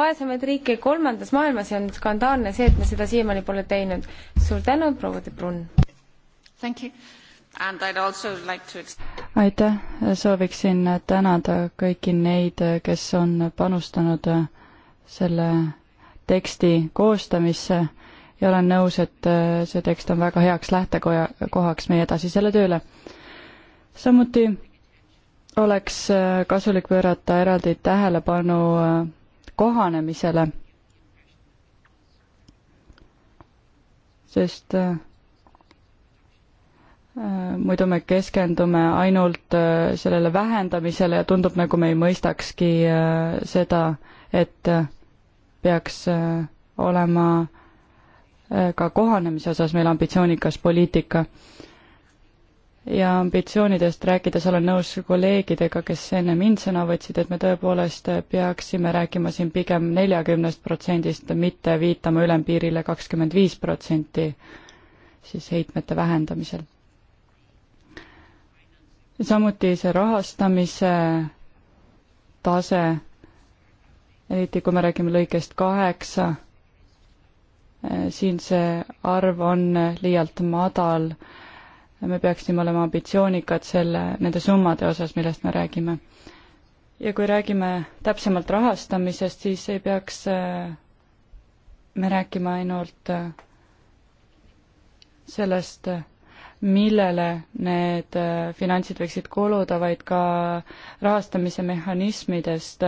vaesemaid riike kolmandas maailmas ja on skandaalne see, et me seda siiamaani pole teinud. suur tänu, proua de Brun! Like to... aitäh, sooviksin tänada kõiki neid, kes on panustanud selle teksti koostamisse ja olen nõus, et see tekst on väga heaks lähtekoja, kohaks meie edasisele tööle. samuti oleks kasulik pöörata eraldi tähelepanu kohanemisele. sest äh, äh, muidu me keskendume ainult äh, sellele vähendamisele ja tundub, nagu me ei mõistakski seda, et peaks olema ka kohanemise osas meil ambitsioonikas poliitika ja ambitsioonidest rääkides olen nõus kolleegidega, kes enne mind sõna võtsid, et me tõepoolest peaksime rääkima siin pigem neljakümnest protsendist, mitte viitama ülempiirile kakskümmend viis protsenti siis heitmete vähendamisel. samuti see rahastamise tase, eriti kui me räägime lõikest kaheksa, siin see arv on liialt madal me peaksime olema ambitsioonikad selle, nende summade osas, millest me räägime. ja kui räägime täpsemalt rahastamisest, siis ei peaks äh, me rääkima ainult äh, sellest, millele need äh, finantsid võiksid kuluda, vaid ka rahastamise mehhanismidest.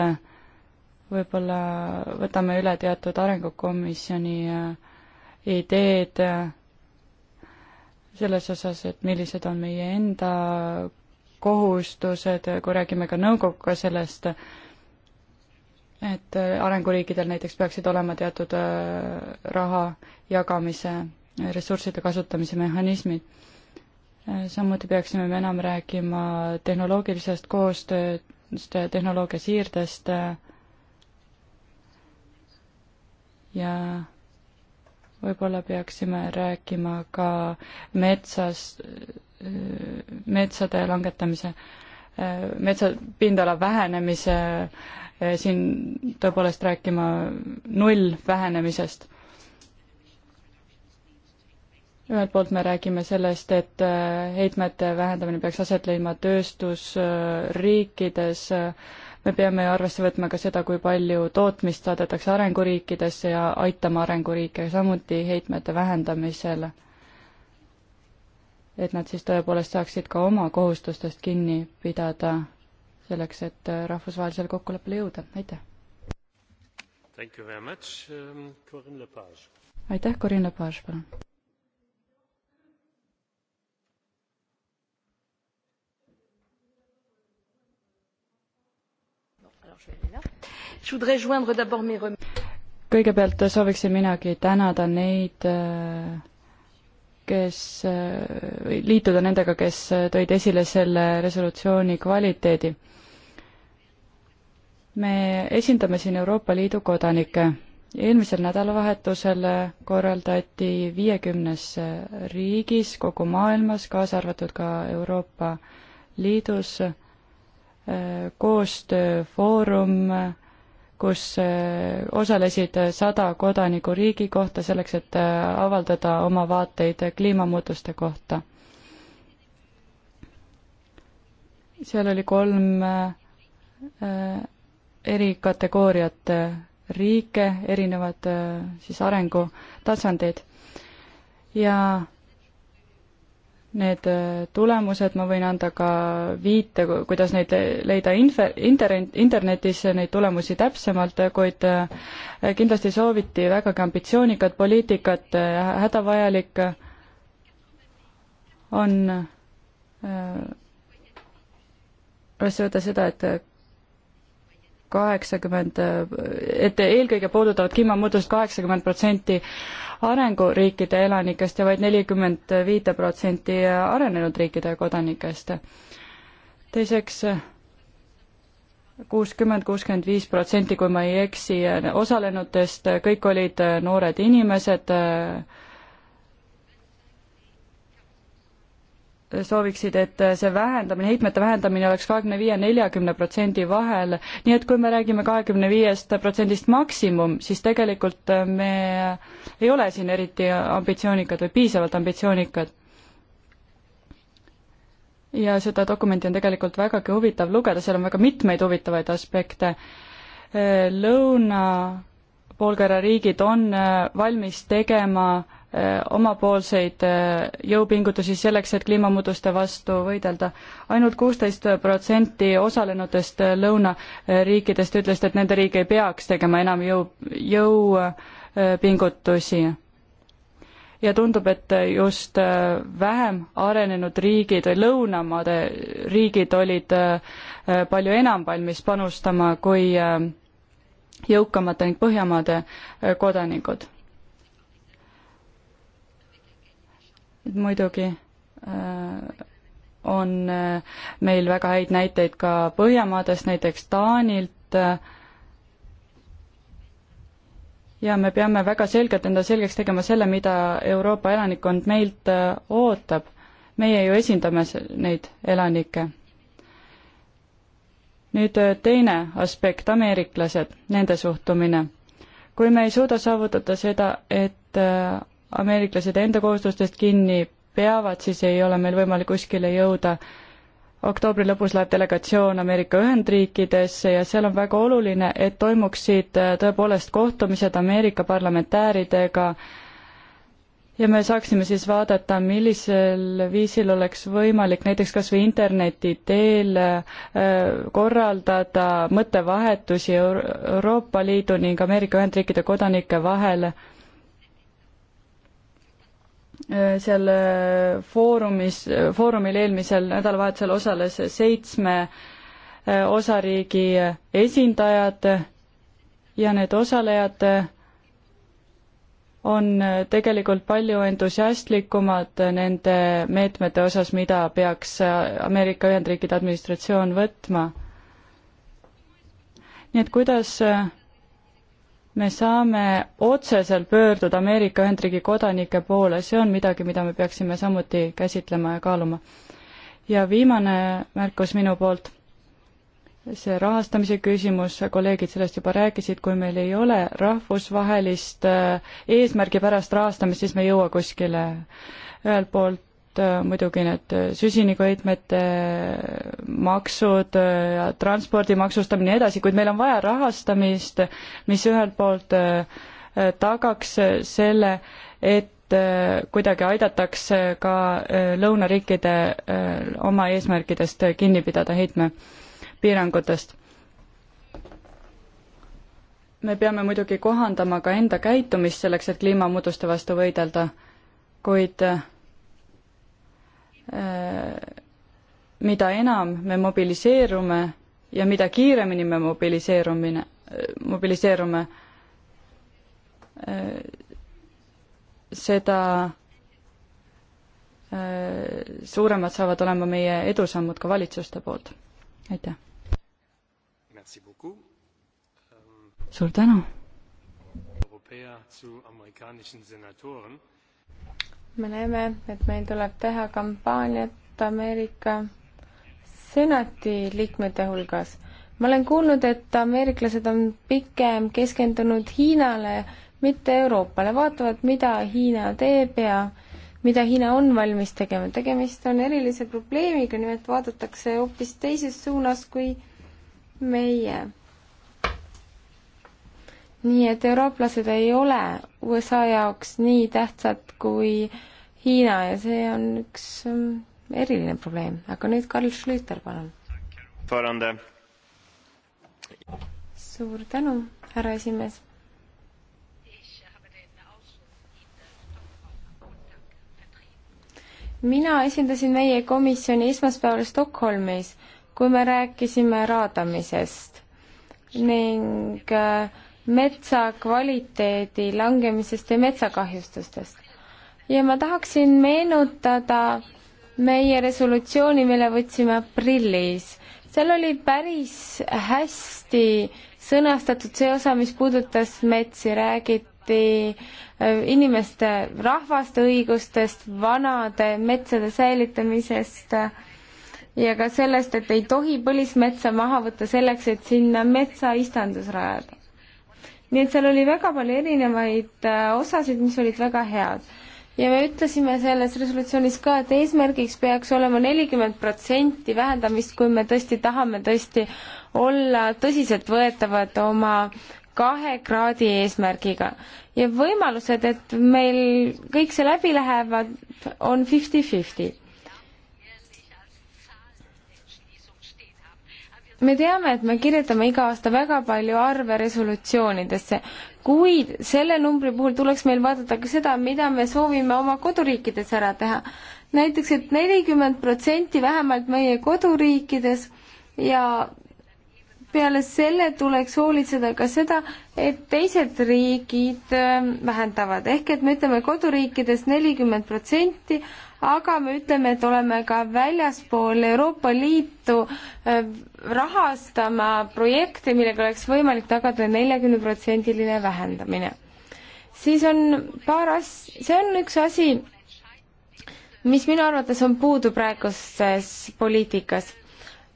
võib-olla võtame üle teatud arengukomisjoni ideed selles osas, et millised on meie enda kohustused, kui räägime ka nõukoguga sellest, et arenguriikidel näiteks peaksid olema teatud äh, raha jagamise, äh, ressursside kasutamise mehhanismid. Äh, samuti peaksime me enam rääkima tehnoloogilisest koostööst, tehnoloogia siirdest ja võib-olla peaksime rääkima ka metsas, metsade langetamise, metsa pindala vähenemise, siin tõepoolest rääkima null vähenemisest ühelt poolt me räägime sellest, et heitmete vähendamine peaks aset leidma tööstusriikides äh, me peame arvesse võtma ka seda, kui palju tootmist saadetakse arenguriikidesse ja aitama arenguriike samuti heitmete vähendamisel. et nad siis tõepoolest saaksid ka oma kohustustest kinni pidada selleks, et rahvusvahelisele kokkuleppele jõuda, aitäh! Um, aitäh, Corinne Lepage, palun! kõigepealt sooviksin minagi tänada neid, äh, kes, äh, liituda nendega, kes tõid esile selle resolutsiooni kvaliteedi. me esindame siin Euroopa Liidu kodanikke. eelmisel nädalavahetusel korraldati viiekümnes riigis kogu maailmas, kaasa arvatud ka Euroopa Liidus, koostööfoorum, kus äh, osalesid äh, sada kodanikku riigi kohta selleks, et äh, avaldada oma vaateid kliimamuutuste kohta. seal oli kolm eri kategooriat riike, erinevad siis arengutasandid ja need äh, tulemused, ma võin anda ka viite, kuidas neid leida infe-, inter-, internetis, neid tulemusi täpsemalt, kuid äh, kindlasti sooviti vägagi ambitsioonikat poliitikat, äh, hädavajalik on arvesse võtta seda, et kaheksakümmend, et eelkõige puudutavad kliimamuutust kaheksakümmend protsenti arenguriikide elanikest ja vaid nelikümmend viite protsenti arenenud riikide kodanikest. teiseks, kuuskümmend, kuuskümmend viis protsenti, kui ma ei eksi, osalenutest kõik olid noored inimesed, sooviksid, et see vähendamine, heitmete vähendamine oleks kahekümne viie, neljakümne protsendi vahel, nii et kui me räägime kahekümne viiest protsendist maksimum, siis tegelikult äh, me ei ole siin eriti ambitsioonikad või piisavalt ambitsioonikad. ja seda dokumenti on tegelikult vägagi huvitav lugeda, seal on väga mitmeid huvitavaid aspekte. Äh, Lõuna poolkera riigid on äh, valmis tegema Äh, omapoolseid äh, jõupingutusi selleks, et kliimamuutuste vastu võidelda ainult. ainult kuusteist protsenti osalenutest äh, lõunariikidest ütlesid, et nende riik ei peaks tegema enam jõu, jõupingutusi. ja tundub, et just vähem arenenud riigid või lõunamaade riigid olid palju enam valmis panustama kui jõukamate ning Põhjamaade kodanikud muidugi äh, on äh, meil väga häid näiteid ka Põhjamaadest, näiteks Taanilt, äh, ja me peame väga selgelt enda selgeks tegema selle, mida Euroopa elanikkond meilt ootab. meie ju esindame neid elanikke. nüüd teine aspekt, ameeriklased, nende suhtumine. kui me ei suuda saavutada seda, et ameeriklased enda kohustustest kinni peavad, siis ei ole meil võimalik kuskile jõuda. oktoobri lõpus läheb delegatsioon Ameerika Ühendriikidesse ja seal on väga oluline, et toimuksid äh, tõepoolest kohtumised Ameerika parlamentääridega ja me saaksime siis vaadata, millisel viisil oleks võimalik näiteks kas või interneti teel äh, korraldada mõttevahetusi Euro Euroopa Liidu ning Ameerika Ühendriikide kodanike vahel Äh, seal äh, foorumis, äh, foorumil eelmisel nädalavahetusel osales seitsme osariigi esindajad ja need osalejad on tegelikult palju entusiastlikumad nende meetmete osas, mida peaks Ameerika Ühendriikide administratsioon võtma. nii et kuidas me saame otseselt pöörduda Ameerika Ühendriigi kodanike poole, see on midagi, mida me peaksime samuti käsitlema ja kaaluma. ja viimane märkus minu poolt, see rahastamise küsimus, kolleegid sellest juba rääkisid, kui meil ei ole rahvusvahelist äh, eesmärgipärast rahastamist, siis me ei jõua kuskile. ühelt poolt et äh, muidugi need äh, süsinikuheitmete äh, maksud ja transpordi maksustamine ja nii edasi, kuid meil on vaja rahastamist, mis ühelt poolt tagaks selle, et kuidagi aidatakse ka lõunariikide oma eesmärkidest kinni pidada heitmepiirangutest. me peame muidugi kohandama ka enda käitumist selleks, et kliimamuutuste vastu võidelda, kuid Äh, mida enam me mobiliseerume ja mida kiiremini me mobiliseerumine, äh, mobiliseerume, äh, seda suuremad saavad olema meie edusammud ka valitsuste poolt. aitäh! suur tänu! me näeme, et meil tuleb teha kampaaniat Ameerika senati liikmete hulgas. ma olen kuulnud, et ameeriklased on pigem keskendunud Hiinale, mitte Euroopale, vaatavad, mida Hiina teeb ja mida Hiina on valmis tegema. tegemist on erilise probleemiga, nimelt vaadatakse hoopis teises suunas kui meie nii et eurooplased ei ole USA jaoks nii tähtsad kui Hiina ja see on üks mm, eriline probleem, aga nüüd Karl Schlüter, palun. suur tänu, härra esimees. mina esindasin meie komisjoni esmaspäeval Stockholmis, kui me rääkisime raadamisest ning äh, metsa kvaliteedi langemisest ja metsakahjustustest. ja ma tahaksin meenutada meie resolutsiooni, mille võtsime aprillis. seal oli päris hästi sõnastatud see osa, mis puudutas metsi, räägiti äh, inimeste, rahvaste õigustest, vanade metsade säilitamisest äh, ja ka sellest, et ei tohi põlismetsa maha võtta selleks, et sinna metsaistandus rajada nii et seal oli väga palju erinevaid äh, osasid, mis olid väga head. ja me ütlesime selles resolutsioonis ka, et eesmärgiks peaks olema nelikümmend protsenti vähendamist, kui me tõesti tahame tõesti olla tõsiseltvõetavad oma kahe kraadi eesmärgiga. ja võimalused, et meil kõik see läbi lähevad, on fifty-fifty me teame, et me kirjutame iga aasta väga palju arve resolutsioonidesse, kuid selle numbri puhul tuleks meil vaadata ka seda, mida me soovime oma koduriikides ära teha. näiteks et, et nelikümmend protsenti vähemalt meie koduriikides ja peale selle tuleks hoolitseda ka seda, et teised riigid äh, vähendavad, ehk et me ütleme koduriikides nelikümmend protsenti, aga me ütleme, et oleme ka väljaspool Euroopa Liitu äh, rahastama projekte, millega oleks võimalik tagada neljakümneprotsendiline vähendamine. siis on paar as-, see on üks asi, mis minu arvates on puudu praeguses poliitikas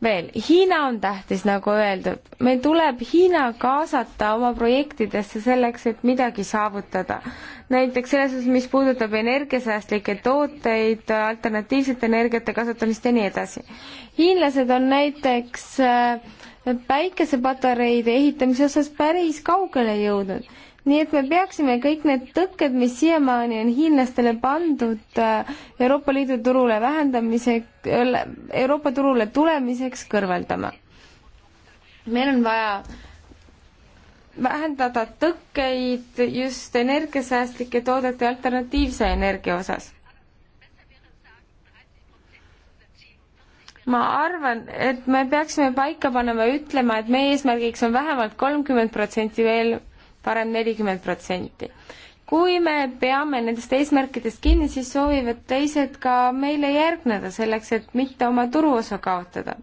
veel, Hiina on tähtis, nagu öeldud, meil tuleb Hiina kaasata oma projektidesse selleks, et midagi saavutada. näiteks selles osas, mis puudutab energiasäästlikke tooteid, alternatiivsete energiate kasutamist ja nii edasi. hiinlased on näiteks äh, päikesepatareide ehitamise osas päris kaugele jõudnud nii et me peaksime kõik need tõkked, mis siiamaani on hiinlastele pandud äh, Euroopa Liidu turule vähendamise, Euroopa turule tulemiseks kõrvaldama. meil on vaja vähendada tõkkeid just energiasäästlike toodete alternatiivse energia osas. ma arvan, et me peaksime paika panema, ütlema, et meie eesmärgiks on vähemalt kolmkümmend protsenti veel parem nelikümmend protsenti. kui me peame nendest eesmärkidest kinni, siis soovivad teised ka meile järgneda, selleks et mitte oma turuosa kaotada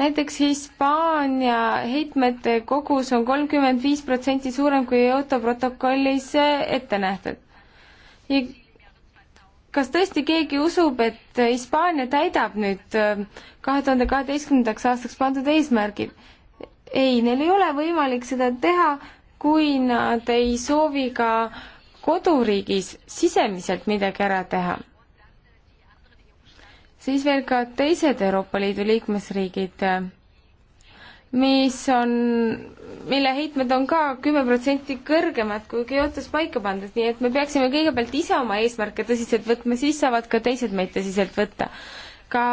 näiteks Hispaania heitmete kogus on kolmkümmend viis protsenti suurem kui Kyoto protokollis ette nähtud. kas tõesti keegi usub, et Hispaania täidab nüüd äh, kahe tuhande kaheteistkümnendaks aastaks pandud eesmärgid? ei, neil ei ole võimalik seda teha, kui nad ei soovi ka koduriigis sisemiselt midagi ära teha. siis veel ka teised Euroopa Liidu liikmesriigid, mis on, mille heitmed on ka kümme protsenti kõrgemad kui Kyotos paika pandud, nii et me peaksime kõigepealt ise oma eesmärke tõsiselt võtma, siis saavad ka teised meid tõsiselt võtta. ka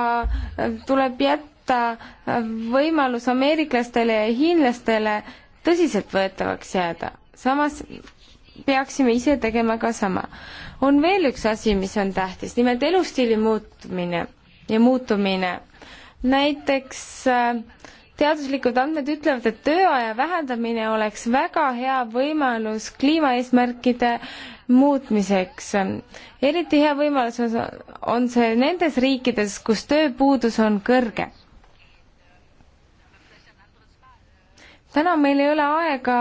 tuleb jätta anda võimalus ameeriklastele ja hiinlastele tõsiseltvõetavaks jääda. samas peaksime ise tegema ka sama. on veel üks asi, mis on tähtis, nimelt elustiili muutmine ja muutumine. näiteks äh, teaduslikud andmed ütlevad, et tööaja vähendamine oleks väga hea võimalus kliimaeesmärkide muutmiseks. eriti hea võimalus on see nendes riikides, kus tööpuudus on kõrge täna meil ei ole aega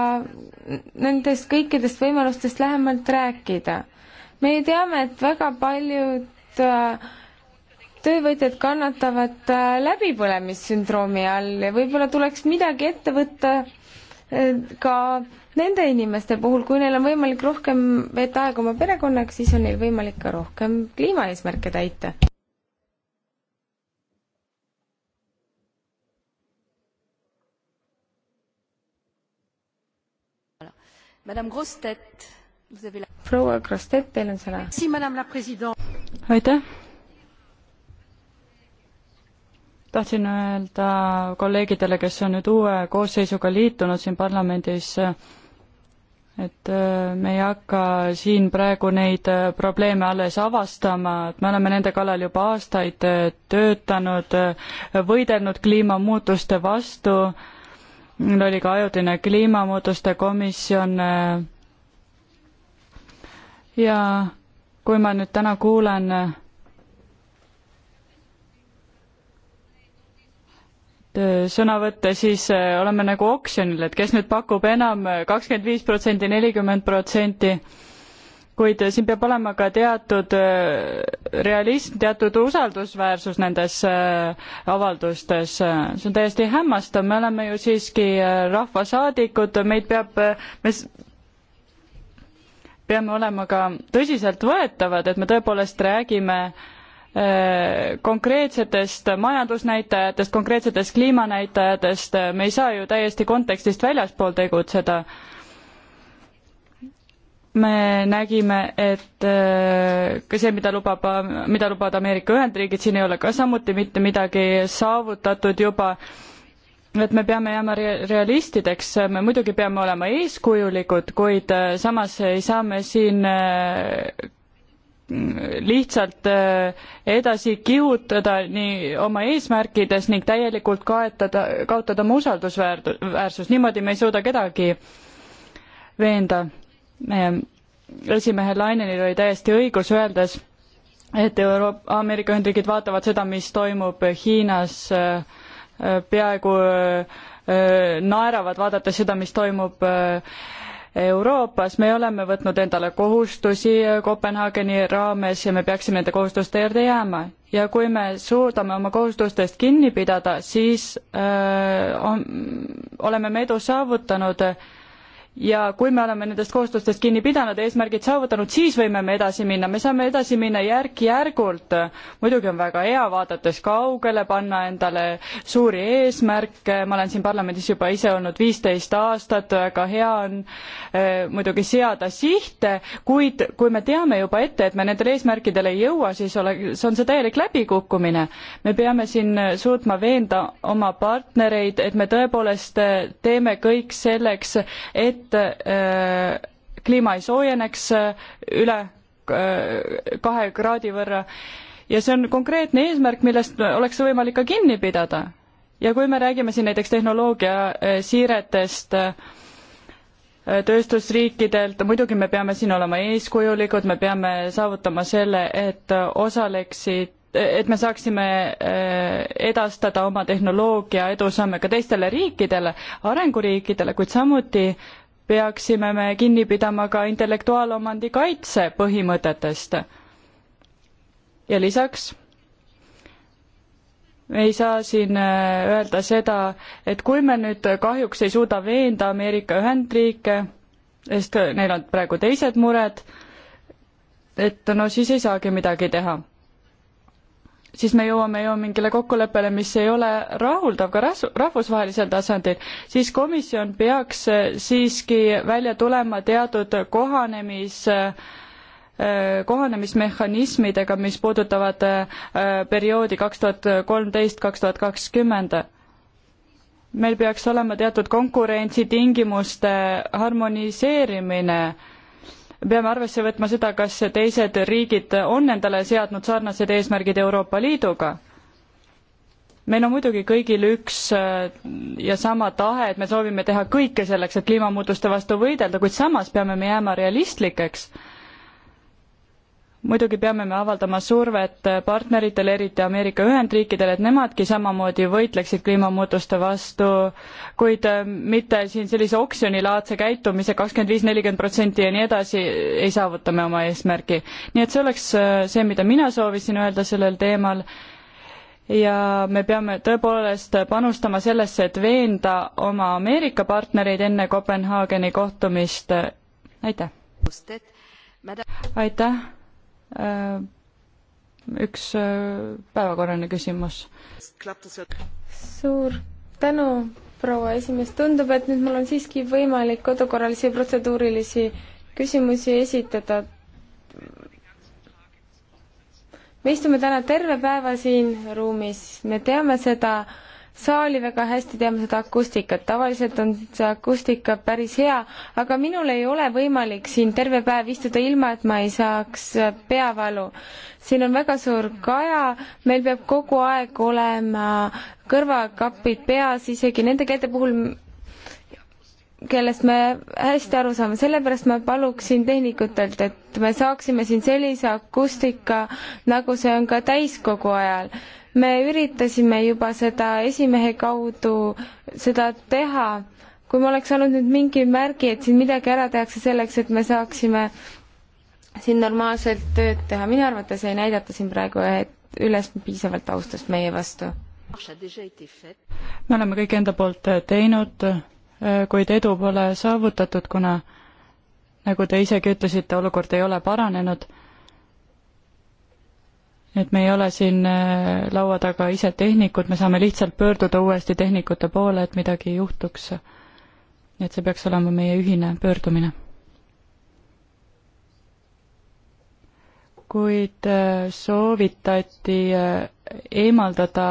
nendest kõikidest võimalustest lähemalt rääkida. me ju teame, et väga paljud äh, töövõtjad kannatavad äh, läbipõlemissündroomi all ja võib-olla tuleks midagi ette võtta äh, ka nende inimeste puhul, kui neil on võimalik rohkem veeta aega oma perekonnaga, siis on neil võimalik ka rohkem kliimaeesmärke täita. proua Grostet, teil on sõna. aitäh. tahtsin öelda kolleegidele, kes on nüüd uue koosseisuga liitunud siin parlamendis, et äh, me ei hakka siin praegu neid äh, probleeme alles avastama, et me oleme nende kallal juba aastaid äh, töötanud, võidelnud kliimamuutuste vastu meil oli ka ajutine kliimamuutuste komisjon. Äh, ja kui ma nüüd täna kuulen äh, sõnavõtte, siis äh, oleme nagu oksjonil, et kes nüüd pakub enam kakskümmend viis protsenti, nelikümmend protsenti kuid siin peab olema ka teatud äh, realism, teatud usaldusväärsus nendes äh, avaldustes. see on täiesti hämmastav, me oleme ju siiski äh, rahvasaadikud, meid peab, me peame olema ka tõsiseltvõetavad, et me tõepoolest räägime konkreetsetest majandusnäitajatest, konkreetsetest kliimanäitajatest, me ei saa ju täiesti kontekstist väljaspool tegutseda me nägime, et äh, ka see, mida lubab, mida lubavad Ameerika Ühendriigid, siin ei ole ka samuti mitte midagi saavutatud juba, et me peame jääma realistideks, me muidugi peame olema eeskujulikud, kuid äh, samas ei saa me siin äh, lihtsalt edasi kihutada nii oma eesmärkides ning täielikult kaetada, kaotada oma usaldusväärsus, niimoodi me ei suuda kedagi veenda esimehe Lainenil oli täiesti õigus öeldes, et Euroop-, Ameerika Ühendriigid vaatavad seda, mis toimub Hiinas, äh, peaaegu äh, naeravad, vaadates seda, mis toimub äh, Euroopas, me oleme võtnud endale kohustusi Kopenhaageni raames ja me peaksime nende kohustuste juurde jääma. ja kui me suudame oma kohustustest kinni pidada, siis öö, on, oleme me edu saavutanud äh, ja kui me oleme nendest kohustustest kinni pidanud, eesmärgid saavutanud, siis võime me edasi minna, me saame edasi minna järk-järgult. muidugi on väga hea, vaadates kaugele, panna endale suuri eesmärke, ma olen siin parlamendis juba ise olnud viisteist aastat, väga hea on eh, muidugi seada sihte, kuid kui me teame juba ette, et me nendele eesmärkidele ei jõua, siis oleks, on see täielik läbikukkumine. me peame siin suutma veenda oma partnereid, et me tõepoolest eh, teeme kõik selleks, et et äh, kliima ei soojeneks äh, üle äh, kahe kraadi võrra ja see on konkreetne eesmärk, millest oleks võimalik ka kinni pidada. ja kui me räägime siin näiteks tehnoloogia siiretest tööstusriikidelt, muidugi me peame siin olema eeskujulikud, me peame saavutama selle, et osaleksid et me saaksime edastada oma tehnoloogia edusamme ka teistele riikidele, arenguriikidele, kuid samuti peaksime me kinni pidama ka intellektuaalomandi kaitse põhimõtetest. ja lisaks ei saa siin äh, öelda seda, et kui me nüüd kahjuks ei suuda veenda Ameerika Ühendriike, sest neil on praegu teised mured, et no siis ei saagi midagi teha siis me jõuame ju mingile kokkuleppele, mis ei ole rahuldav ka rahvusvahelisel tasandil, siis komisjon peaks eh, siiski välja tulema teatud kohanemis eh, kohanemismehhanismidega, mis puudutavad eh, perioodi kaks tuhat kolmteist, kaks tuhat kakskümmend. meil peaks olema teatud konkurentsitingimuste harmoniseerimine peame arvesse võtma seda, kas teised riigid on endale seadnud sarnased eesmärgid Euroopa Liiduga. meil on muidugi kõigil üks äh, ja sama tahe, et me soovime teha kõike selleks, et kliimamuutuste vastu võidelda, kuid samas peame me jääma realistlikeks muidugi peame me avaldama survet partneritele, eriti Ameerika Ühendriikidele, et nemadki samamoodi võitleksid kliimamuutuste vastu, kuid äh, mitte siin sellise oksjonilaadse käitumise kakskümmend viis, nelikümmend protsenti ja nii edasi ei saavuta me oma eesmärki. nii et see oleks äh, see, mida mina soovisin öelda sellel teemal ja me peame tõepoolest panustama sellesse, et veenda oma Ameerika partnereid enne Kopenhaageni kohtumist. aitäh! aitäh! Äh, üks äh, päevakorraline küsimus. suur tänu, proua esimees, tundub, et nüüd mul on siiski võimalik kodukorralisi protseduurilisi küsimusi esitada. me istume täna terve päeva siin ruumis, me teame seda, saali väga hästi, teame seda akustikat, tavaliselt on see akustika päris hea, aga minul ei ole võimalik siin terve päev istuda ilma, et ma ei saaks peavalu. siin on väga suur kaja, meil peab kogu aeg olema kõrvakapid peas, isegi nende käte puhul, kellest me hästi aru saame, sellepärast ma paluksin tehnikutelt, et me saaksime siin sellise akustika, nagu see on ka täiskogu ajal me üritasime juba seda esimehe kaudu seda teha. kui ma oleks olnud nüüd mingi märgi, et siin midagi ära tehakse selleks, et me saaksime siin normaalselt tööd teha, minu arvates ei näidata siin praegu üles piisavalt austust meie vastu. me oleme kõik enda poolt teinud, kuid edu pole saavutatud, kuna nagu te isegi ütlesite, olukord ei ole paranenud et me ei ole siin äh, laua taga ise tehnikud, me saame lihtsalt pöörduda uuesti tehnikute poole, et midagi juhtuks. nii et see peaks olema meie ühine pöördumine. kuid äh, soovitati äh, eemaldada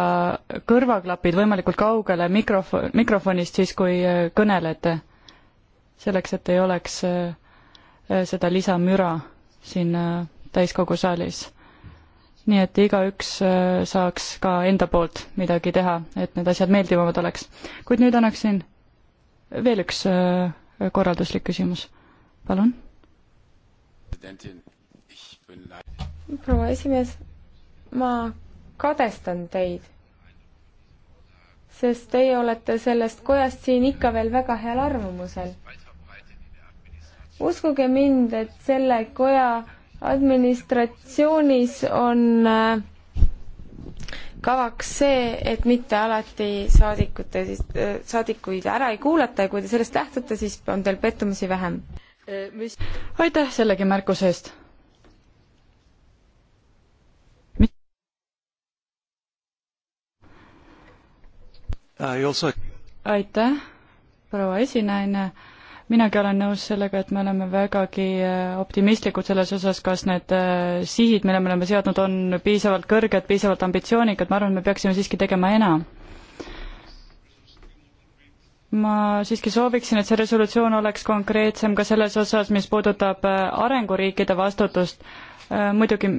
kõrvaklapid võimalikult kaugele mikrofon, mikrofonist siis, kui kõnelete. selleks, et ei oleks seda lisamüra siin täiskogu saalis nii et igaüks äh, saaks ka enda poolt midagi teha, et need asjad meeldivamad oleks. kuid nüüd annaksin veel üks äh, korralduslik küsimus, palun. proua esimees, ma kadestan teid, sest teie olete sellest kojast siin ikka veel väga heal arvamusel. uskuge mind, et selle koja administratsioonis on äh, kavaks see, et mitte alati saadikute, äh, saadikuid ära ei kuulata ja kui te sellest lähtute, siis on teil pettumusi vähem. aitäh sellegi märkuse eest uh, aitäh, proua esinaine minagi olen nõus sellega, et me oleme vägagi äh, optimistlikud selles osas, kas need äh, sihid, mille me oleme seadnud, on piisavalt kõrged, piisavalt ambitsioonikad, ma arvan, et me peaksime siiski tegema enam. ma siiski sooviksin, et see resolutsioon oleks konkreetsem ka selles osas, mis puudutab äh, arenguriikide vastutust. muidugi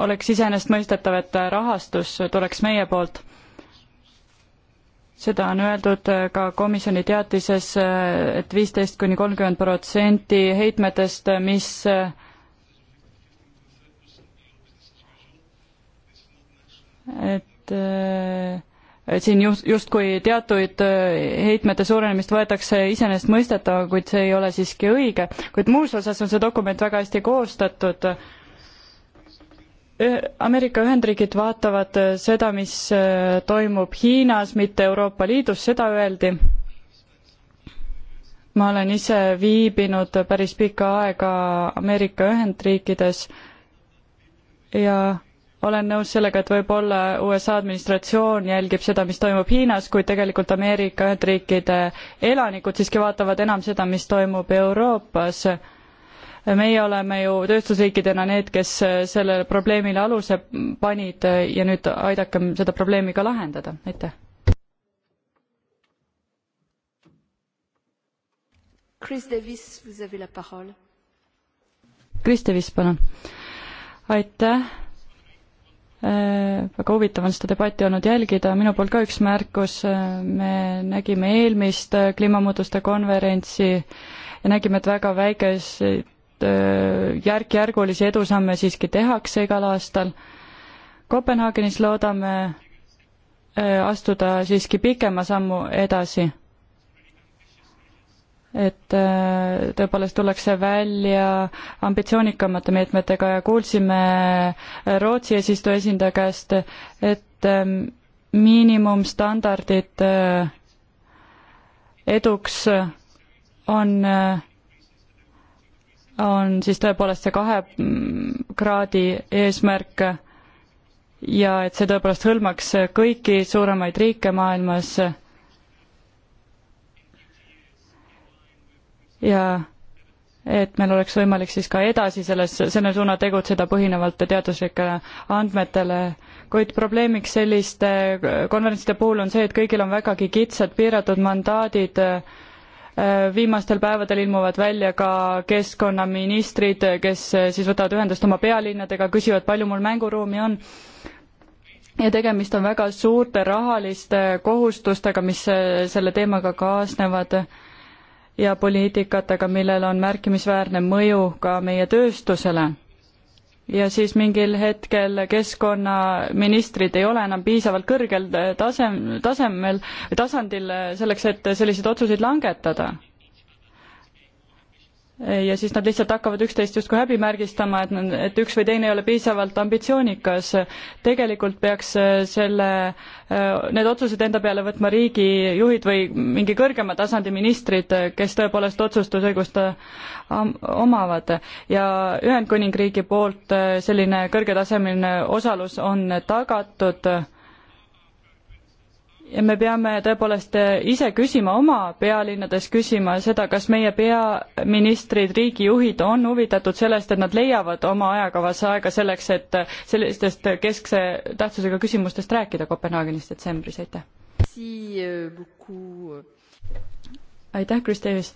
oleks iseenesestmõistetav, et rahastus tuleks meie poolt seda on öeldud äh, ka komisjoni teatises, äh, et viisteist kuni kolmkümmend protsenti heitmetest, äh, mis et siin just, justkui teatuid heitmete suurenemist võetakse iseenesestmõistetava, kuid see ei ole siiski õige. kuid muus osas on see dokument väga hästi koostatud äh, Ameerika Ühendriigid vaatavad äh, seda, mis äh, toimub Hiinas, mitte Euroopa Liidus, seda öeldi. ma olen ise viibinud päris pikka aega Ameerika Ühendriikides ja olen nõus sellega, et võib-olla USA administratsioon jälgib seda, mis toimub Hiinas, kuid tegelikult Ameerika Ühendriikide elanikud siiski vaatavad enam seda, mis toimub Euroopas meie oleme ju tööstusriikidena need, kes sellele probleemile aluse panid ja nüüd aidakem seda probleemi ka lahendada, aitäh. Chris Davis, vous avez la parole. Kris Davis, palun. aitäh äh, väga huvitav on seda debatti olnud jälgida, minu poolt ka üks märkus, äh, me nägime eelmist kliimamuutuste konverentsi ja nägime, et väga väikeseid et äh, järk-järgulisi edusamme siiski tehakse igal aastal. Kopenhaagenis loodame äh, astuda siiski pikema sammu edasi. et äh, tõepoolest tullakse välja ambitsioonikamate meetmetega ja kuulsime Rootsi eesistuja esindaja käest, et ähm, miinimumstandardid eduks on äh, on siis tõepoolest see kahe kraadi eesmärk ja et see tõepoolest hõlmaks kõiki suuremaid riike maailmas. ja et meil oleks võimalik siis ka edasi selles, selle suuna tegutseda põhinevalt teaduslikele andmetele, kuid probleemiks selliste konverentside puhul on see, et kõigil on vägagi kitsad piiratud mandaadid äh, Äh, viimastel päevadel ilmuvad välja ka keskkonnaministrid, kes äh, siis võtavad ühendust oma pealinnadega, küsivad, palju mul mänguruumi on. ja tegemist on väga suurte rahaliste kohustustega, mis äh, selle teemaga kaasnevad ja poliitikatega, millel on märkimisväärne mõju ka meie tööstusele ja siis mingil hetkel keskkonnaministrid ei ole enam piisavalt kõrgel tasem-, tasemel, tasandil selleks, et selliseid otsuseid langetada ja siis nad lihtsalt hakkavad üksteist justkui häbimärgistama, et, et üks või teine ei ole piisavalt ambitsioonikas. tegelikult peaks äh, selle, äh, need otsused enda peale võtma riigijuhid või mingi kõrgema tasandi ministrid, äh, kes tõepoolest otsustusõigust omavad. ja Ühendkuningriigi poolt selline kõrgetasemeline osalus on tagatud ja me peame tõepoolest äh, ise küsima, oma pealinnades küsima seda, kas meie peaministrid, riigijuhid on huvitatud sellest, et nad leiavad oma ajakavas aega selleks, et äh, sellistest keskse tähtsusega küsimustest rääkida Kopenhaagenis detsembris, aitäh! Euh, aitäh, Kris Davis!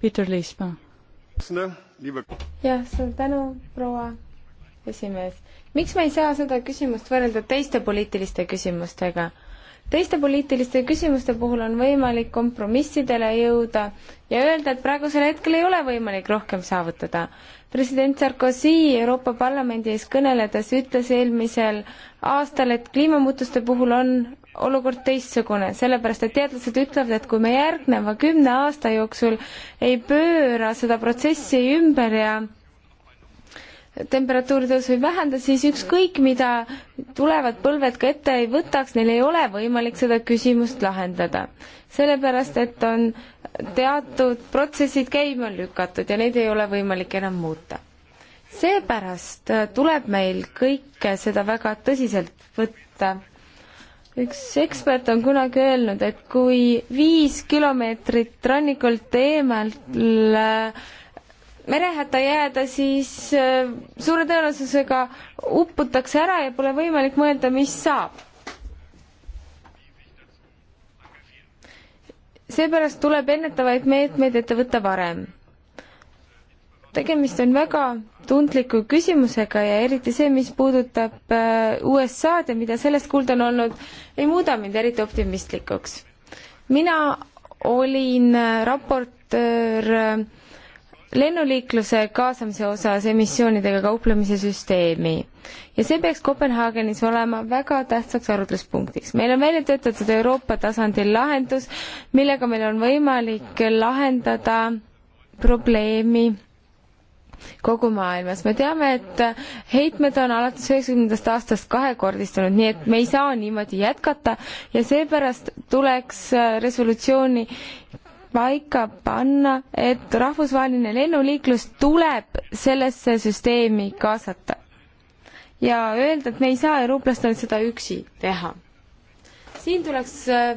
Peter Liismaa. jah, suur tänu, proua esimees, miks me ei saa seda küsimust võrrelda teiste poliitiliste küsimustega? teiste poliitiliste küsimuste puhul on võimalik kompromissidele jõuda ja öelda, et praegusel hetkel ei ole võimalik rohkem saavutada. president Sarkozy Euroopa Parlamendi ees kõneledes ütles eelmisel aastal, et kliimamuutuste puhul on olukord teistsugune, sellepärast et teadlased ütlevad, et kui me järgneva kümne aasta jooksul ei pööra seda protsessi ümber ja temperatuuri tõusu ei vähenda, siis ükskõik, mida tulevad põlved ka ette ei võtaks, neil ei ole võimalik seda küsimust lahendada. sellepärast, et on teatud protsessid käima lükatud ja neid ei ole võimalik enam muuta. seepärast tuleb meil kõike seda väga tõsiselt võtta. üks ekspert on kunagi öelnud, et kui viis kilomeetrit rannikult eemal merehätta jääda, siis äh, suure tõenäosusega upputakse ära ja pole võimalik mõelda, mis saab. seepärast tuleb ennetavaid meetmeid ette võtta varem. tegemist on väga tundliku küsimusega ja eriti see, mis puudutab äh, USA-d ja mida sellest kuulda on olnud, ei muuda mind eriti optimistlikuks. mina olin äh, raportöör lennuliikluse kaasamise osas emissioonidega kauplemise süsteemi ja see peaks Kopenhaagenis olema väga tähtsaks arutluspunktiks. meil on välja töötatud Euroopa tasandil lahendus, millega meil on võimalik lahendada probleemi kogu maailmas. me teame, et heitmed on alates üheksakümnendast aastast kahekordistunud, nii et me ei saa niimoodi jätkata ja seepärast tuleks resolutsiooni paika panna, et rahvusvaheline lennuliiklus tuleb sellesse süsteemi kaasata. ja öelda, et me ei saa eurooplastele seda üksi teha. siin tuleks äh,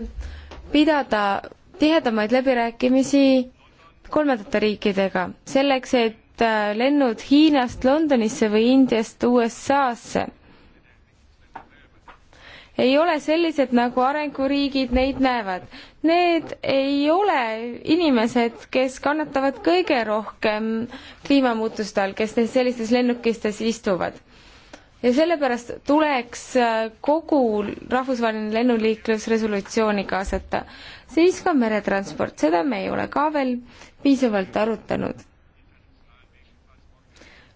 pidada tihedamaid läbirääkimisi kolmandate riikidega, selleks et äh, lennud Hiinast Londonisse või Indiast USA-sse ei ole sellised, nagu arenguriigid neid näevad. Need ei ole inimesed, kes kannatavad kõige rohkem kliimamuutuste all, kes neis sellistes lennukistes istuvad. ja sellepärast tuleks äh, kogu rahvusvaheline lennuliiklus resolutsiooni kaasata. siis ka meretransport, seda me ei ole ka veel piisavalt arutanud.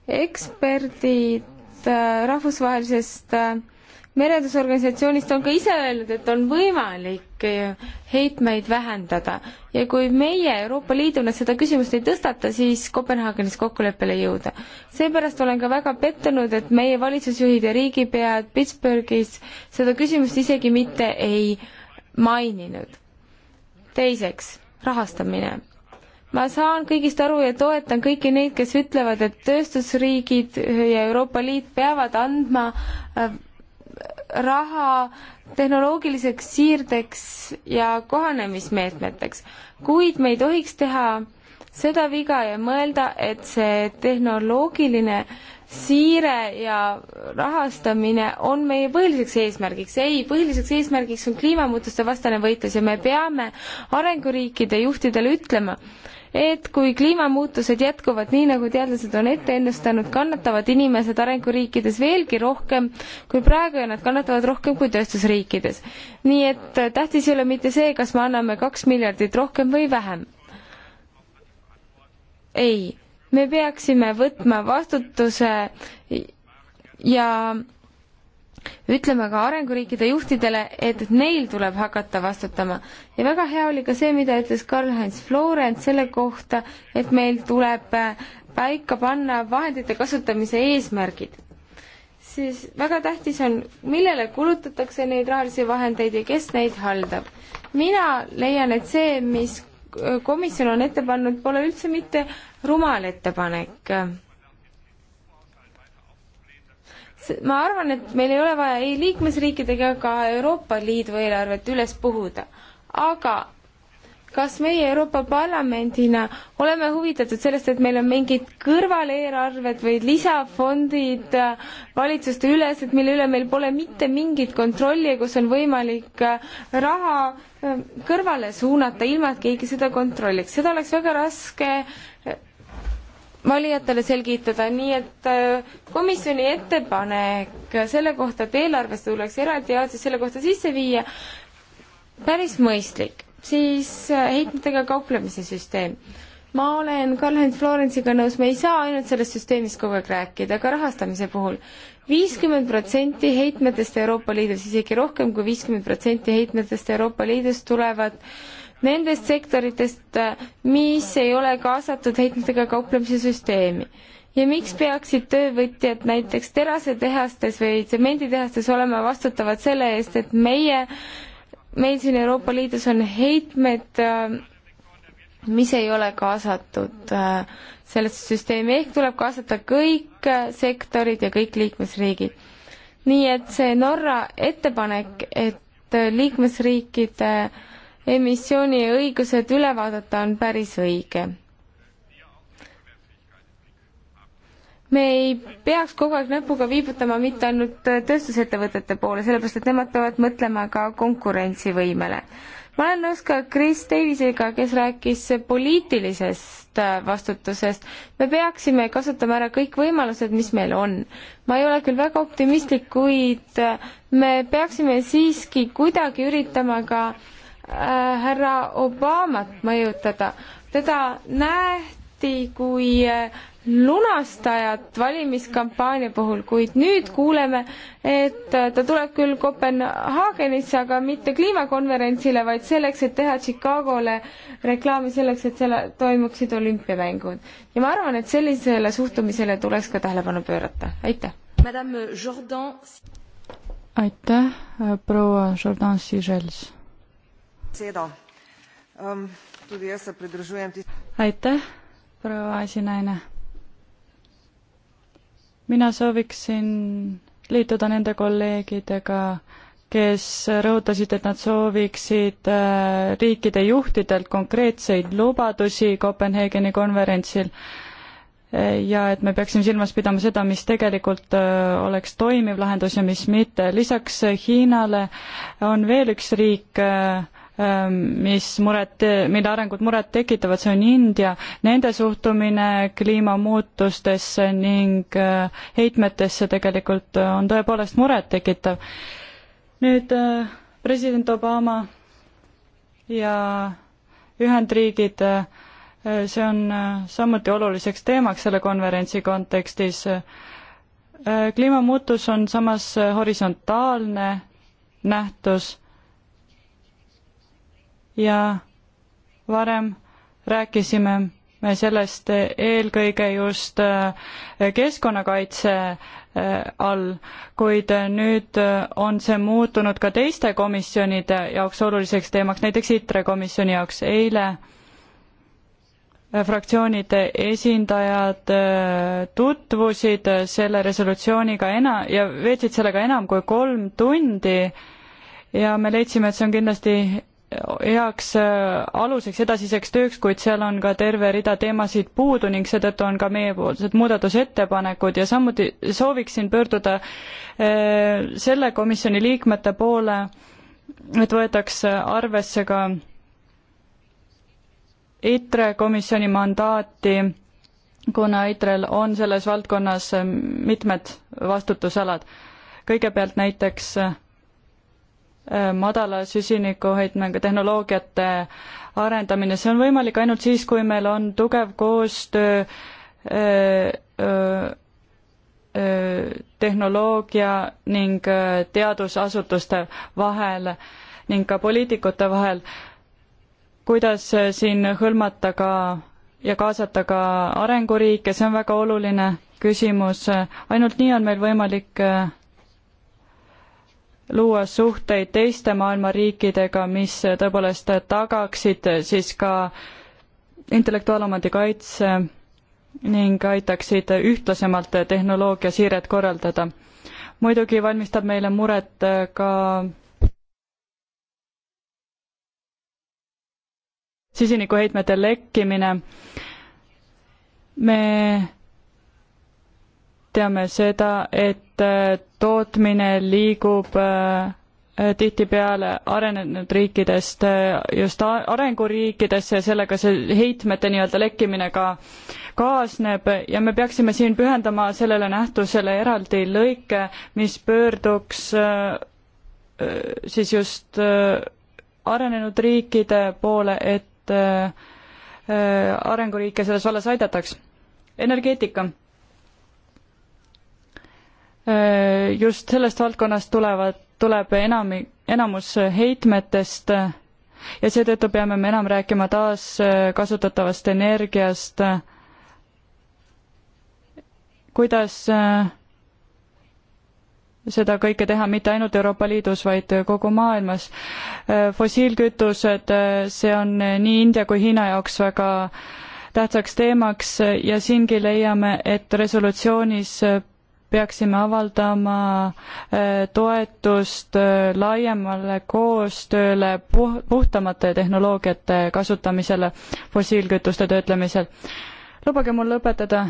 eksperdid äh, rahvusvahelisest äh, merendusorganisatsioonist on ka ise öelnud, et on võimalik heitmeid vähendada ja kui meie Euroopa Liiduna seda küsimust ei tõstata, siis Kopenhaagenis kokkuleppele ei jõuda. seepärast olen ka väga pettunud, et meie valitsusjuhid ja riigipead Pittsburghis seda küsimust isegi mitte ei maininud. teiseks, rahastamine ma saan kõigist aru ja toetan kõiki neid, kes ütlevad, et tööstusriigid ja Euroopa Liit peavad andma äh, raha tehnoloogiliseks siirdeks ja kohanemismeetmeteks, kuid me ei tohiks teha seda viga ja mõelda, et see tehnoloogiline äh, siire ja rahastamine on meie põhiliseks eesmärgiks. ei, põhiliseks eesmärgiks on kliimamuutuste vastane võitlus ja me peame arenguriikide juhtidele ütlema, et kui kliimamuutused jätkuvad nii, nagu teadlased on ette ennustanud, kannatavad inimesed arenguriikides veelgi rohkem kui praegu ja nad kannatavad rohkem kui tööstusriikides. nii et tähtis ei ole mitte see, kas me anname kaks miljardit rohkem või vähem. ei me peaksime võtma vastutuse ja ütleme ka arenguriikide juhtidele, et neil tuleb hakata vastutama. ja väga hea oli ka see, mida ütles Karl-Heinz Florent selle kohta, et meil tuleb paika panna vahendite kasutamise eesmärgid. siis väga tähtis on, millele kulutatakse neid rahalisi vahendeid ja kes neid haldab. mina leian, et see, mis komisjon on ette pannud, pole üldse mitte rumal ettepanek. ma arvan, et meil ei ole vaja ei liikmesriikidega ka Euroopa Liidu eelarvet üles puhuda, aga kas meie Euroopa Parlamendina oleme huvitatud sellest, et meil on mingid kõrvaleelarved või lisafondid äh, valitsuste ülesed, mille üle meil pole mitte mingit kontrolli ja kus on võimalik äh, raha äh, kõrvale suunata, ilma et keegi seda kontrolliks, seda oleks väga raske valijatele selgitada, nii et komisjoni ettepanek selle kohta, et eelarvesse tuleks eraldi jaotus selle kohta sisse viia, päris mõistlik siis äh, heitmetega kauplemise süsteem. ma olen Karl-Heinz Florensiga nõus, me ei saa ainult sellest süsteemist kogu aeg rääkida, ka rahastamise puhul. viiskümmend protsenti heitmetest Euroopa Liidus, isegi rohkem kui viiskümmend protsenti heitmetest Euroopa Liidus tulevad nendest sektoritest, äh, mis ei ole kaasatud heitmetega kauplemise süsteemi ja miks peaksid töövõtjad näiteks terasetehastes või tsemenditehastes olema vastutavad selle eest, et meie meil siin Euroopa Liidus on heitmed, äh, mis ei ole kaasatud äh, sellesse süsteemi, ehk tuleb kaasata kõik äh, sektorid ja kõik liikmesriigid. nii et see Norra ettepanek, et liikmesriikide emissiooniõigused üle vaadata, on päris õige me ei peaks kogu aeg näpuga viibutama mitte ainult tööstusettevõtete poole, sellepärast et nemad peavad mõtlema ka konkurentsivõimele. ma olen nõus ka Chris Davisiga, kes rääkis poliitilisest vastutusest. me peaksime kasutama ära kõik võimalused, mis meil on. ma ei ole küll väga optimistlik, kuid me peaksime siiski kuidagi üritama ka äh, härra Obamat mõjutada. teda nähti kui äh, lunastajat valimiskampaania puhul, kuid nüüd kuuleme, et ta tuleb küll Kopenhaagenisse, aga mitte kliimakonverentsile, vaid selleks, et teha Chicagole reklaami selleks, et seal toimuksid olümpiamängud. ja ma arvan, et sellisele suhtumisele tuleks ka tähelepanu pöörata, aitäh. aitäh, proua Jordan Sijels. Ehm, aitäh, proua esinaine mina sooviksin liituda nende kolleegidega, kes rõhutasid, et nad sooviksid äh, riikide juhtidelt konkreetseid lubadusi Kopenhaageni konverentsil äh, ja et me peaksime silmas pidama seda, mis tegelikult äh, oleks toimiv lahendus ja mis mitte. lisaks Hiinale on veel üks riik, Ehm, mis muret, mille arengud muret tekitavad, see on India, nende suhtumine kliimamuutustesse ning eh, heitmetesse tegelikult eh, on tõepoolest murettekitav. nüüd eh, president Obama ja Ühendriigid, see on samuti oluliseks teemaks selle konverentsi kontekstis. kliimamuutus on samas horisontaalne nähtus ja varem rääkisime me sellest eelkõige just äh, keskkonnakaitse äh, all, kuid äh, nüüd on see muutunud ka teiste komisjonide jaoks oluliseks teemaks, näiteks ITRE komisjoni jaoks. eile fraktsioonide esindajad tutvusid selle resolutsiooniga ena- ja veetsid sellega enam kui kolm tundi ja me leidsime, et see on kindlasti heaks äh, aluseks edasiseks tööks, kuid seal on ka terve rida teemasid puudu ning seetõttu on ka meiepoolsed muudatusettepanekud ja samuti sooviksin pöörduda äh, selle komisjoni liikmete poole, et võetaks arvesse ka ITRE komisjoni mandaati, kuna ITRE-l on selles valdkonnas mitmed vastutusalad. kõigepealt näiteks Äh, madala süsinikuheitmega tehnoloogiate arendamine, see on võimalik ainult siis, kui meil on tugev koostöö äh, äh, tehnoloogia ning teadusasutuste vahel ning ka poliitikute vahel, kuidas siin hõlmata ka ja kaasata ka arenguriike, see on väga oluline küsimus, ainult nii on meil võimalik luua suhteid teiste maailma riikidega, mis tõepoolest tagaksid siis ka intellektuaalomandi kaitse ning aitaksid ühtlasemalt tehnoloogiasiiret korraldada. muidugi valmistab meile muret ka süsinikuheitmete lekkimine. me teame seda, et toodete äh, tootmine liigub äh, tihtipeale arenenud riikidest äh, just arenguriikidesse ja sellega see heitmete nii-öelda lekkimine ka kaasneb ja me peaksime siin pühendama sellele nähtusele eraldi lõike, mis pöörduks siis just arenenud riikide poole, et arenguriike selles vallas aidataks. energeetika Äh, just sellest valdkonnast tulevad, tuleb enami, enamus heitmetest ja seetõttu peame me enam rääkima taaskasutatavast äh, energiast, kuidas äh, seda kõike teha mitte ainult Euroopa Liidus, vaid kogu maailmas. fossiilkütused, see on nii India kui Hiina jaoks väga tähtsaks teemaks ja siingi leiame, et resolutsioonis peaksime avaldama äh, toetust äh, laiemale koostööle puh-, puhtamate tehnoloogiate kasutamisele fossiilkütuste töötlemisel. lubage mul lõpetada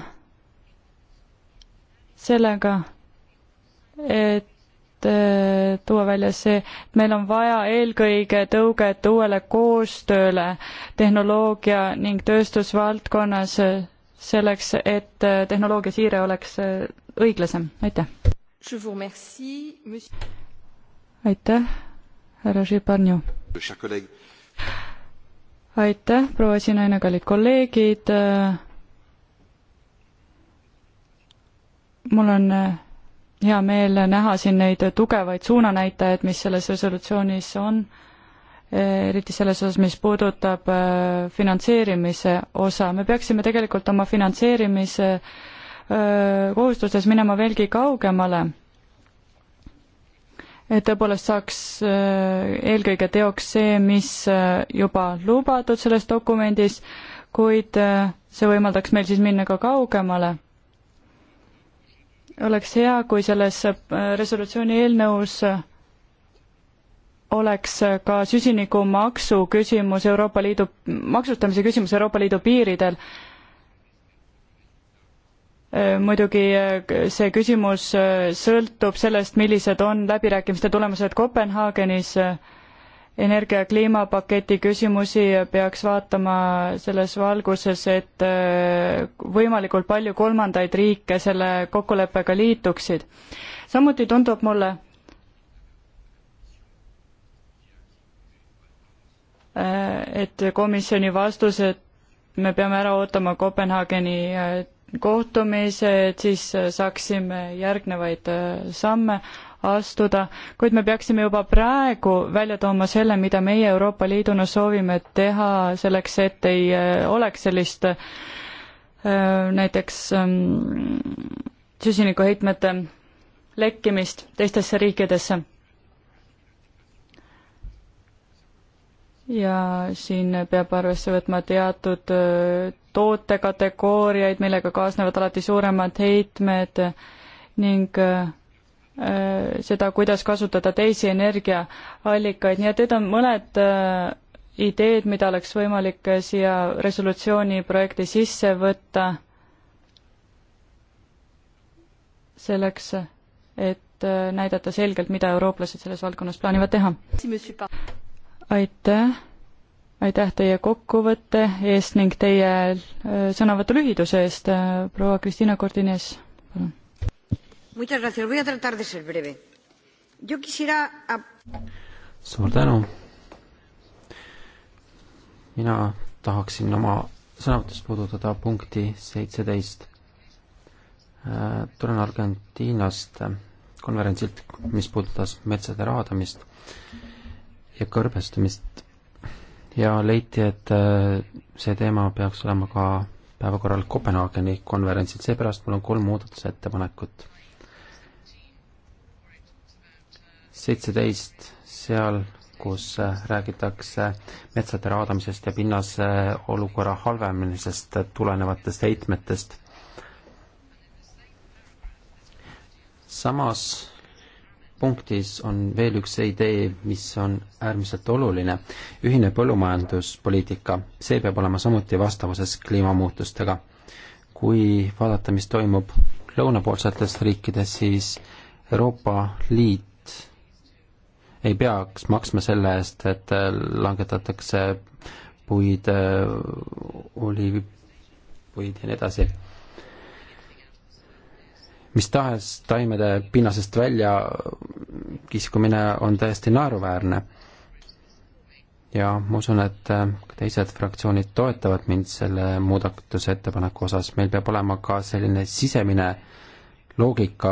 sellega, et äh, tuua välja see, et meil on vaja eelkõige tõuget uuele koostööle tehnoloogia ning tööstusvaldkonnas selleks, et äh, tehnoloogia siire oleks äh, õiglasem, aitäh! aitäh, härra Žibarnju! aitäh, proua esinaine, kallid kolleegid! mul on äh, hea meel näha siin neid tugevaid suunanäitajaid, mis selles resolutsioonis on äh, Äh, eriti selles osas, mis puudutab äh, finantseerimise osa, me peaksime tegelikult oma finantseerimise äh, kohustustes minema veelgi kaugemale, et tõepoolest saaks eelkõige teoks see, mis juba lubatud selles dokumendis, kuid see võimaldaks meil siis minna ka kaugemale. oleks hea, kui selles resolutsiooni eelnõus oleks ka süsinikumaksu küsimus Euroopa Liidu, maksustamise küsimus Euroopa Liidu piiridel. muidugi eh, see küsimus eh, sõltub sellest, millised on läbirääkimiste tulemused Kopenhaagenis, energia- ja kliimapaketi küsimusi peaks vaatama selles valguses, et eh, võimalikult palju kolmandaid riike selle kokkuleppega liituksid. samuti tundub mulle, Äh, et komisjoni vastus, et me peame ära ootama Kopenhaageni äh, kohtumise, et siis äh, saaksime järgnevaid samme astuda, kuid me peaksime juba praegu välja tooma selle, mida meie Euroopa Liiduna soovime teha selleks, et ei oleks sellist näiteks ähm, süsinikuheitmete lekkimist teistesse riikidesse ja siin peab arvesse võtma teatud äh, tootekategooriaid, millega kaasnevad alati suuremad heitmed ning äh, äh, seda, kuidas kasutada teisi energiaallikaid, nii et need on mõned ideed, mida oleks võimalik siia resolutsiooni projekti sisse võtta selleks, et näidata selgelt, mida eurooplased selles valdkonnas plaanivad teha aitäh, aitäh teie kokkuvõtte eest ning teie äh, sõnavõtu lühiduse eest, äh, proua Kristina Kordines, palun. suur tänu. mina tahaksin oma sõnavõtus puudutada punkti seitseteist. Äh, tulen Argentiinast konverentsilt, mis puudutas metsade raadamist ja kõrbestumist ja leiti, et äh, see teema peaks olema ka päevakorral Kopenhaageni konverentsil, seepärast mul on kolm muudatusettepanekut. seitseteist, seal, kus äh, räägitakse metsade raadamisest ja pinnase äh, olukorra halvemisest tulenevatest heitmetest. samas punktis on veel üks idee, mis on äärmiselt oluline. ühine põllumajanduspoliitika, see peab olema samuti vastavuses kliimamuutustega. kui vaadata, mis toimub lõunapoolsetes riikides, siis Euroopa Liit ei peaks maksma selle eest, et langetatakse puid, äh, oliivipuid ja nii edasi mis tahes taimede pinnasest välja kiskumine on täiesti naeruväärne. ja ma usun, et äh, ka teised fraktsioonid toetavad mind selle muudatusettepaneku osas, meil peab olema ka selline sisemine loogika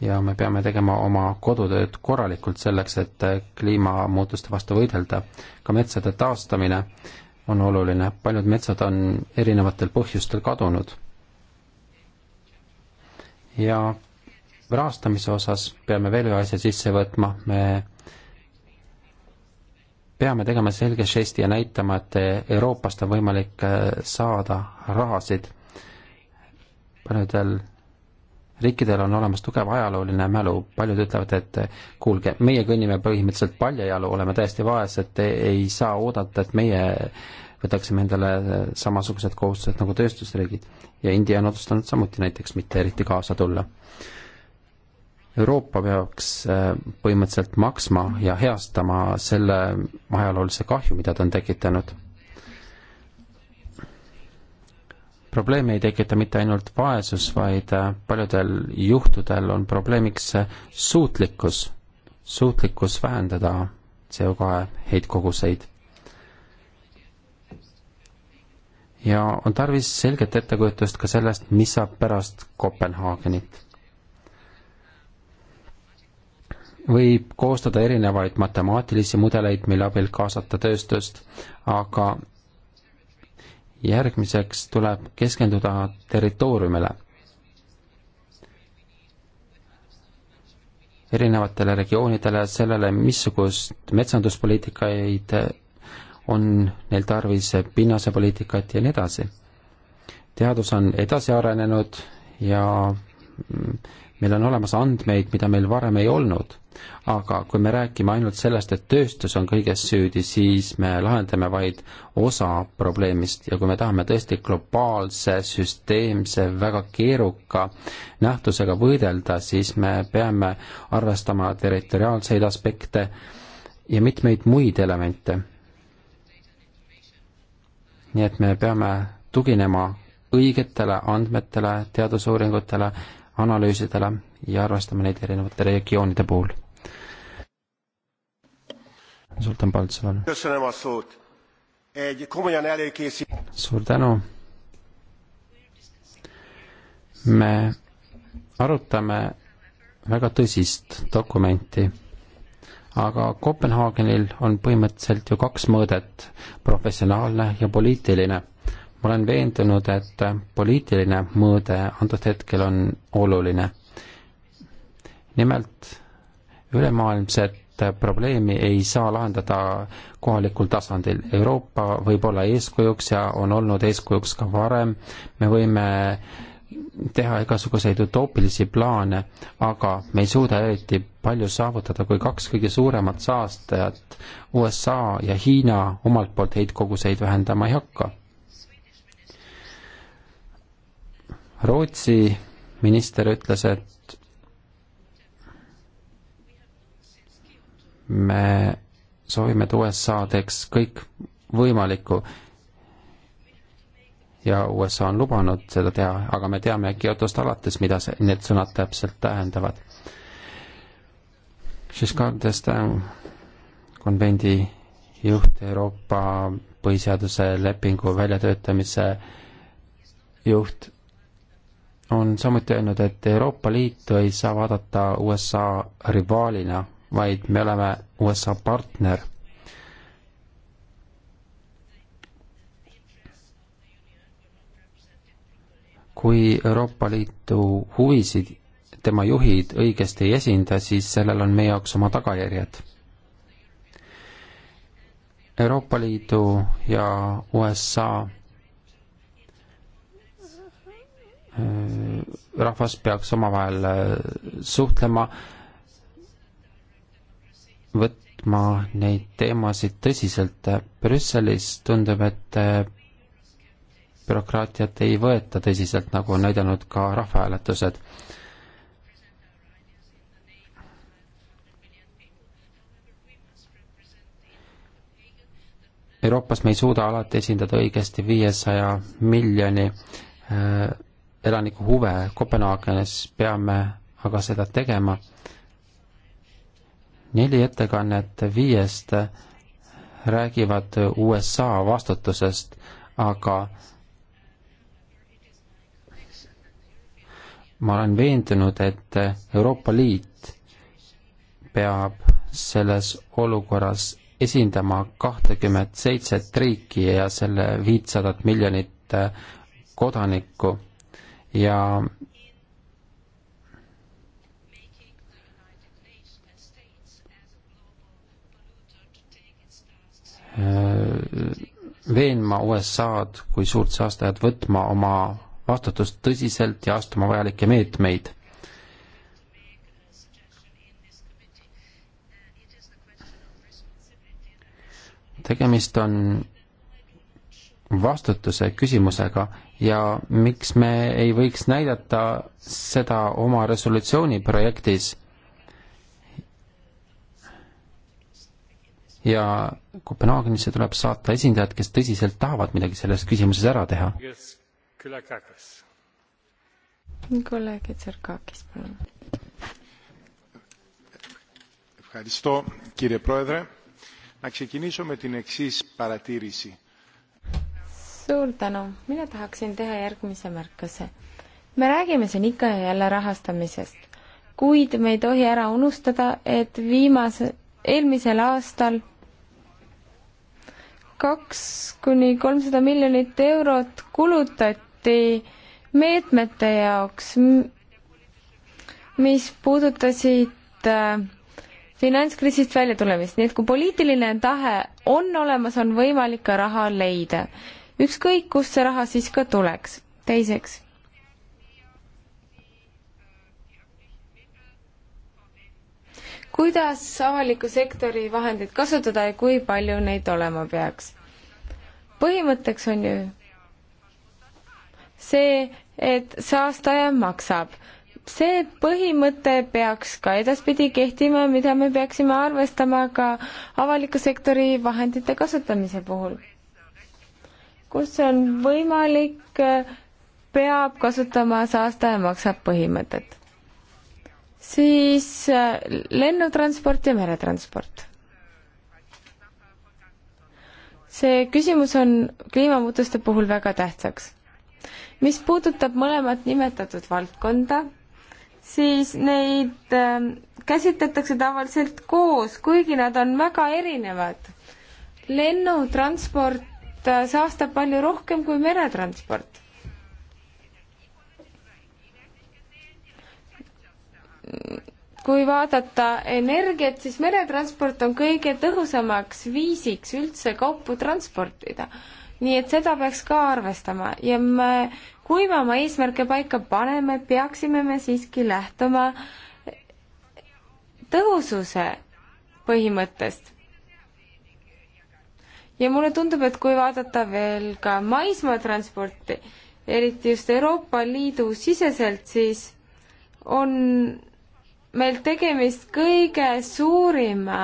ja me peame tegema oma kodutööd korralikult selleks, et äh, kliimamuutuste vastu võidelda. ka metsade taastamine on oluline, paljud metsad on erinevatel põhjustel kadunud. ja rahastamise osas peame veel ühe asja sisse võtma, me peame tegema selge žesti ja näitama, et Euroopast on võimalik äh, saada rahasid. paljudel riikidel on olemas tugev ajalooline mälu, paljud ütlevad, et kuulge, meie kõnnime põhimõtteliselt paljajalu, oleme täiesti vaesed, ei saa oodata, et meie võtaksime endale samasugused kohustused nagu tööstusriigid. ja India on otsustanud samuti näiteks mitte eriti kaasa tulla. Euroopa peaks äh, põhimõtteliselt maksma ja heastama selle ajaloolise kahju, mida ta on tekitanud probleemi ei tekita mitte ainult vaesus, vaid äh, paljudel juhtudel on probleemiks äh, suutlikkus, suutlikkus vähendada CO2 heitkoguseid. ja on tarvis selget ettekujutust ka sellest, mis saab pärast Kopenhaagenit. võib koostada erinevaid matemaatilisi mudeleid, mille abil kaasata tööstust, aga järgmiseks tuleb keskenduda territooriumile. erinevatele regioonidele, sellele, missugust metsanduspoliitikaid on neil tarvis, pinnasepoliitikat ja nii edasi. teadus on edasi arenenud ja meil on olemas andmeid, mida meil varem ei olnud. aga kui me räägime ainult sellest, et tööstus on kõiges süüdi, siis me lahendame vaid osa probleemist ja kui me tahame tõesti globaalse, süsteemse, väga keeruka nähtusega võidelda, siis me peame arvestama territoriaalseid aspekte ja mitmeid muid elemente. nii et me peame tuginema õigetele andmetele, teadusuuringutele, analüüsidele ja arvestame neid erinevate regioonide puhul. Zoltán Balcsoval. suur tänu. me arutame väga tõsist dokumenti, aga Kopenhaagenil on põhimõtteliselt ju kaks mõõdet, professionaalne ja poliitiline ma olen veendunud, et poliitiline mõõde antud hetkel on oluline. nimelt ülemaailmset probleemi ei saa lahendada kohalikul tasandil. Euroopa võib olla eeskujuks ja on olnud eeskujuks ka varem, me võime teha igasuguseid utoopilisi plaane, aga me ei suuda eriti palju saavutada, kui kaks kõige suuremat saastajat, USA ja Hiina, omalt poolt heitkoguseid vähendama ei hakka Rootsi minister ütles, et me soovime, et USA teeks kõik võimalikku ja USA on lubanud seda teha, aga me teame Kyotost alates, mida see, need sõnad täpselt tähendavad. Giscard d'Estaing, konvendi juht, Euroopa põhiseaduse lepingu väljatöötamise juht on samuti öelnud, et Euroopa Liitu ei saa vaadata USA rivaalina, vaid me oleme USA partner. kui Euroopa Liidu huvisid tema juhid õigesti ei esinda, siis sellel on meie jaoks oma tagajärjed. Euroopa Liidu ja USA Äh, rahvas peaks omavahel äh, suhtlema, võtma neid teemasid tõsiselt. Brüsselis tundub, et äh, bürokraatiat ei võeta tõsiselt, nagu on näidanud ka rahvahääletused. Euroopas me ei suuda alati esindada õigesti viiesaja miljoni elaniku huve Kopenhaagenis, peame aga seda tegema. neli ettekannet viiest räägivad USA vastutusest, aga ma olen veendunud, et Euroopa Liit peab selles olukorras esindama kahtekümmet seitset riiki ja selle viitsadat miljonit kodanikku ja äh, veenma USA-d kui suurt saastajat võtma oma vastutust tõsiselt ja astuma vajalikke meetmeid. tegemist on vastutuse küsimusega ja miks me ei võiks näidata seda oma resolutsiooni projektis. ja Kopenhaagenisse tuleb saata esindajad, kes tõsiselt tahavad midagi selles küsimuses ära teha. kolleeg Tserkakis, palun. Ευχαριστώ κύριε Πρόεδρε. Να ξεκινήσω με την εξής παρατήρηση suur tänu, mina tahaksin teha järgmise märkuse. me räägime siin ikka ja jälle rahastamisest, kuid me ei tohi ära unustada, et viimase, eelmisel aastal kaks kuni kolmsada miljonit eurot kulutati meetmete jaoks, mis puudutasid äh, finantskriisist väljatulemist, nii et kui poliitiline tahe on olemas, on võimalik ka raha leida ükskõik kust see raha siis ka tuleks. teiseks, kuidas avaliku sektori vahendeid kasutada ja kui palju neid olema peaks? põhimõtteks on ju see, et saastaja maksab. see põhimõte peaks ka edaspidi kehtima, mida me peaksime arvestama ka avaliku sektori vahendite kasutamise puhul kus on võimalik, peab kasutama saastaja maksab põhimõtet. siis äh, lennutransport ja meretransport. see küsimus on kliimamuutuste puhul väga tähtsaks. mis puudutab mõlemat nimetatud valdkonda, siis neid ähm, käsitletakse tavaliselt koos, kuigi nad on väga erinevad. lennutransport Äh, saastab palju rohkem kui meretransport. kui vaadata energiat, siis meretransport on kõige tõhusamaks viisiks üldse kaupu transportida. nii et seda peaks ka arvestama ja me, kui me oma eesmärke paika paneme, peaksime me siiski lähtuma tõhususe põhimõttest ja mulle tundub, et kui vaadata veel ka maismaatransporti, eriti just Euroopa Liidu siseselt, siis on meil tegemist kõige suurima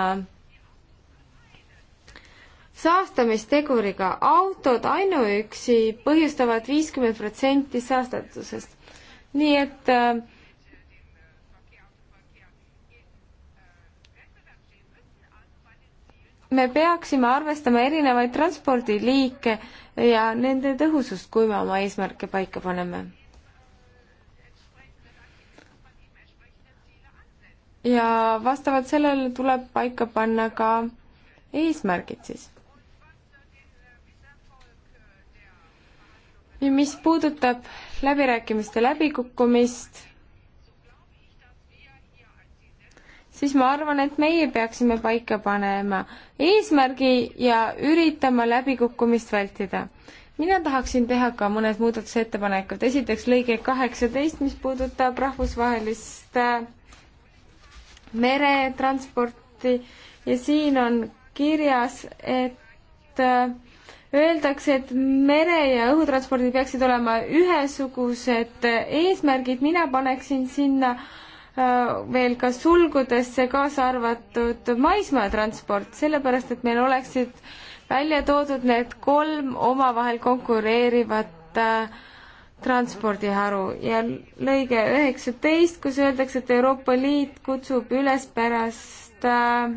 saastamisteguriga. autod ainuüksi põhjustavad viiskümmend protsenti saastatusest. nii et äh, me peaksime arvestama erinevaid transpordiliike ja nende tõhusust, kui me oma eesmärke paika paneme. ja vastavalt sellele tuleb paika panna ka eesmärgid siis. ja mis puudutab läbirääkimiste läbikukkumist siis ma arvan, et meie peaksime paika panema eesmärgi ja üritama läbikukkumist vältida. mina tahaksin teha ka mõned muudatusettepanekud, esiteks lõige kaheksateist, mis puudutab rahvusvahelist äh, meretransporti ja siin on kirjas, et äh, öeldakse, et mere- ja õhutranspordil peaksid olema ühesugused äh, eesmärgid, mina paneksin sinna äh, Äh, veel ka sulgudesse, kaasa arvatud maismaatransport, sellepärast et meil oleksid välja toodud need kolm omavahel konkureerivat äh, transpordiharu ja lõige üheksateist, kus öeldakse, et Euroopa Liit kutsub üles pärast äh,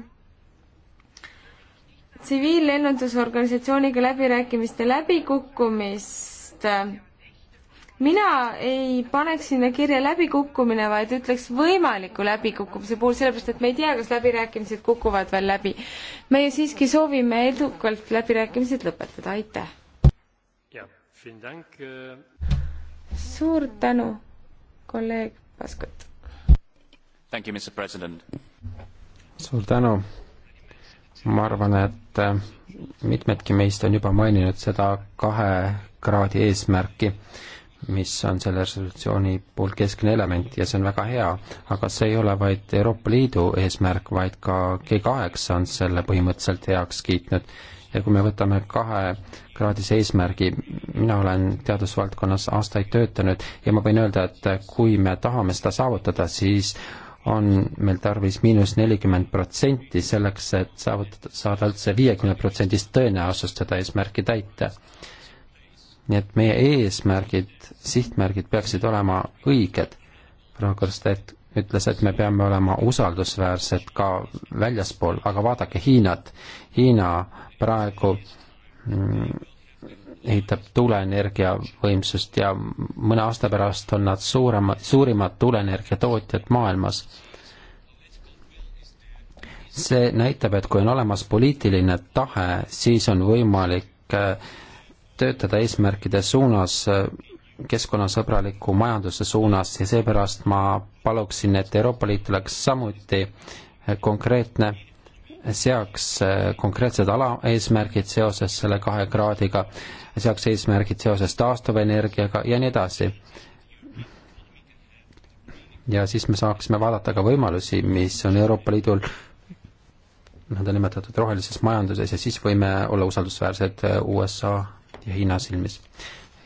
tsiviillennundusorganisatsiooniga läbirääkimiste läbikukkumist äh, mina ei paneks sinna kirja läbikukkumine, vaid ütleks võimaliku läbikukkumise puhul, sellepärast et me ei tea, kas läbirääkimised kukuvad veel läbi. meie siiski soovime edukalt läbirääkimised lõpetada, aitäh! Äh, suur tänu, kolleeg Paskut! suur tänu! ma arvan, et äh, mitmedki meist on juba maininud seda kahe kraadi eesmärki mis on selle resolutsiooni puhul keskne element ja see on väga hea, aga see ei ole vaid Euroopa Liidu eesmärk, vaid ka G8 on selle põhimõtteliselt heaks kiitnud. ja kui me võtame kahekraadise eesmärgi, mina olen teadusvaldkonnas aastaid töötanud ja ma võin öelda, et kui me tahame seda saavutada, siis on meil tarvis miinus nelikümmend protsenti selleks, et saavutada, saada üldse viiekümne protsendist tõenäosust seda eesmärki täita nii et meie eesmärgid, sihtmärgid peaksid olema õiged. Rahakõrstedt ütles, et me peame olema usaldusväärsed ka väljaspool, aga vaadake Hiinat. Hiina praegu mm, ehitab tuuleenergia võimsust ja mõne aasta pärast on nad suuremad, suurimad tuuleenergia tootjad maailmas. see näitab, et kui on olemas poliitiline tahe, siis on võimalik äh, töötada eesmärkide suunas, keskkonnasõbraliku majanduse suunas ja seepärast ma paluksin, et Euroopa Liit oleks samuti konkreetne, seaks konkreetsed alaeesmärgid seoses selle kahe kraadiga, seaks eesmärgid seoses taastuvenergiaga ja nii edasi. ja siis me saaksime vaadata ka võimalusi, mis on Euroopa Liidul nõndanimetatud rohelises majanduses ja siis võime olla usaldusväärsed USA ja Hiina silmis.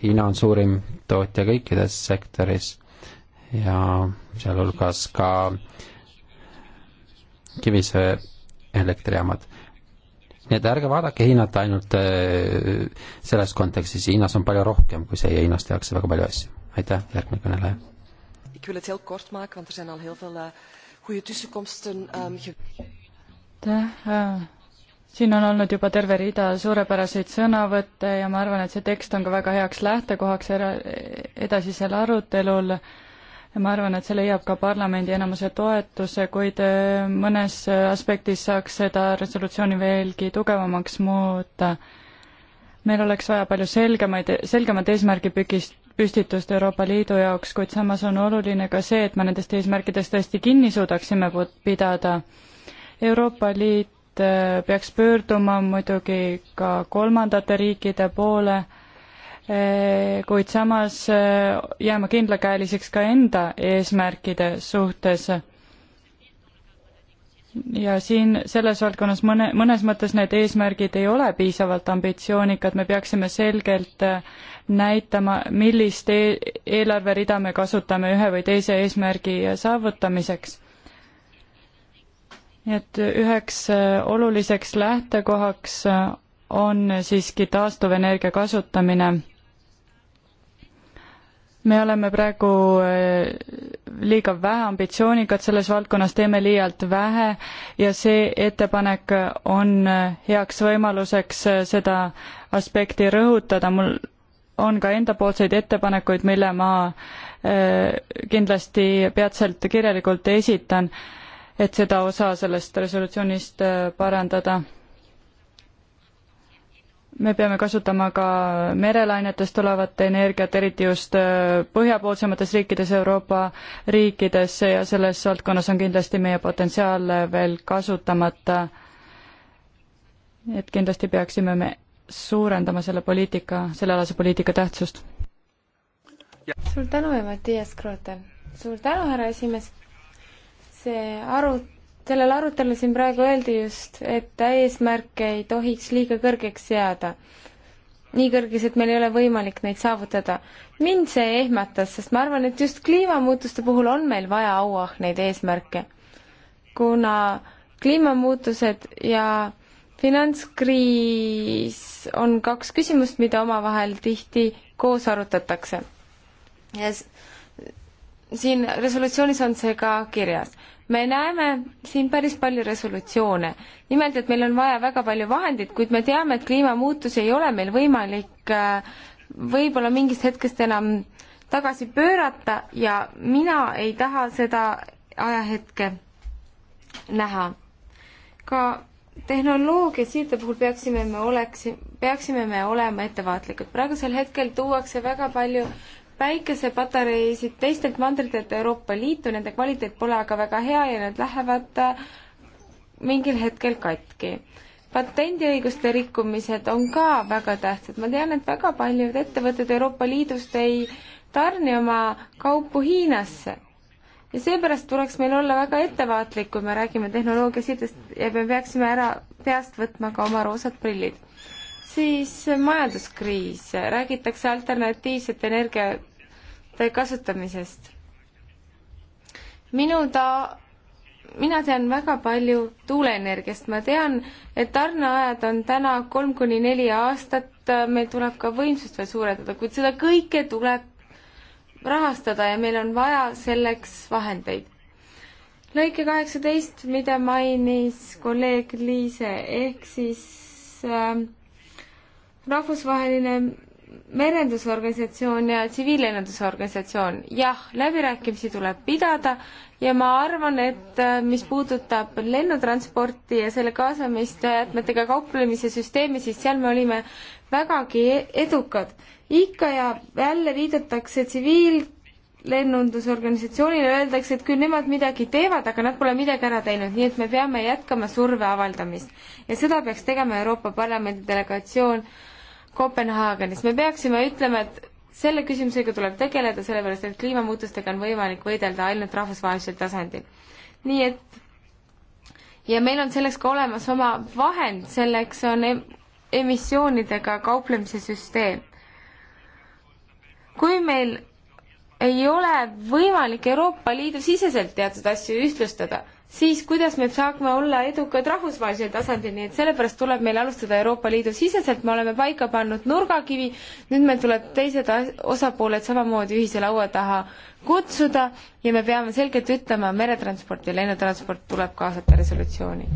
Hiina on suurim tootja kõikides sektoris ja sealhulgas ka kivisöe elektrijaamad. nii et ärge vaadake Hiinat ainult äh, selles kontekstis, Hiinas on palju rohkem kui see ja Hiinas tehakse väga palju asju. aitäh, järgmine kõneleja. Ik wil het heel kort maken, want er zijn al heel veel uh, goede tussenkomsten um, aitäh siin on olnud juba terve rida suurepäraseid sõnavõtte ja ma arvan, et see tekst on ka väga heaks lähtekohaks edasisel arutelul ja ma arvan, et see leiab ka parlamendi enamuse toetuse, kuid äh, mõnes aspektis saaks seda resolutsiooni veelgi tugevamaks muuta. meil oleks vaja palju selgemaid, selgemat eesmärgipükist, püstitust Euroopa Liidu jaoks, kuid samas on oluline ka see, et me nendest eesmärkidest tõesti kinni suudaksime pidada Euroopa Liit et äh, peaks pöörduma muidugi ka kolmandate riikide poole, äh, kuid samas äh, jääma kindlakäeliseks ka enda eesmärkide suhtes. ja siin selles valdkonnas mõne, mõnes mõttes need eesmärgid ei ole piisavalt ambitsioonikad, me peaksime selgelt näitama, millist e eelarverida me kasutame ühe või teise eesmärgi saavutamiseks nii et üheks äh, oluliseks lähtekohaks äh, on siiski taastuvenergia kasutamine. me oleme praegu äh, liiga vähe ambitsioonikad selles valdkonnas, teeme liialt vähe ja see ettepanek on heaks võimaluseks seda aspekti rõhutada. mul on ka endapoolseid ettepanekuid, mille ma kindlasti peatselt kirjalikult esitan et seda osa sellest resolutsioonist äh, parandada. me peame kasutama ka merelainetest tulevat energiat, eriti just äh, põhjapoolsemates riikides, Euroopa riikides ja selles valdkonnas on kindlasti meie potentsiaal veel kasutamata. et kindlasti peaksime me suurendama selle poliitika, sellealase poliitika tähtsust. suur tänu ja Mattias Kroote. suur tänu, härra esimees see aru, sellel arutelul siin praegu öeldi just, et eesmärk ei tohiks liiga kõrgeks jääda. nii kõrges, et meil ei ole võimalik neid saavutada. mind see ehmatas, sest ma arvan, et just kliimamuutuste puhul on meil vaja auahneid eesmärke. kuna kliimamuutused ja finantskriis on kaks küsimust, mida omavahel tihti koos arutatakse. ja siin resolutsioonis on see ka kirjas me näeme siin päris palju resolutsioone. nimelt, et meil on vaja väga palju vahendeid, kuid me teame, et kliimamuutusi ei ole meil võimalik äh, võib-olla mingist hetkest enam tagasi pöörata ja mina ei taha seda ajahetke näha. ka tehnoloogia siirde puhul peaksime me oleks, peaksime me olema ettevaatlikud. praegusel hetkel tuuakse väga palju päikesepatareisid teistelt mandritelt Euroopa Liitu, nende kvaliteet pole aga väga hea ja need lähevad äh, mingil hetkel katki. patendiõiguste rikkumised on ka väga tähtsad, ma tean, et väga paljud ettevõtted Euroopa Liidust ei tarni oma kaupu Hiinasse. ja seepärast tuleks meil olla väga ettevaatlik, kui me räägime tehnoloogia sidest ja me peaksime ära peast võtma ka oma roosad prillid siis majanduskriis, räägitakse alternatiivsete energiate kasutamisest. minu ta, mina tean väga palju tuuleenergiast, ma tean, et tarneajad on täna kolm kuni neli aastat, meil tuleb ka võimsust veel suurendada, kuid seda kõike tuleb rahastada ja meil on vaja selleks vahendeid. lõike kaheksateist, mida mainis kolleeg Liise, ehk siis äh, rahvusvaheline merendusorganisatsioon ja tsiviillennundusorganisatsioon. jah, läbirääkimisi tuleb pidada ja ma arvan, et äh, mis puudutab lennutransporti ja selle kaasamist jäätmetega kauplemise süsteemi, siis seal me olime vägagi edukad. ikka ja jälle viidatakse tsiviillennundusorganisatsioonile, öeldakse, et küll nemad midagi teevad, aga nad pole midagi ära teinud, nii et me peame jätkama surve avaldamist. ja seda peaks tegema Euroopa Parlamendi delegatsioon Kopenhaagenis. me peaksime ütlema, et selle küsimusega tuleb tegeleda, sellepärast et kliimamuutustega on võimalik võidelda ainult rahvusvahelisel tasandil. nii et ja meil on selleks ka olemas oma vahend, selleks on em emissioonidega kauplemise süsteem. kui meil ei ole võimalik Euroopa Liidu siseselt teatud asju ühtlustada, siis kuidas me saame olla edukad rahvusvahelisel tasandil, nii et sellepärast tuleb meil alustada Euroopa Liidu siseselt, me oleme paika pannud nurgakivi, nüüd meil tuleb teised osapooled samamoodi ühise laua taha kutsuda ja me peame selgelt ütlema, meretransport ja lennutransport tuleb kaasata resolutsiooni.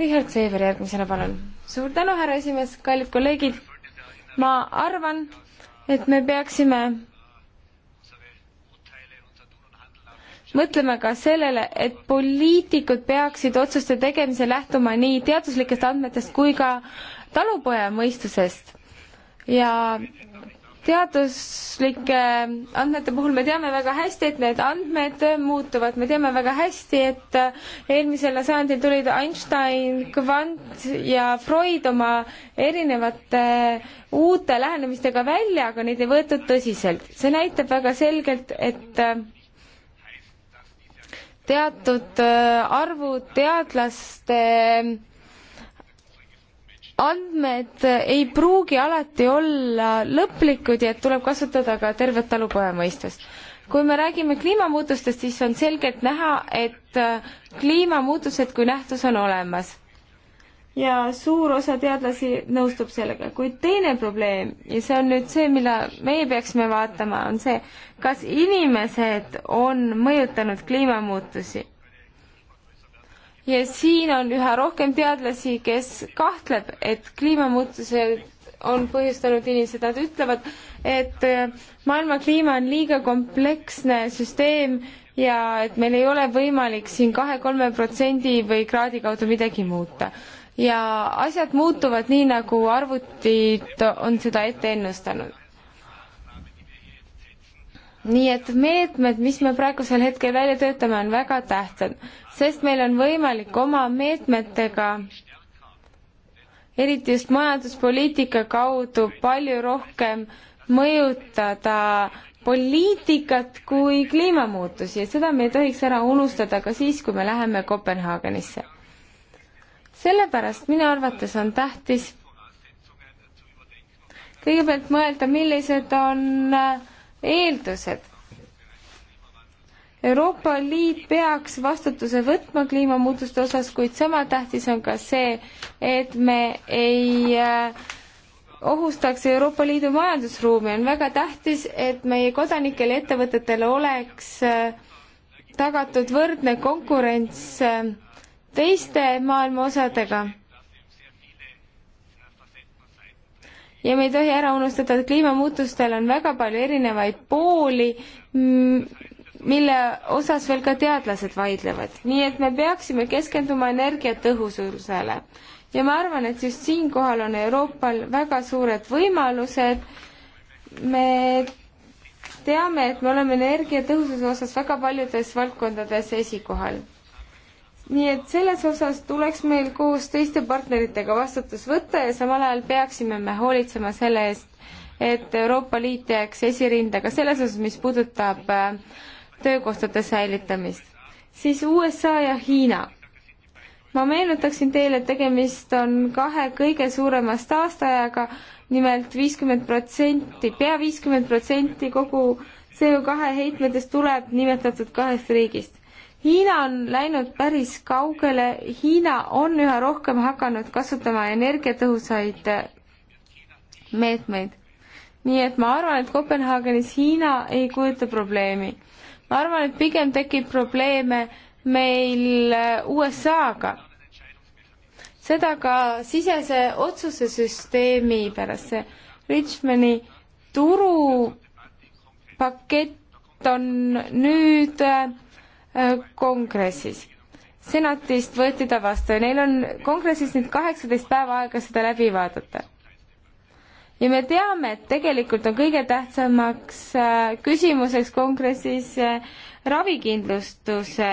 Richard Seeber järgmisena, palun. suur tänu, härra esimees, kallid kolleegid, ma arvan, et me peaksime mõtlema ka sellele, et poliitikud peaksid otsuste tegemisel lähtuma nii teaduslikest andmetest kui ka talupojamõistusest. ja teaduslike andmete puhul me teame väga hästi, et need andmed muutuvad, me teame väga hästi, et eelmisel sajandil tulid Einstein, Kvant ja Freud oma erinevate uute lähenemistega välja, aga neid ei võetud tõsiselt. see näitab väga selgelt, et teatud äh, arvud teadlaste äh, andmed ei pruugi alati olla lõplikud ja et tuleb kasutada ka tervet talupojamõistust. kui me räägime kliimamuutustest, siis on selgelt näha, et äh, kliimamuutused kui nähtus on olemas ja suur osa teadlasi nõustub sellega, kuid teine probleem ja see on nüüd see, mille meie peaksime vaatama, on see, kas inimesed on mõjutanud kliimamuutusi. ja siin on üha rohkem teadlasi, kes kahtleb, et kliimamuutused on põhjustanud inimesed, nad ütlevad, et äh, maailma kliima on liiga kompleksne süsteem ja et meil ei ole võimalik siin kahe-kolme protsendi või kraadi kaudu midagi muuta ja asjad muutuvad nii, nagu arvutid on seda ette ennustanud. nii et meetmed, mis me praegusel hetkel välja töötame, on väga tähtsad, sest meil on võimalik oma meetmetega eriti just majanduspoliitika kaudu palju rohkem mõjutada poliitikat kui kliimamuutusi ja seda me ei tohiks ära unustada ka siis, kui me läheme Kopenhaagenisse sellepärast minu arvates on tähtis kõigepealt mõelda, millised on äh, eeldused. Euroopa Liit peaks vastutuse võtma kliimamuutuste osas, kuid sama tähtis on ka see, et me ei äh, ohustaks Euroopa Liidu majandusruumi. on väga tähtis, et meie kodanikel ja ettevõtetel oleks äh, tagatud võrdne konkurents teiste maailma osadega. ja me ei tohi ära unustada, et kliimamuutustel on väga palju erinevaid pooli, mille osas veel ka teadlased vaidlevad. nii et me peaksime keskenduma energiatõhususele. ja ma arvan, et just siinkohal on Euroopal väga suured võimalused. me teame, et me oleme energiatõhususe osas väga paljudes valdkondades esikohal nii et selles osas tuleks meil koos teiste partneritega vastutus võtta ja samal ajal peaksime me hoolitsema selle eest, et Euroopa Liit jääks esirinda ka selles osas, mis puudutab äh, töökohtade säilitamist. siis USA ja Hiina. ma meenutaksin teile, et tegemist on kahe kõige suurema staastajaga, nimelt viiskümmend protsenti, pea viiskümmend protsenti kogu CO2 heitmetest tuleb nimetatud kahest riigist Hiina on läinud päris kaugele, Hiina on üha rohkem hakanud kasutama energiatõhusaid meetmeid. nii et ma arvan, et Kopenhaagenis Hiina ei kujuta probleemi. ma arvan, et pigem tekib probleeme meil USA-ga. seda ka sisese otsusesüsteemi pärast, see Richmondi turupakett on nüüd äh, Äh, kongressis. senatist võeti ta vastu ja neil on kongressis nüüd kaheksateist päeva aega seda läbi vaadata. ja me teame, et tegelikult on kõige tähtsamaks äh, küsimuseks kongressis äh, ravikindlustuse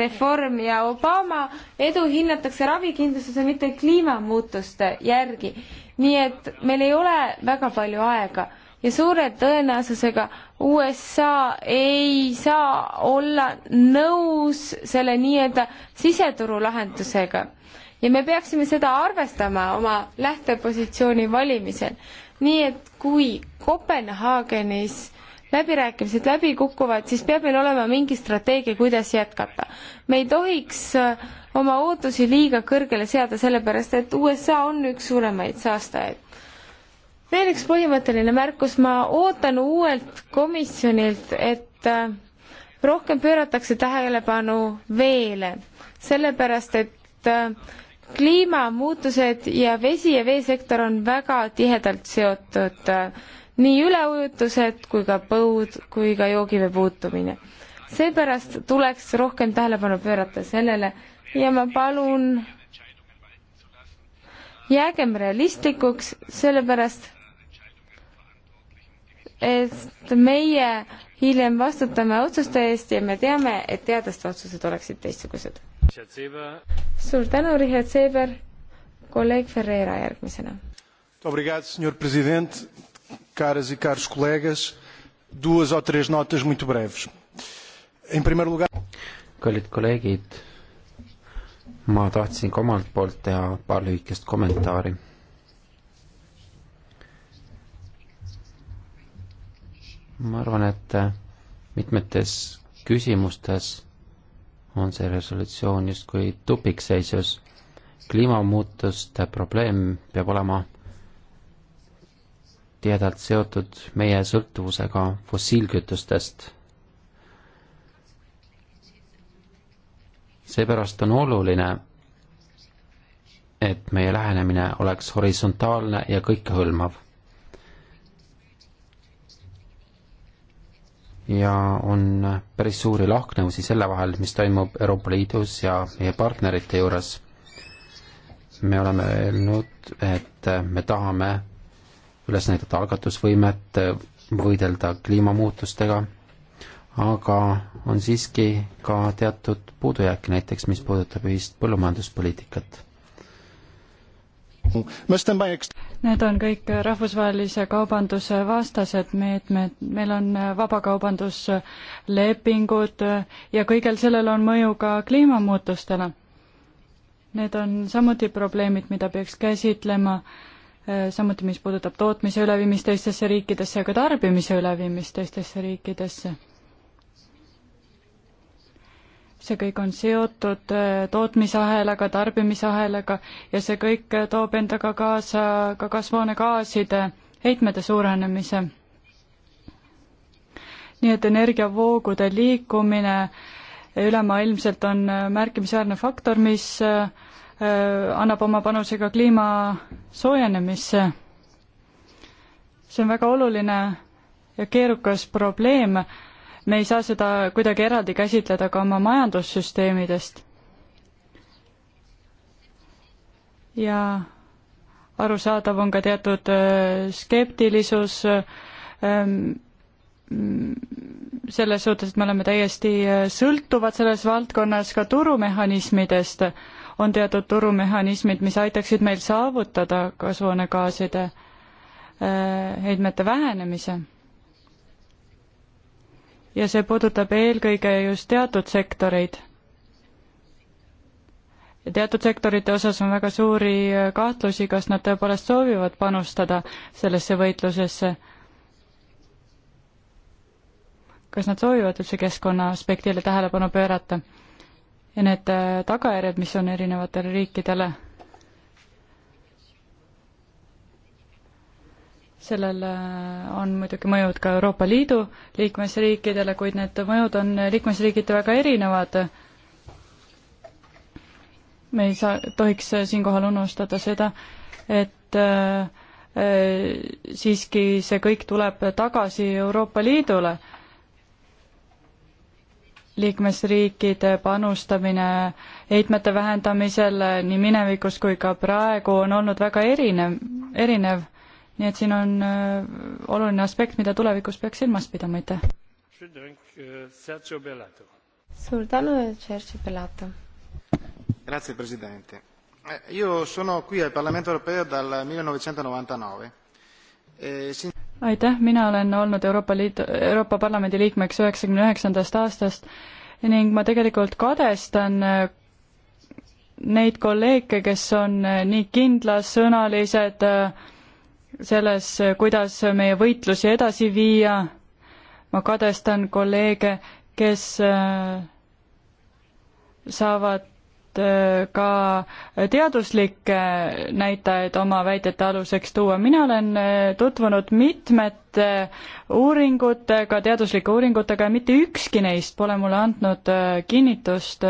reform ja Obama edu hinnatakse ravikindlustuse, mitte kliimamuutuste järgi. nii et meil ei ole väga palju aega ja suure tõenäosusega USA ei saa olla nõus selle nii-öelda siseturu lahendusega. ja me peaksime seda arvestama oma lähtepositsiooni valimisel. nii et kui Kopenhaagenis läbirääkimised läbi kukuvad, siis peab meil olema mingi strateegia, kuidas jätkata. me ei tohiks äh, oma ootusi liiga kõrgele seada, sellepärast et USA on üks suuremaid saastajaid veel üks põhimõtteline märkus, ma ootan uuelt komisjonilt, et äh, rohkem pööratakse tähelepanu veele, sellepärast et äh, kliimamuutused ja vesi ja veesektor on väga tihedalt seotud, äh, nii üleujutused kui ka põud kui ka joogivee puutumine. seepärast tuleks rohkem tähelepanu pöörata sellele ja ma palun jäägem realistlikuks, sellepärast et meie hiljem vastutame otsuste eest ja me teame, et teadlaste otsused oleksid teistsugused. suur tänu, Richard Seeber, kolleeg Ferreira järgmisena. E kallid kolleegid, ma tahtsin ka omalt poolt teha paar lühikest kommentaari ma arvan, et äh, mitmetes küsimustes on see resolutsioon justkui tupikseisus. kliimamuutuste probleem peab olema tihedalt seotud meie sõltuvusega fossiilkütustest. seepärast on oluline, et meie lähenemine oleks horisontaalne ja kõikehõlmav ja on päris suuri lahknevusi selle vahel, mis toimub Euroopa Liidus ja meie partnerite juures. me oleme öelnud, et me tahame üles näidata algatusvõimet, võidelda kliimamuutustega, aga on siiski ka teatud puudujääke näiteks, mis puudutab ühist põllumajanduspoliitikat Need on kõik rahvusvahelise kaubanduse vastased meetmed, meil on vabakaubanduslepingud ja kõigel sellel on mõju ka kliimamuutustele. Need on samuti probleemid, mida peaks käsitlema, samuti mis puudutab tootmise üleviimist teistesse riikidesse ja ka tarbimise üleviimist teistesse riikidesse see kõik on seotud äh, tootmisahelaga, tarbimisahelaga ja see kõik äh, toob endaga kaasa ka kasvuhoonegaaside heitmete suurenemise. nii et energiavoogude liikumine äh, ülemaailmselt on märkimisväärne faktor, mis annab oma panuse ka kliima soojenemisse. see on väga oluline ja keerukas probleem me ei saa seda kuidagi eraldi käsitleda ka oma majandussüsteemidest. ja arusaadav on ka teatud äh, skeptilisus ähm, mm, selles suhtes, et me oleme täiesti äh, sõltuvad selles valdkonnas ka turumehhanismidest, on teatud turumehhanismid, mis aitaksid meil saavutada kasvuhoonegaaside äh, heitmete vähenemise ja see puudutab eelkõige just teatud sektoreid. ja teatud sektorite osas on väga suuri kahtlusi, kas nad tõepoolest soovivad panustada sellesse võitlusesse. kas nad soovivad üldse keskkonna aspektile tähelepanu pöörata ja need tagajärjed, mis on erinevatele riikidele sellel äh, on muidugi mõjud ka Euroopa Liidu liikmesriikidele, kuid need mõjud on liikmesriigiti väga erinevad. me ei saa, tohiks siinkohal unustada seda, et äh, äh siiski see kõik tuleb tagasi Euroopa Liidule. liikmesriikide panustamine heitmete vähendamisel nii minevikus kui ka praegu on olnud väga erinev, erinev nii et siin on äh, oluline aspekt, mida tulevikus peaks silmas pidama, aitäh. suur tänu, Sergio Bellato. Grazie Presidente. Eh, io sono qui al Parlamento Europeo dal 1999 e eh, sin- aitäh, mina olen olnud Euroopa Liidu, Euroopa Parlamendi liikmeks üheksakümne üheksandast aastast ning ma tegelikult kadestan äh, neid kolleege, kes on äh, nii kindlasõnalised äh, selles, kuidas meie võitlusi edasi viia. ma kadestan kolleege, kes äh, saavad äh, ka teaduslikke näitajaid oma väidete aluseks tuua. mina olen äh, tutvunud mitmete uuringutega, teaduslike uuringutega ja mitte ükski neist pole mulle andnud kinnitust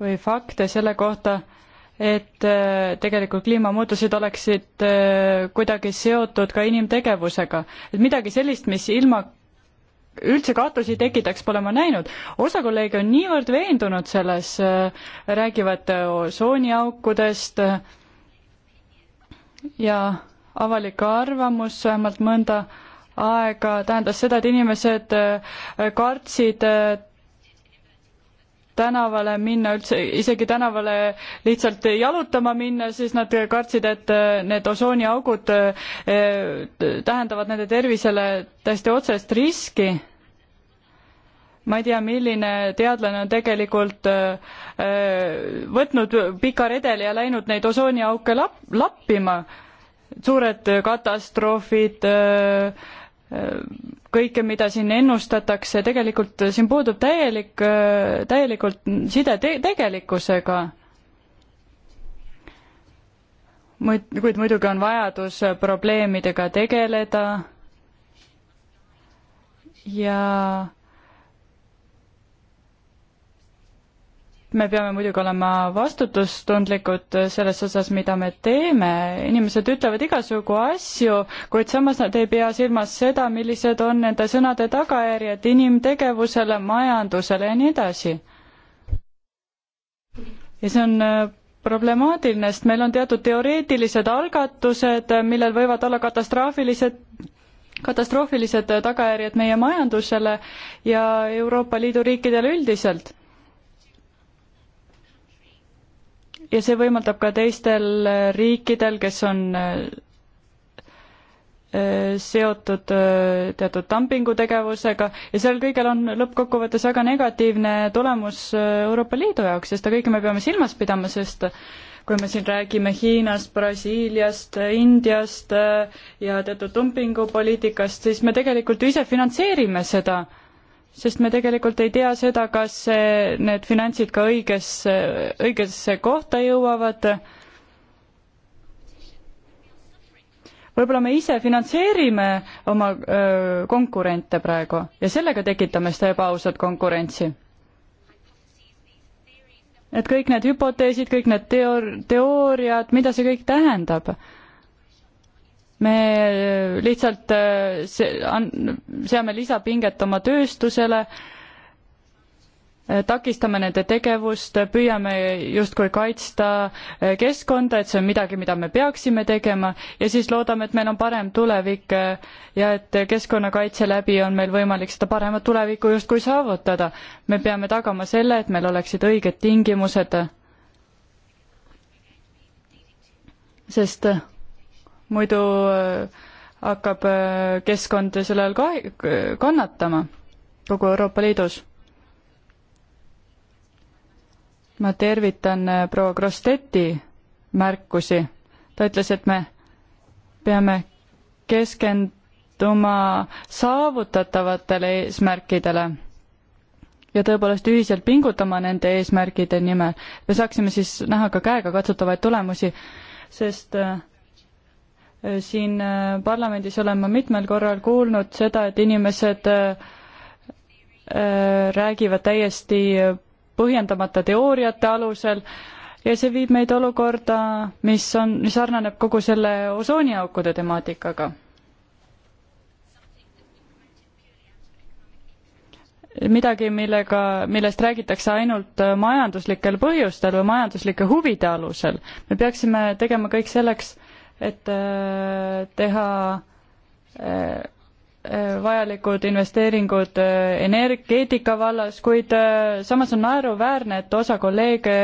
või fakte selle kohta et äh, tegelikult kliimamuutused oleksid äh, kuidagi seotud ka inimtegevusega, et midagi sellist, mis ilma üldse kaotusi tekitaks, pole ma näinud. osa kolleege on niivõrd veendunud selles, äh, räägivad osooniaukudest ja avalik arvamus vähemalt mõnda aega tähendas seda, et inimesed kartsid tänavale minna üldse, isegi tänavale lihtsalt jalutama minna, siis nad kartsid, et äh, need osooniaugud äh, tähendavad nende tervisele täiesti otsest riski. ma ei tea, milline teadlane on tegelikult äh, võtnud pika redeli ja läinud neid osooniauke lap-, lappima. suured katastroofid öö, kõike, mida siin ennustatakse, tegelikult siin puudub täielik, täielikult side te tegelikkusega. muid, kuid muidugi on vajadus probleemidega tegeleda ja me peame muidugi olema vastutustundlikud selles osas, mida me teeme, inimesed ütlevad igasugu asju, kuid samas nad ei pea silmas seda, millised on nende sõnade tagajärjed inimtegevusele, majandusele ja nii edasi. ja see on äh, problemaatiline, sest meil on teatud teoreetilised algatused, millel võivad olla katastraafilised katastroofilised tagajärjed meie majandusele ja Euroopa Liidu riikidele üldiselt ja see võimaldab ka teistel äh, riikidel, kes on äh, äh, seotud teatud dumpingutegevusega ja sel kõigel on lõppkokkuvõttes väga negatiivne tulemus Euroopa Liidu jaoks ja seda kõike me peame silmas pidama, sest kui me siin räägime Hiinast, Brasiiliast, Indiast ja teatud dumpingupoliitikast, siis me tegelikult ju ise finantseerime seda sest me tegelikult ei tea seda, kas see, need finantsid ka õigesse, õigesse kohta jõuavad. võib-olla me ise finantseerime oma öö, konkurente praegu ja sellega tekitame seda ebaausat konkurentsi. et kõik need hüpoteesid, kõik need teoor-, teooriad, mida see kõik tähendab me lihtsalt äh, seame lisapinget oma tööstusele, äh, takistame nende tegevust, püüame justkui kaitsta äh, keskkonda, et see on midagi, mida me peaksime tegema ja siis loodame, et meil on parem tulevik ja et keskkonnakaitse läbi on meil võimalik seda paremat tulevikku justkui saavutada. me peame tagama selle, et meil oleksid õiged tingimused. sest muidu äh, hakkab äh, keskkond selle all ka-, kannatama kogu Euroopa Liidus. ma tervitan äh, proua Grosteti märkusi. ta ütles, et me peame keskenduma saavutatavatele eesmärkidele ja tõepoolest ühiselt pingutama nende eesmärkide nimel. me saaksime siis näha ka käegakatsutavaid tulemusi, sest äh, siin äh, parlamendis olen ma mitmel korral kuulnud seda, et inimesed äh, äh, räägivad täiesti põhjendamata teooriate alusel ja see viib meid olukorda, mis on, mis sarnaneb kogu selle osooniaukude temaatikaga. midagi, millega, millest räägitakse ainult majanduslikel põhjustel või majanduslike huvide alusel. me peaksime tegema kõik selleks, et äh, teha äh, äh, vajalikud investeeringud energeetika vallas, kuid samas on naeruväärne, et osa kolleege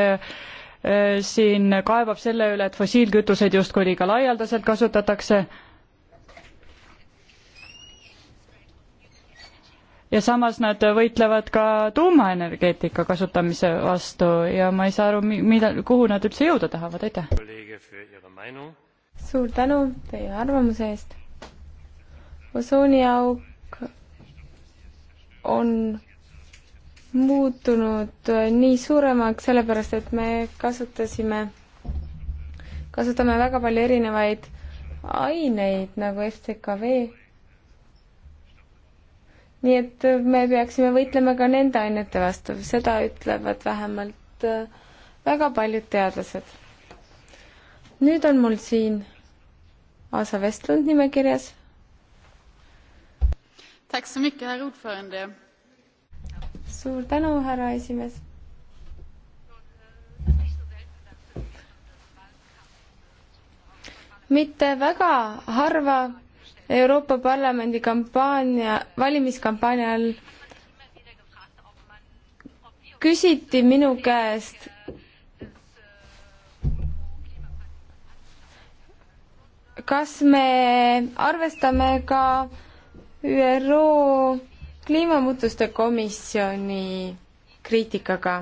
siin kaebab selle üle, et fossiilkütuseid justkui liiga laialdaselt kasutatakse. ja samas nad võitlevad ka tuumaenergeetika kasutamise vastu ja ma ei saa aru, mida, kuhu nad üldse jõuda tahavad, aitäh suur tänu teie arvamuse eest. osooniauk on muutunud nii suuremaks, sellepärast et me kasutasime, kasutame väga palju erinevaid aineid nagu FCKV. nii et me peaksime võitlema ka nende ainete vastu, seda ütlevad vähemalt äh, väga paljud teadlased. nüüd on mul siin Asa Vestlund nimekirjas. suur tänu, härra esimees. mitte väga harva Euroopa Parlamendi kampaania, valimiskampaania all küsiti minu käest, kas me arvestame ka ÜRO kliimamuutuste komisjoni kriitikaga?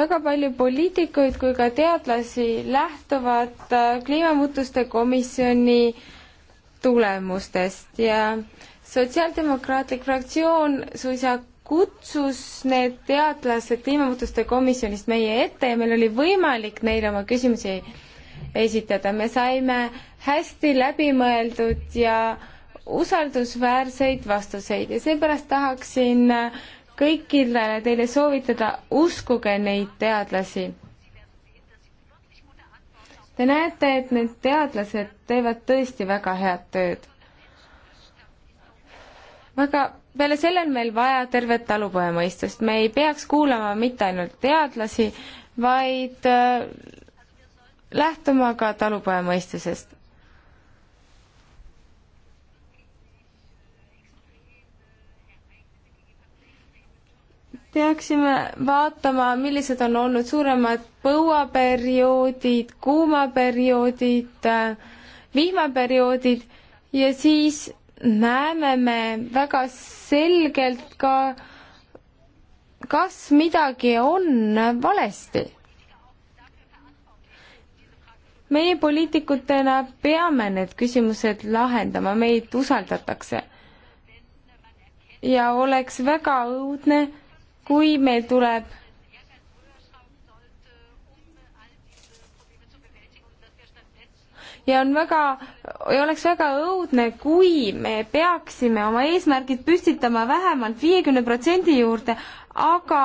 väga palju poliitikuid kui ka teadlasi lähtuvad äh, kliimamuutuste komisjoni tulemustest ja sotsiaaldemokraatlik fraktsioon suisa kutsus need teadlased kliimamuutuste komisjonist meie ette ja meil oli võimalik neile oma küsimusi esitada. me saime hästi läbimõeldud ja usaldusväärseid vastuseid ja seepärast tahaksin kõikidele teile soovitada, uskuge neid teadlasi. Te näete, et need teadlased teevad tõesti väga head tööd. väga peale selle on meil vaja tervet talupojamõistust, me ei peaks kuulama mitte ainult teadlasi, vaid äh, lähtuma ka talupojamõistusest. peaksime vaatama, millised on olnud suuremad põuaperioodid, kuumaperioodid, äh, vihmaperioodid ja siis näeme me väga selgelt ka, kas midagi on valesti. meie poliitikutena peame need küsimused lahendama, meid usaldatakse. ja oleks väga õudne, kui meil tuleb ja on väga, ja oleks väga õudne, kui me peaksime oma eesmärgid püstitama vähemalt viiekümne protsendi juurde, aga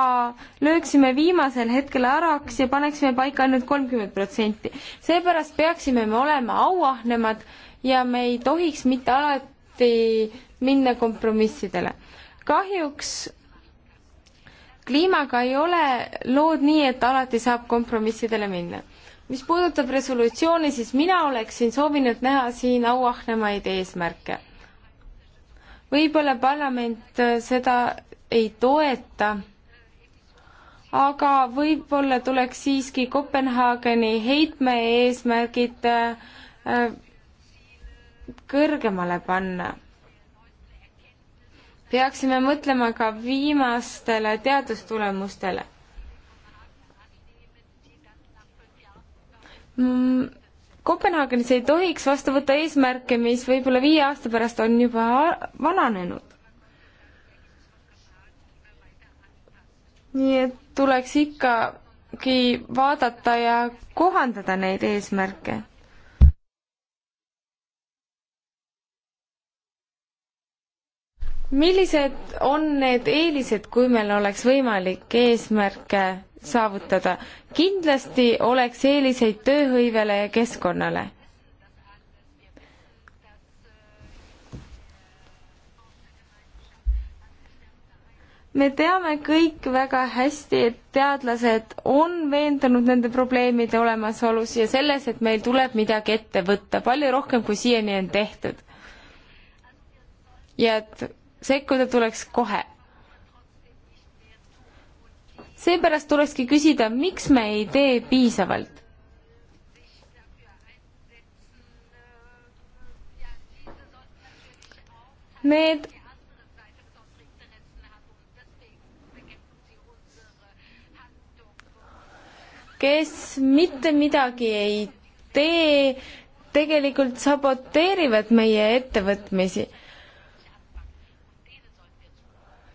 lööksime viimasel hetkel äraks ja paneksime paika ainult kolmkümmend protsenti. seepärast peaksime me olema auahnemad ja me ei tohiks mitte alati minna kompromissidele. kahjuks kliimaga ei ole lood nii, et alati saab kompromissidele minna mis puudutab resolutsiooni, siis mina oleksin soovinud näha siin auahnemaid eesmärke. võib-olla parlament äh, seda ei toeta, aga võib-olla tuleks siiski Kopenhaageni heitme eesmärgid äh, äh, kõrgemale panna. peaksime mõtlema ka viimastele teadustulemustele Mm, Kopenhaagenis ei tohiks vastu võtta eesmärke, mis võib-olla viie aasta pärast on juba vananenud. nii et tuleks ikkagi vaadata ja kohandada neid eesmärke millised on need eelised, kui meil oleks võimalik eesmärke saavutada. kindlasti oleks eeliseid tööhõivele ja keskkonnale. me teame kõik väga hästi, et teadlased on veendunud nende probleemide olemasolus ja selles, et meil tuleb midagi ette võtta, palju rohkem, kui siiani on tehtud. ja et sekkuda tuleks kohe seepärast tulekski küsida, miks me ei tee piisavalt. Need kes mitte midagi ei tee, tegelikult saboteerivad meie ettevõtmisi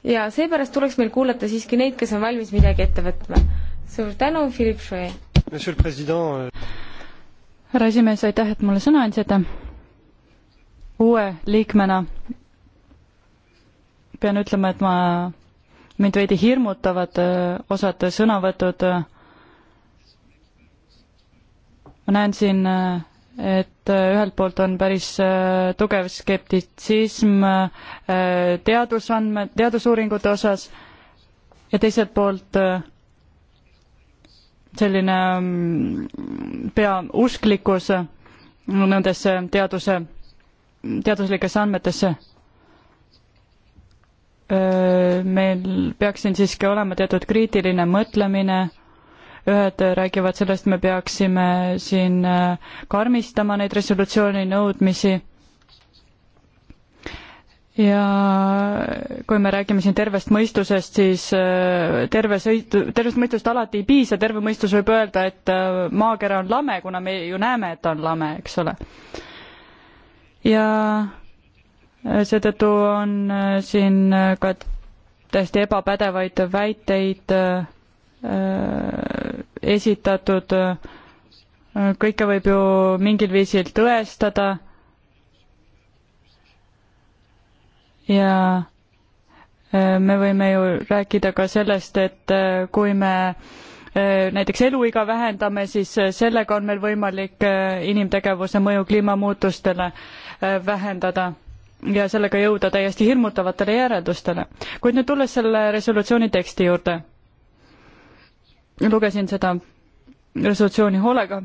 ja seepärast tuleks meil kuulata siiski neid, kes on valmis midagi ette võtma. suur tänu, Philippe Chouet! härra esimees, aitäh, et mulle sõna andsite. uue liikmena pean ütlema, et ma, mind veidi hirmutavad äh, osad sõnavõtud. ma näen siin äh, et äh, ühelt poolt on päris äh, tugev skeptitsism äh, teadusandme, teadusuuringute osas ja teiselt poolt selline mm, pea usklikkus nendesse teaduse, teaduslikesse andmetesse. meil peaks siin siiski olema teatud kriitiline mõtlemine ühed räägivad sellest, me peaksime siin äh, karmistama neid resolutsiooni nõudmisi ja kui me räägime siin tervest mõistusest, siis äh, terve sõitu, tervest mõistusest alati ei piisa, terve mõistus võib öelda, et äh, maakera on lame, kuna me ju näeme, et ta on lame, eks ole. ja seetõttu on siin ka täiesti ebapädevaid väiteid äh, Äh, esitatud, äh, kõike võib ju mingil viisil tõestada ja äh, me võime ju rääkida ka sellest, et kui me näiteks eluiga vähendame, siis sellega on meil võimalik inimtegevuse mõju kliimamuutustele vähendada ja sellega jõuda täiesti hirmutavatele järeldustele. kuid nüüd tulles selle resolutsiooni teksti juurde lugesin seda resolutsiooni hoolega.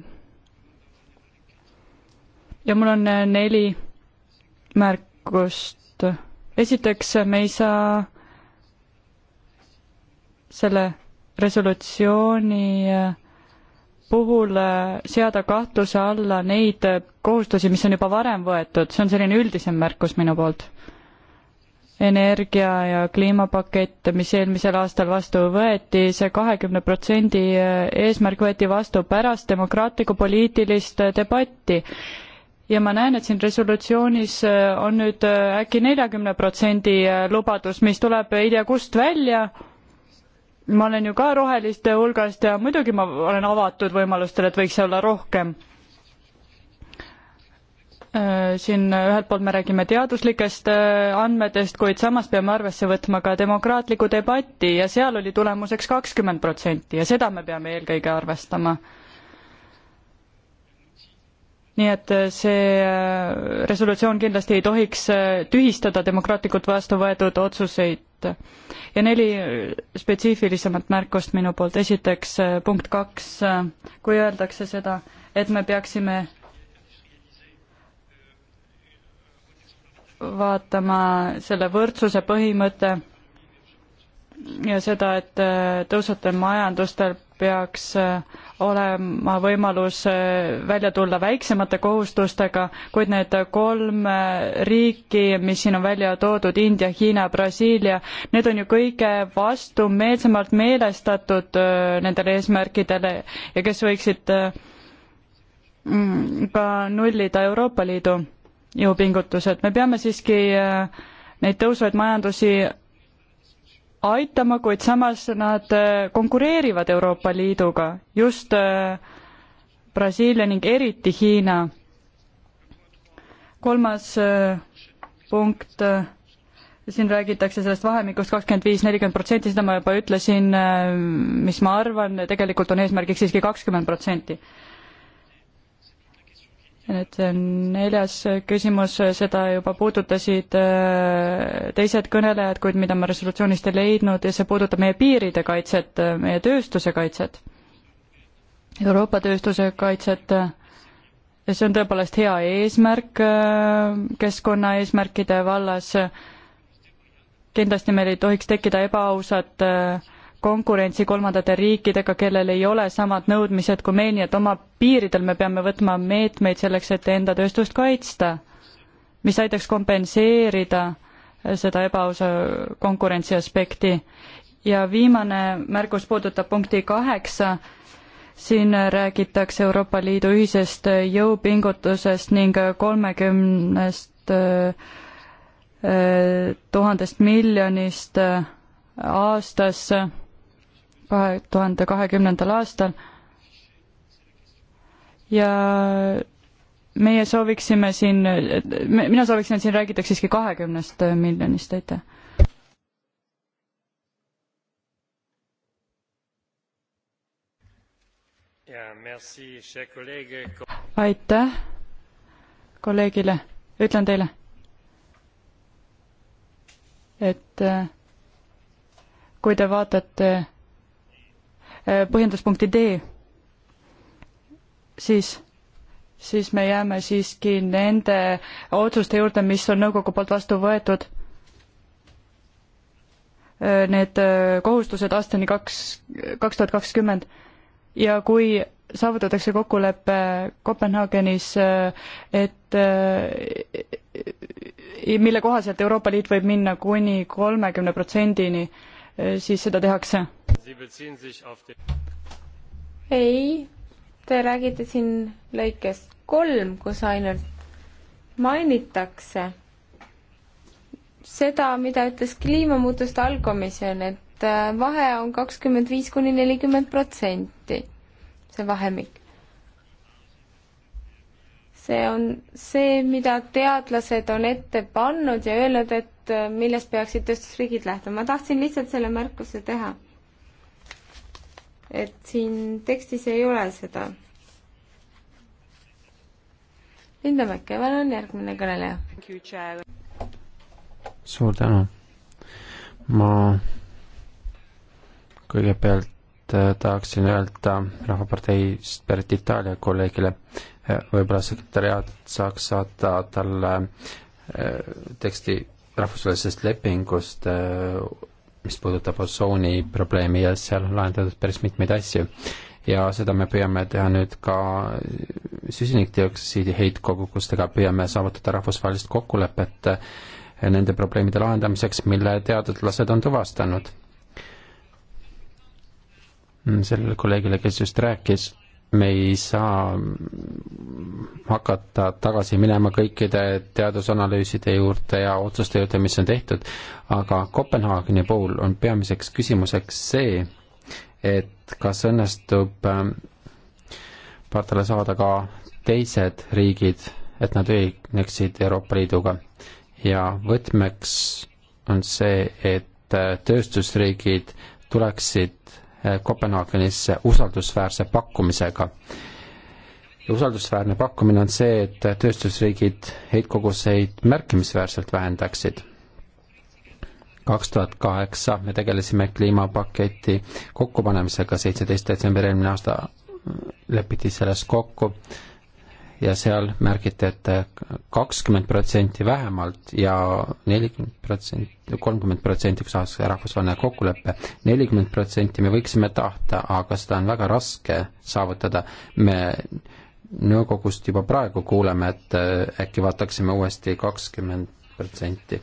ja mul on äh, neli märkust. esiteks, me ei saa selle resolutsiooni äh, puhul äh, seada kahtluse alla neid kohustusi, mis on juba varem võetud, see on selline üldisem märkus minu poolt energia- ja kliimapakett, mis eelmisel aastal vastu võeti see, see kahekümne protsendi eesmärk võeti vastu pärast demokraatlikku poliitilist debatti. ja ma näen, et siin resolutsioonis on nüüd äkki neljakümne protsendi lubadus, mis tuleb ei tea kust välja, ma olen ju ka roheliste hulgast ja muidugi ma olen avatud võimalustele, et võiks olla rohkem Äh, siin ühelt poolt me räägime teaduslikest äh, andmetest, kuid samas peame arvesse võtma ka demokraatliku debatti ja seal oli tulemuseks kakskümmend protsenti ja seda me peame eelkõige arvestama. nii et äh, see resolutsioon kindlasti ei tohiks tühistada demokraatlikult vastu võetud otsuseid. ja neli spetsiifilisemat märkust minu poolt, esiteks punkt kaks, kui öeldakse seda, et me peaksime vaatama selle võrdsuse põhimõte ja seda, et äh, tõusvatel majandustel peaks äh, olema võimalus äh, välja tulla väiksemate kohustustega, kuid need kolm riiki, mis siin on välja toodud, India, Hiina, Brasiilia, need on ju kõige vastumeelsemalt meelestatud nendele eesmärkidele ja kes võiksid mm, ka nullida Euroopa Liidu jõupingutused, me peame siiski äh, neid tõusvaid majandusi aitama, kuid samas nad äh, konkureerivad Euroopa Liiduga, just äh, Brasiilia ning eriti Hiina. kolmas punkt, siin räägitakse sellest vahemikust kakskümmend viis, nelikümmend protsenti, seda ma juba ütlesin, mis ma arvan, tegelikult on eesmärgiks siiski kakskümmend protsenti ja nüüd neljas küsimus, seda juba puudutasid äh, teised kõnelejad, kuid mida ma resolutsioonist ei leidnud ja see puudutab meie piiride kaitset, meie tööstuse kaitset, Euroopa tööstuse kaitset ja see on tõepoolest hea eesmärk äh, keskkonnaeesmärkide vallas. kindlasti meil ei tohiks tekkida ebaausat äh, konkurentsi kolmandate riikidega, kellel ei ole samad nõudmised kui meil, nii et oma piiridel me peame võtma meetmeid selleks, et enda tööstust kaitsta, mis aitaks kompenseerida seda ebaausa konkurentsi aspekti. ja viimane märkus puudutab punkti kaheksa, siin räägitakse Euroopa Liidu ühisest jõupingutusest ning kolmekümnest eh, tuhandest miljonist eh, aastas kahe tuhande kahekümnendal aastal. ja meie sooviksime siin, mina sooviksin, et siin räägitaks siiski kahekümnest miljonist, aitäh. aitäh kolleegile, ütlen teile, et eh, kui te vaatate Äh, põhjenduspunkti D, siis, siis me jääme siiski nende otsuste juurde, mis on nõukogu poolt vastu võetud. Äh, need äh, kohustused aastani kaks, kaks tuhat kakskümmend ja kui saavutatakse kokkulepe Kopenhaagenis, et mille kohaselt Euroopa Liit võib minna kuni kolmekümne protsendini Äh, siis seda tehakse? ei, te räägite siin lõikest kolm, kus ainult mainitakse seda, mida ütles kliimamuutuste allkomisjon, et äh, vahe on kakskümmend viis kuni nelikümmend protsenti, see vahemik. see on see, mida teadlased on ette pannud ja öelnud, et Äh, millest peaksid tööstusriigid lähtuma. ma tahtsin lihtsalt selle märkuse teha. et siin tekstis ei ole seda. Linda Mäkkeval on järgmine kõneleja. suur tänu. ma kõigepealt äh, tahaksin öelda Rahvaparteist pärit Itaalia kolleegile, äh, võib-olla sekretäriaat saaks saata talle teksti rahvusvahelisest lepingust, äh, mis puudutab osooni probleemi ja seal on lahendatud päris mitmeid asju. ja seda me püüame teha nüüd ka süsinikdioksiidi heitkogukustega, püüame saavutada rahvusvahelist kokkulepet äh, nende probleemide lahendamiseks, mille teadlased on tuvastanud. Mm, sellele kolleegile, kes just rääkis me ei saa hakata tagasi minema kõikide teadusanalüüside juurde ja otsuste juurde, mis on tehtud, aga Kopenhaageni puhul on peamiseks küsimuseks see, et kas õnnestub äh, partneri saada ka teised riigid, et nad ühineksid Euroopa Liiduga. ja võtmeks on see, et äh, tööstusriigid tuleksid Eh, Kopenhaagenis usaldusväärse pakkumisega. usaldusväärne pakkumine on see, et tööstusriigid heitkoguseid märkimisväärselt vähendaksid. kaks tuhat kaheksa me tegelesime kliimapaketi kokkupanemisega, seitseteist detsember eelmine aasta lepiti selles kokku ja seal märgiti et, et kakskümmend protsenti vähemalt ja nelikümmend protsenti, kolmkümmend protsenti, kus aastas rahvusvaheline kokkulepe, nelikümmend protsenti me võiksime tahta, aga seda on väga raske saavutada. me nõukogust juba praegu kuuleme, et äh, äkki vaataksime uuesti kakskümmend protsenti.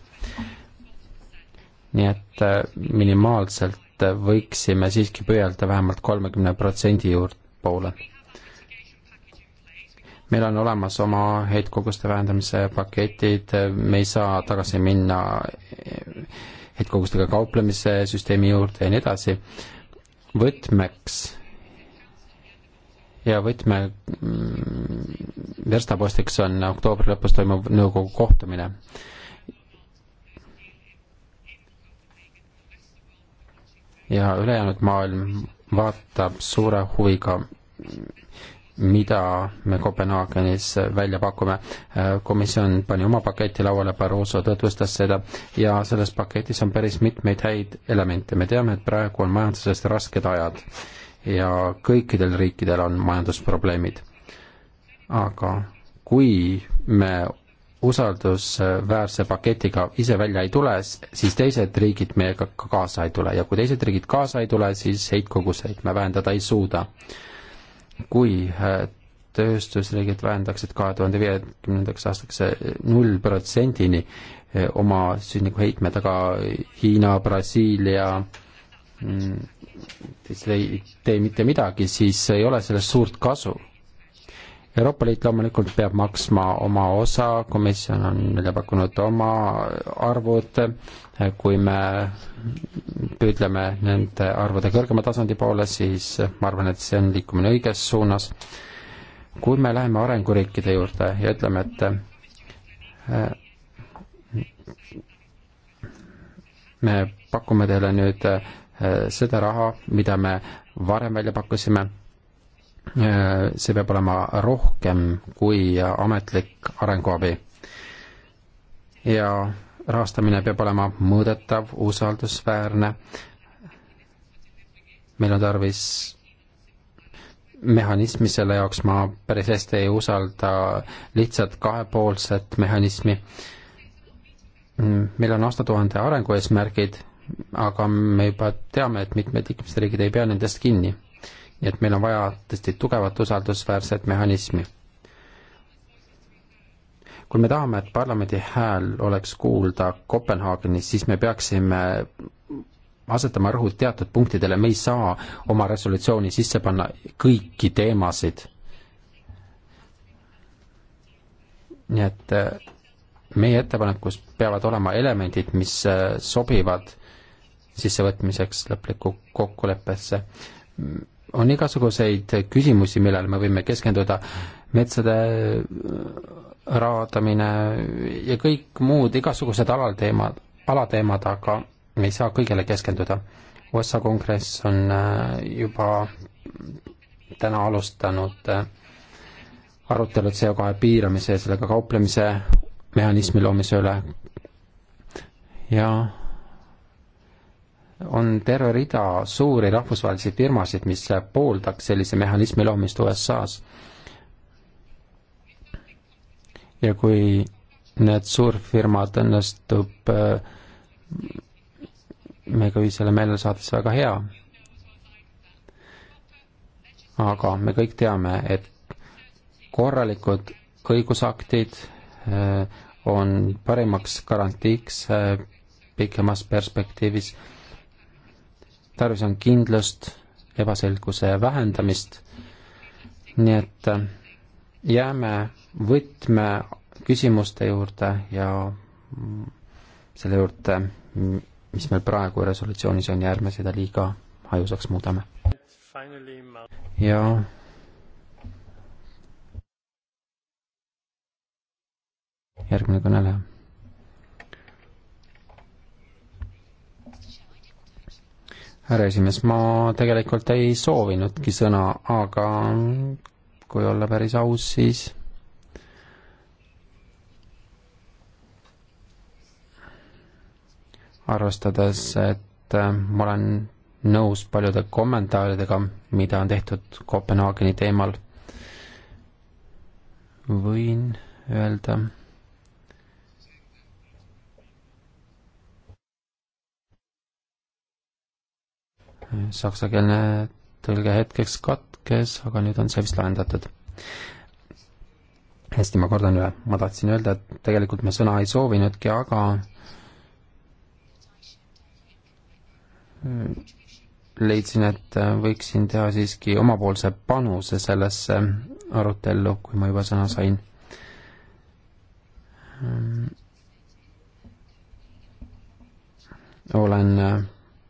nii et äh, minimaalselt võiksime siiski püüelda vähemalt kolmekümne protsendi juurde poole meil on olemas oma heitkoguste vähendamise paketid, me ei saa tagasi minna heitkogustega kauplemise süsteemi juurde ja nii edasi. võtmeks ja võtme mm, verstapostiks on oktoobri lõpus toimuv nõukogu kohtumine. ja ülejäänud maailm vaatab suure huviga mida me Kopenhaagenis välja pakume. komisjon pani oma paketi lauale, Barroso tutvustas seda ja selles paketis on päris mitmeid häid elemente. me teame, et praegu on majanduses rasked ajad ja kõikidel riikidel on majandusprobleemid. aga kui me usaldusväärse paketiga ise välja ei tule, siis teised riigid meiega ka kaasa ei tule ja kui teised riigid kaasa ei tule, siis heitkoguseid me vähendada ei suuda kui äh, tööstusriigid vähendaksid kahe tuhande viiekümnendaks aastaks äh, null protsendini äh, oma sünnikuheitmed, aga Hiina, Brasiilia mm, ei tee mitte midagi, siis ei ole sellest suurt kasu Euroopa Liit loomulikult peab maksma oma osa, komisjon on välja pakkunud oma arvud, kui me püüdleme nende arvude kõrgema tasandi poole, siis ma arvan, et see on liikumine õiges suunas. kui me läheme arenguriikide juurde ja ütleme, et äh, me pakume teile nüüd äh, seda raha, mida me varem välja pakkusime Äh, see peab olema rohkem kui ametlik arenguabi. ja rahastamine peab olema mõõdetav, usaldusväärne, meil on tarvis mehhanismi selle jaoks, ma päris hästi ei usalda lihtsalt kahepoolset mehhanismi. Mm, meil on aastatuhande arengueesmärgid, aga me juba teame, et mitmed liikmesriigid ei pea nendest kinni nii et meil on vaja tõesti tugevat usaldusväärset mehhanismi. kui me tahame, et parlamendi hääl oleks kuulda Kopenhaagenis, siis me peaksime asetama rõhud teatud punktidele, me ei saa oma resolutsiooni sisse panna kõiki teemasid. nii et äh, meie ettepanekus peavad olema elemendid, mis äh, sobivad sissevõtmiseks lõplikku kokkuleppesse on igasuguseid küsimusi, millele me võime keskenduda, metsade äh, raadamine ja kõik muud igasugused alalteemad, alateemad, aga me ei saa kõigele keskenduda. USA kongress on äh, juba täna alustanud äh, arutelud CO2 piiramise ja sellega kauplemise mehhanismi loomise üle ja on terve rida suuri rahvusvahelisi firmasid, mis pooldaks sellise mehhanismi loomist USA-s. ja kui need suurfirmad õnnestub äh, meiega ühisele meelele saada, siis väga hea. aga me kõik teame, et korralikud õigusaktid äh, on parimaks garantiiks äh, pikemas perspektiivis äh, tarvis on kindlust, ebaselguse vähendamist, nii et äh, jääme võtme küsimuste juurde ja selle juurde, mis meil praegu resolutsioonis on ja ärme seda liiga hajusaks muudame. ja järgmine kõneleja härra esimees, ma tegelikult ei soovinudki sõna, aga kui olla päris aus, siis arvestades, et äh, ma olen nõus paljude kommentaaridega, mida on tehtud Kopenhaageni teemal, võin öelda saksakeelne tõlge hetkeks katkes, aga nüüd on see vist lahendatud. hästi, ma kordan üle, ma tahtsin öelda, et tegelikult ma sõna ei soovinudki, aga äh, leidsin, et äh, võiksin teha siiski omapoolse panuse sellesse arutellu, kui ma juba sõna sain. Ähm, olen äh,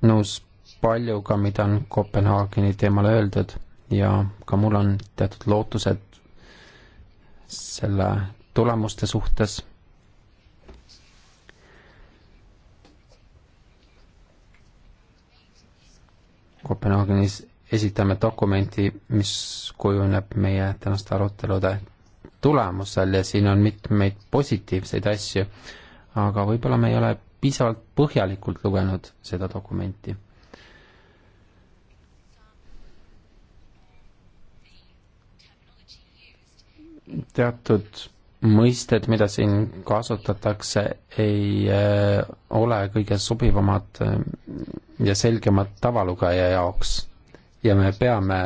nõus paljuga, mida on Kopenhaageni teemal öeldud ja ka mul on teatud lootused selle tulemuste suhtes. Kopenhaagenis esitame dokumenti, mis kujuneb meie tänaste arutelude tulemusel ja siin on mitmeid positiivseid asju, aga võib-olla me ei ole piisavalt põhjalikult lugenud seda dokumenti teatud mõisted, mida siin kasutatakse, ei äh, ole kõige sobivamad äh, ja selgemad tavalugeja jaoks. ja me peame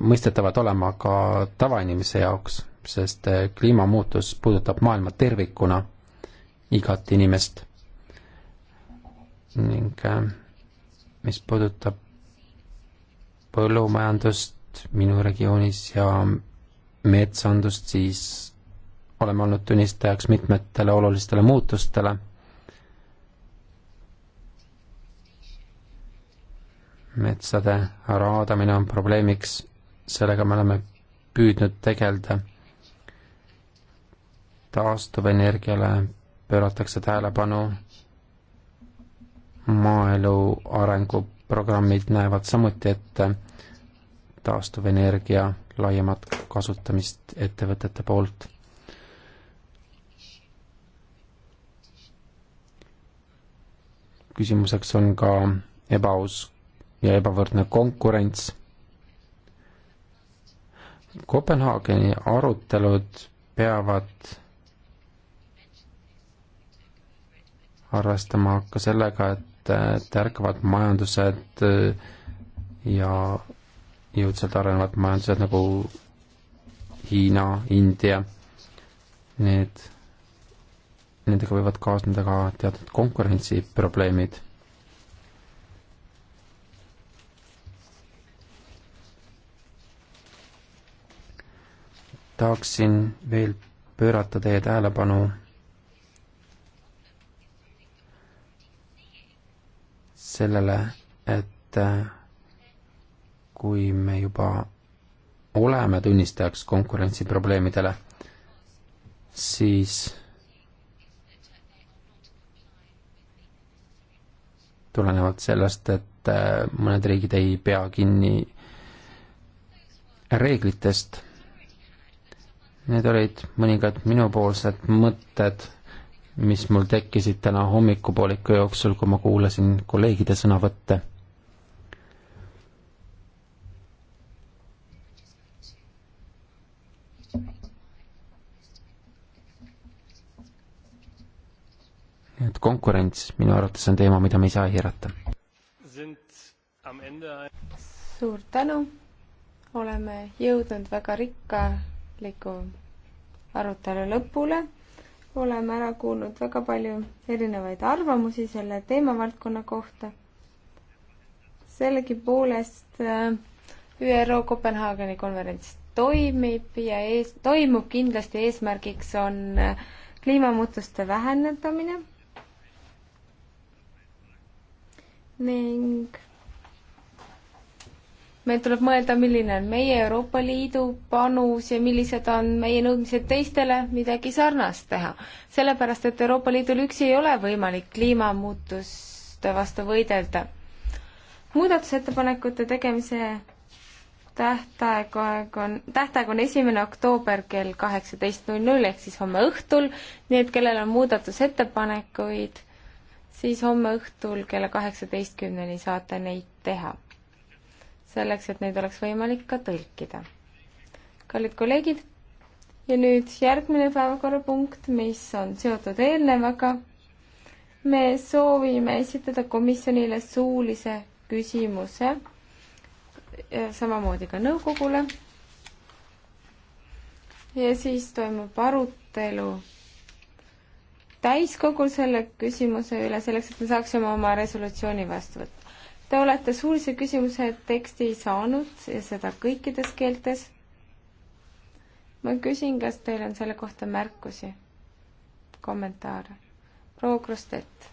mõistetavad olema ka tavainimese jaoks, sest äh, kliimamuutus puudutab maailma tervikuna, igat inimest. ning mis puudutab põllumajandust minu regioonis ja metsandust, siis oleme olnud tunnistajaks mitmetele olulistele muutustele. metsade raadamine on probleemiks, sellega me oleme püüdnud tegeleda. taastuvenergiale pööratakse tähelepanu, maaelu arenguprogrammid näevad samuti ette taastuvenergia laiemat kasutamist ettevõtete poolt. küsimuseks on ka ebaaus ja ebavõrdne konkurents. Kopenhaageni arutelud peavad arvestama ka sellega, et, et ärkavad majandused ja jõudsalt arenevad majandused nagu Hiina, India, need, nendega võivad kaasneda ka teatud konkurentsiprobleemid. tahaksin veel pöörata teie tähelepanu sellele, et äh, kui me juba oleme tunnistajaks konkurentsiprobleemidele, siis tulenevalt sellest, et äh, mõned riigid ei pea kinni reeglitest. Need olid mõningad minupoolsed mõtted, mis mul tekkisid täna hommikupooliku jooksul, kui ma kuulasin kolleegide sõnavõtte konkurents minu arvates on teema, mida me ei saa eirata. suur tänu, oleme jõudnud väga rikkaliku arutelu lõpule, oleme ära kuulnud väga palju erinevaid arvamusi selle teemavaldkonna kohta. sellegipoolest äh, ÜRO Kopenhaageni konverents toimib ja ees, toimub kindlasti eesmärgiks on äh, kliimamuutuste vähendamine. ning meil tuleb mõelda, milline on meie Euroopa Liidu panus ja millised on meie nõudmised teistele midagi sarnast teha. sellepärast, et Euroopa Liidul üksi ei ole võimalik kliimamuutuste vastu võidelda. muudatusettepanekute tegemise tähtaeg on, tähtaeg on esimene oktoober kell kaheksateist null null ehk siis homme õhtul, nii et kellel on muudatusettepanekuid siis homme õhtul kella kaheksateistkümneni saate neid teha. selleks, et neid oleks võimalik ka tõlkida. kallid kolleegid, ja nüüd järgmine päevakorrapunkt, mis on seotud eelnevaga. me soovime esitada komisjonile suulise küsimuse, samamoodi ka nõukogule. ja siis toimub arutelu täiskogul selle küsimuse üle, selleks et me saaksime oma resolutsiooni vastu võtta. Te olete suulise küsimuse teksti saanud ja seda kõikides keeltes. ma küsin, kas teil on selle kohta märkusi, kommentaare? proua Krustet.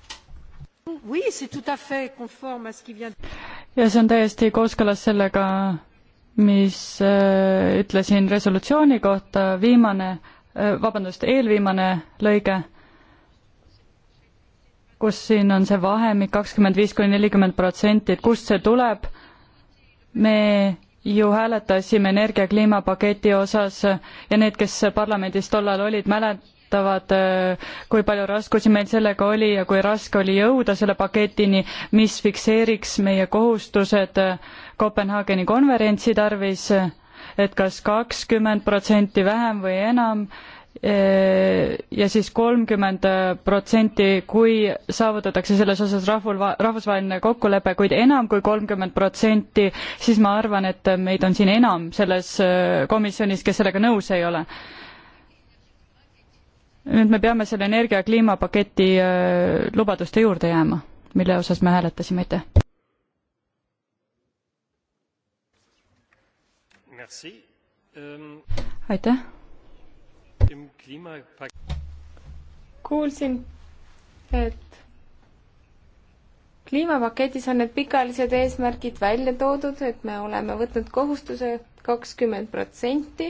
ja see on täiesti kooskõlas sellega, mis äh, ütlesin resolutsiooni kohta, viimane, äh, vabandust, eelviimane lõige kus siin on see vahemik kakskümmend viis kuni nelikümmend protsenti, et kust see tuleb? me ju hääletasime energia kliimapaketi osas ja need, kes parlamendis tollal olid, mäletavad, äh, kui palju raskusi meil sellega oli ja kui raske oli jõuda selle paketini, mis fikseeriks meie kohustused äh, Kopenhaageni konverentsi tarvis, äh, et kas kakskümmend protsenti vähem või enam Äh, ja siis kolmkümmend äh, protsenti, kui saavutatakse selles osas rahvul-, rahvusvaheline kokkulepe, kuid enam kui kolmkümmend protsenti, siis ma arvan, et meid on siin enam selles äh, komisjonis, kes sellega nõus ei ole. nüüd me peame selle energia- ja kliimapaketi lubaduste juurde jääma, mille osas me hääletasime, aitäh. Ehm. aitäh kuulsin, et kliimapaketis on need pikaajalised eesmärgid välja toodud, et me oleme võtnud kohustuse kakskümmend protsenti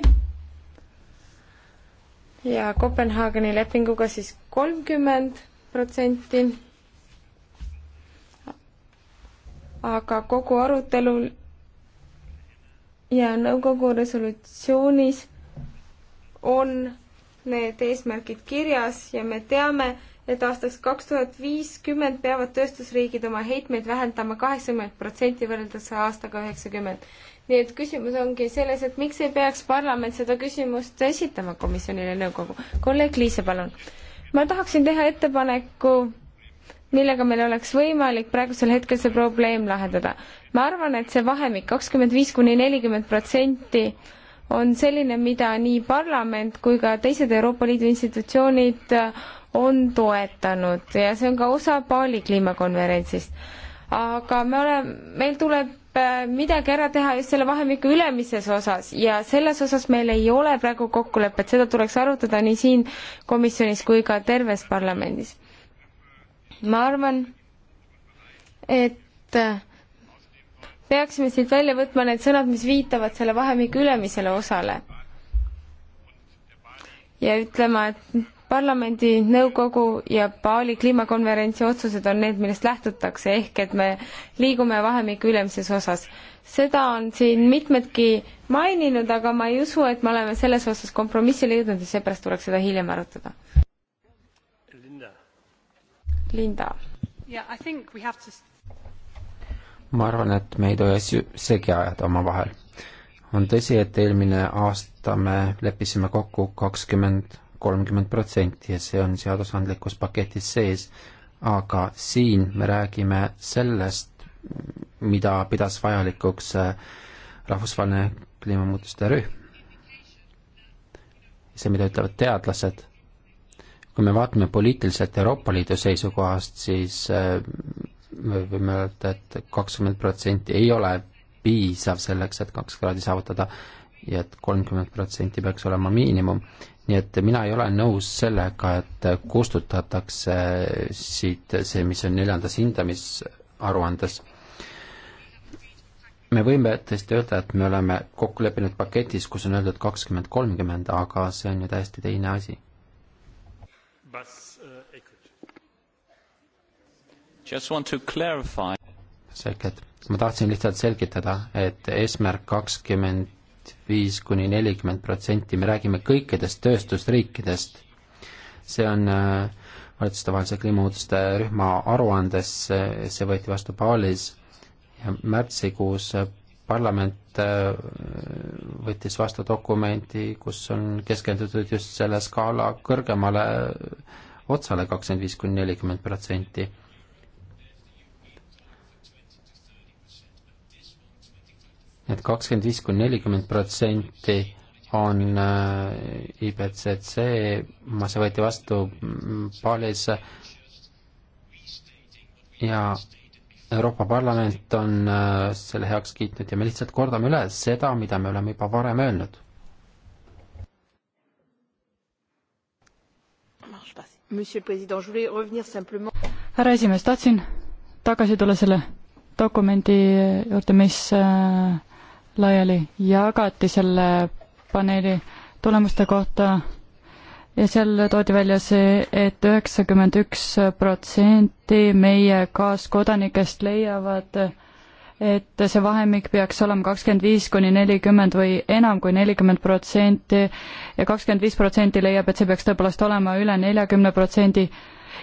ja Kopenhaageni lepinguga siis kolmkümmend protsenti. aga kogu arutelul ja nõukogu resolutsioonis on need eesmärgid kirjas ja me teame, et aastaks kaks tuhat viiskümmend peavad tööstusriigid oma heitmeid vähendama kaheksakümmend protsenti võrreldes aastaga üheksakümmend. nii et küsimus ongi selles, et miks ei peaks parlament seda küsimust esitama komisjonile nõukogu. kolleeg Liise, palun. ma tahaksin teha ettepaneku, millega meil oleks võimalik praegusel hetkel see probleem lahendada. ma arvan, et see vahemik kakskümmend viis kuni nelikümmend protsenti on selline, mida nii parlament kui ka teised Euroopa Liidu institutsioonid äh, on toetanud ja see on ka osa Bali kliimakonverentsist. aga me oleme, meil tuleb äh, midagi ära teha just selle vahemiku ülemises osas ja selles osas meil ei ole praegu kokkulepet, seda tuleks arutada nii siin komisjonis kui ka terves parlamendis. ma arvan, et äh, peaksime siit välja võtma need sõnad, mis viitavad selle vahemiku ülemisele osale. ja ütlema, et parlamendi, nõukogu ja Paali kliimakonverentsi otsused on need, millest lähtutakse, ehk et me liigume vahemiku ülemises osas. seda on siin mitmedki maininud, aga ma ei usu, et me oleme selles osas kompromissile jõudnud ja seepärast tuleks seda hiljem arutada. Linda. Linda. Yeah, I think we have to ma arvan, et me ei tohi asju segi ajada omavahel. on tõsi, et eelmine aasta me leppisime kokku kakskümmend, kolmkümmend protsenti ja see on seadusandlikus paketis sees, aga siin me räägime sellest, mida pidas vajalikuks äh, rahvusvaheline kliimamuutuste rühm. see, mida ütlevad teadlased, kui me vaatame poliitiliselt Euroopa Liidu seisukohast, siis äh, me võime öelda et, et kakskümmend protsenti ei ole piisav selleks, et kaks kraadi saavutada ja et kolmkümmend protsenti peaks olema miinimum. nii et mina ei ole nõus sellega, et kustutatakse siit see, mis on neljandas hindamisaruandes. me võime tõesti öelda, et me oleme kokku leppinud paketis, kus on öeldud kakskümmend, kolmkümmend, aga see on ju täiesti teine asi selge, et ma tahtsin lihtsalt selgitada, et eesmärk kakskümmend viis kuni nelikümmend protsenti, me räägime kõikidest tööstusriikidest. see on äh, valitsustevahelise kliimamuutuste rühma aruandes, see võeti vastu Palis ja märtsikuus parlament äh, võttis vastu dokumendi, kus on keskendutud just selle skaala kõrgemale otsale, kakskümmend viis kuni nelikümmend protsenti et kakskümmend viis kuni nelikümmend protsenti on äh, IPCC, see võeti vastu mm, Palis ja Euroopa Parlament on äh, selle heaks kiitnud ja me lihtsalt kordame üle seda, mida me oleme juba varem öelnud. härra esimees, tahtsin tagasi tulla selle dokumendi juurde, mis äh, laiali jagati selle paneeli tulemuste kohta ja seal toodi välja see et, et üheksakümmend üks protsenti meie kaaskodanikest leiavad, et see vahemik peaks olema kakskümmend viis kuni nelikümmend või enam kui nelikümmend protsenti ja kakskümmend viis protsenti leiab, et see peaks tõepoolest olema üle neljakümne protsendi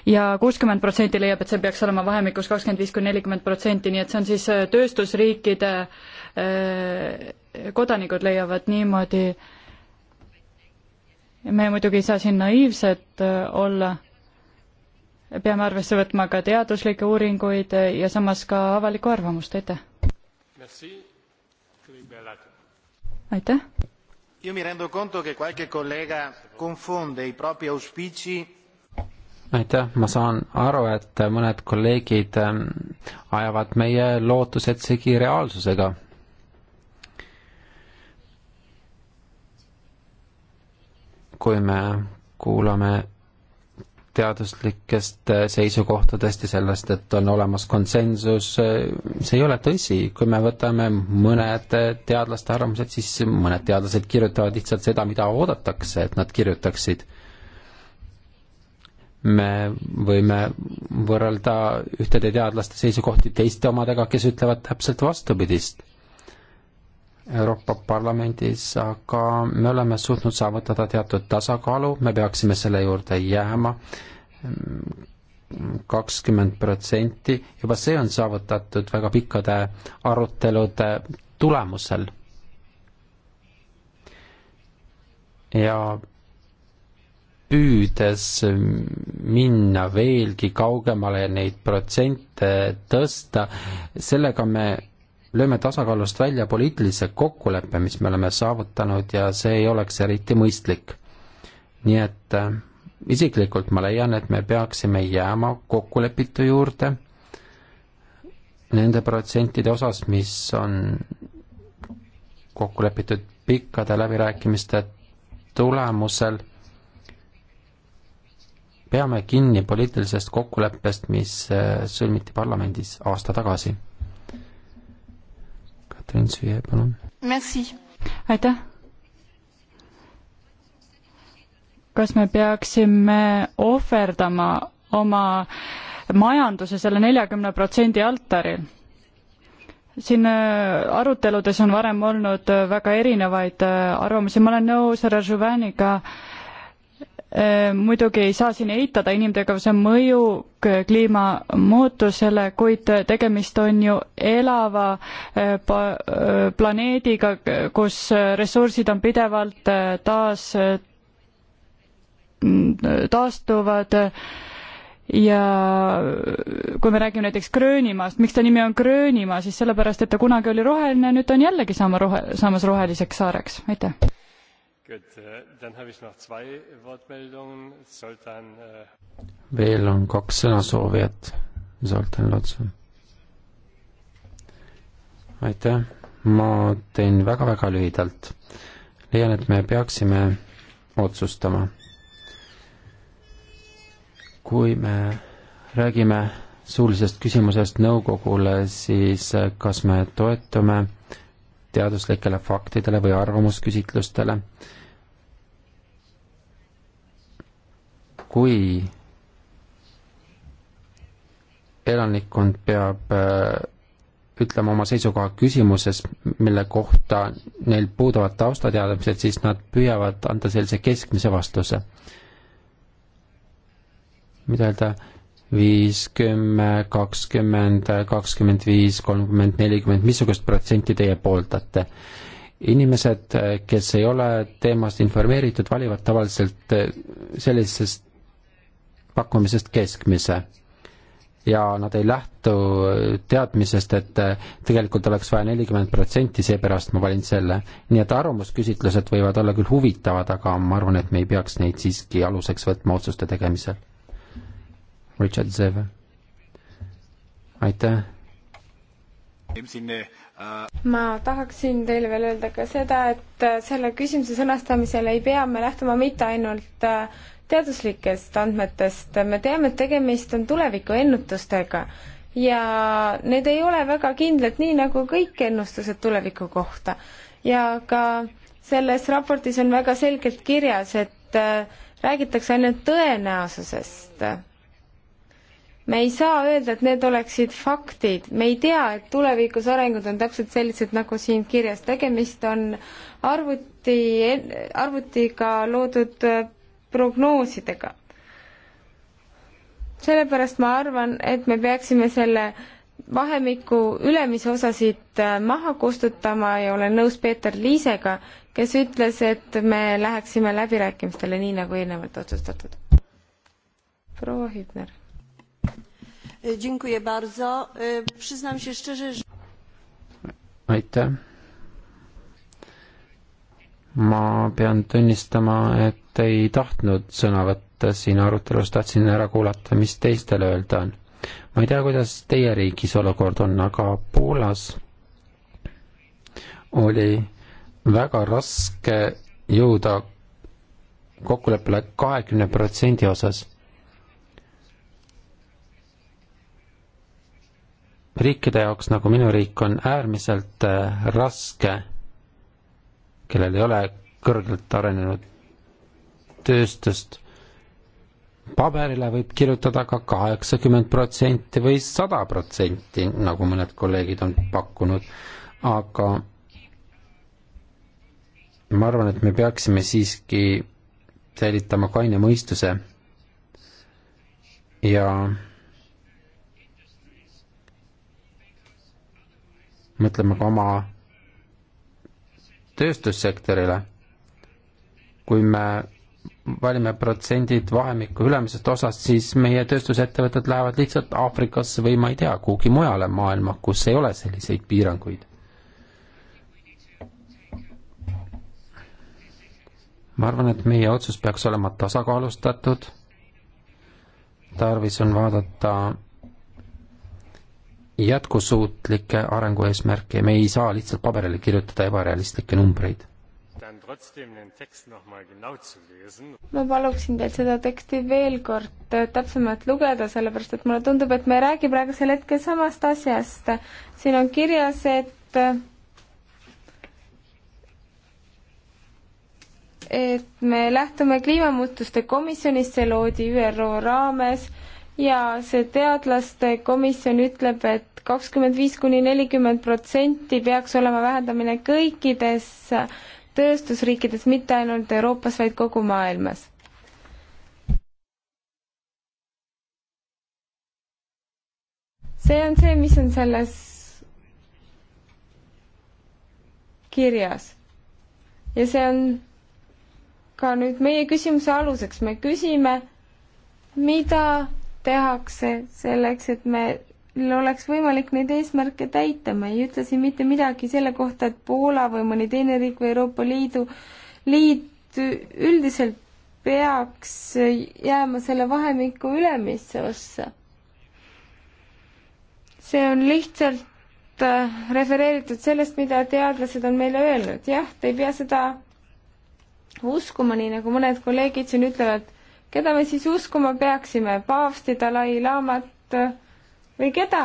ja kuuskümmend protsenti leiab, et see peaks olema vahemikus kakskümmend viis kuni nelikümmend protsenti, nii et see on siis äh, tööstusriikide äh, kodanikud leiavad niimoodi. me muidugi ei saa siin naiivsed äh, olla, peame arvesse võtma ka teaduslikke uuringuid ja samas ka avalikku arvamust, aitäh! aitäh! Io mi rendo conto che qualche collega confonde i propri auspici aitäh, ma saan aru, et mõned kolleegid ähm, ajavad meie lootused segi reaalsusega. kui me kuulame teaduslikest äh, seisukohtadest ja sellest, et on olemas konsensus, äh, see ei ole tõsi, kui me võtame mõned äh, teadlaste arvamused, siis mõned teadlased kirjutavad lihtsalt seda, mida oodatakse, et nad kirjutaksid me võime võrrelda ühtede teadlaste seisukohti teiste omadega, kes ütlevad täpselt vastupidist. Euroopa Parlamendis, aga me oleme suutnud saavutada teatud tasakaalu, me peaksime selle juurde jääma, kakskümmend protsenti, juba see on saavutatud väga pikkade arutelude tulemusel. ja püüdes minna veelgi kaugemale ja neid protsente tõsta, sellega me lööme tasakaalust välja poliitilise kokkuleppe, mis me oleme saavutanud ja see ei oleks eriti mõistlik. nii et äh, isiklikult ma leian, et me peaksime jääma kokkulepitu juurde nende protsentide osas, mis on kokku lepitud pikkade läbirääkimiste tulemusel peame kinni poliitilisest kokkuleppest, mis äh, sõlmiti parlamendis aasta tagasi. Katrin Süüe, palun. aitäh. kas me peaksime ohverdama oma majanduse selle neljakümne protsendi altaril? siin äh, aruteludes on varem olnud äh, väga erinevaid arvamusi, ma olen nõus härra Žuvaniga äh, Äh, muidugi ei saa siin eitada inimtegevuse mõju kliimamuutusele, kuid tegemist on ju elava äh, äh, planeediga, kus ressursid on pidevalt taas, taastuvad ja kui me räägime näiteks Gröönimaast, miks ta nimi on Gröönimaa, siis sellepärast, et ta kunagi oli roheline, nüüd ta on jällegi saama rohe, saamas roheliseks saareks, aitäh Äh, äh, veel on kaks sõnasoovijat, Zoltan Lotson. aitäh, ma teen väga-väga lühidalt. leian, et me peaksime otsustama. kui me räägime suulisest küsimusest nõukogule, siis äh, kas me toetume teaduslikele faktidele või arvamusküsitlustele äh, kui elanikkond peab äh, ütlema oma seisukoha küsimuses, mille kohta neil puuduvad taustateadmised, siis nad püüavad anda sellise keskmise vastuse. mida öelda, viis, kümme, kakskümmend, kakskümmend viis, kolmkümmend, nelikümmend, missugust protsenti teie pooldate? inimesed, kes ei ole teemast informeeritud, valivad tavaliselt äh, sellisest pakkumisest keskmise. ja nad ei lähtu teadmisest, et tegelikult oleks vaja nelikümmend protsenti, seepärast ma valin selle. nii et arvamusküsitlused võivad olla küll huvitavad, aga ma arvan, et me ei peaks neid siiski aluseks võtma otsuste tegemisel. Richard Zeve. aitäh ma tahaksin teile veel öelda ka seda, et äh, selle küsimuse sõnastamisel ei pea me lähtuma mitte ainult äh, teaduslikest andmetest, me teame, et tegemist on tulevikuennutustega ja need ei ole väga kindlad, nii nagu kõik ennustused tuleviku kohta. ja ka selles raportis on väga selgelt kirjas, et äh, räägitakse ainult tõenäosusest me ei saa öelda, et need oleksid faktid, me ei tea, et tulevikus arengud on täpselt sellised, nagu siin kirjas, tegemist on arvuti, arvutiga loodud äh, prognoosidega. sellepärast ma arvan, et me peaksime selle vahemiku ülemise osa siit äh, maha kustutama ja olen nõus Peeter Liisega, kes ütles, et me läheksime läbirääkimistele nii, nagu eelnevalt otsustatud. proua Hübner E, dziękuję bardzo. E, przyznam się szczerze, że... aitäh. ma pean tunnistama, et ei tahtnud sõna võtta siin arutelus, tahtsin ära kuulata, mis teistel öelda on. ma ei tea, kuidas teie riigis olukord on, aga Poolas oli väga raske jõuda kokkuleppele kahekümne protsendi osas riikide jaoks, nagu minu riik, on äärmiselt äh, raske, kellel ei ole kõrgelt arenenud tööstust, paberile võib kirjutada ka kaheksakümmend protsenti või sada protsenti, nagu mõned kolleegid on pakkunud, aga ma arvan, et me peaksime siiski säilitama kaine mõistuse ja mõtleme ka oma tööstussektorile. kui me valime protsendid vahemikku ülemisest osast, siis meie tööstusettevõtted lähevad lihtsalt Aafrikasse või ma ei tea, kuhugi mujale maailma, kus ei ole selliseid piiranguid. ma arvan, et meie otsus peaks olema tasakaalustatud, tarvis on vaadata jätkusuutlikke arengueesmärke ja me ei saa lihtsalt paberile kirjutada ebarealistlikke numbreid. ma paluksin teil seda teksti veel kord äh, täpsemalt lugeda, sellepärast et mulle tundub, et me ei räägi praegusel hetkel samast asjast. siin on kirjas, et äh, et me lähtume kliimamuutuste komisjonist, see loodi ÜRO raames ja see teadlaste komisjon ütleb, et kakskümmend viis kuni nelikümmend protsenti peaks olema vähendamine kõikides tööstusriikides, mitte ainult Euroopas, vaid kogu maailmas. see on see, mis on selles kirjas. ja see on ka nüüd meie küsimuse aluseks, me küsime, mida tehakse selleks, et meil oleks võimalik neid eesmärke täita, ma ei ütle siin mitte midagi selle kohta, et Poola või mõni teine riik või Euroopa Liidu liit üldiselt peaks jääma selle vahemiku ülemisse ossa. see on lihtsalt äh, refereeritud sellest, mida teadlased on meile öelnud, jah, te ei pea seda uskuma, nii nagu mõned kolleegid siin ütlevad keda me siis uskuma peaksime, paavsti, Dalai-laamat äh, või keda?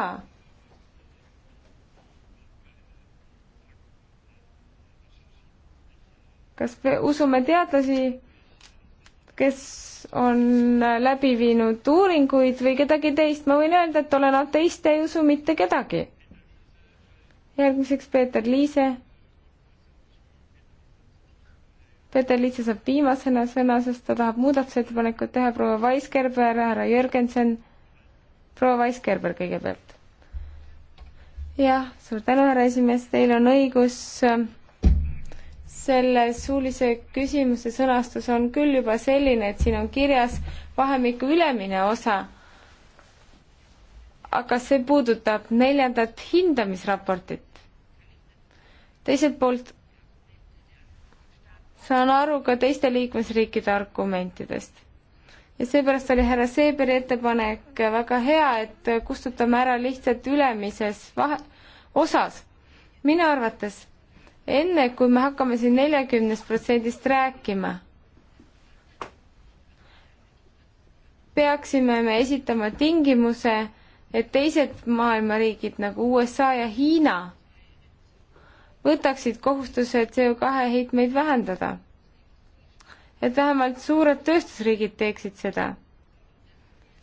kas me usume teadlasi, kes on läbi viinud uuringuid või kedagi teist, ma võin öelda, et olen ateist ja ei usu mitte kedagi. järgmiseks Peeter Liise Peeter Liitse saab viimasena sõna, sest ta tahab muudatusettepanekut teha, proua Weisgerber, härra Jürgenson, proua Weisgerber kõigepealt. jah, suur tänu, härra esimees, teil on õigus, selle suulise küsimuse sõnastus on küll juba selline, et siin on kirjas vahemiku ülemine osa, aga see puudutab neljandat hindamisraportit. teiselt poolt saan aru ka teiste liikmesriikide argumentidest. ja seepärast oli härra Seeberi ettepanek väga hea, et kustutame ära lihtsalt ülemises vahe, osas. minu arvates enne, kui me hakkame siin neljakümnest protsendist rääkima, peaksime me esitama tingimuse, et teised maailma riigid nagu USA ja Hiina võtaksid kohustuse CO2 heitmeid vähendada. et vähemalt suured tööstusriigid teeksid seda.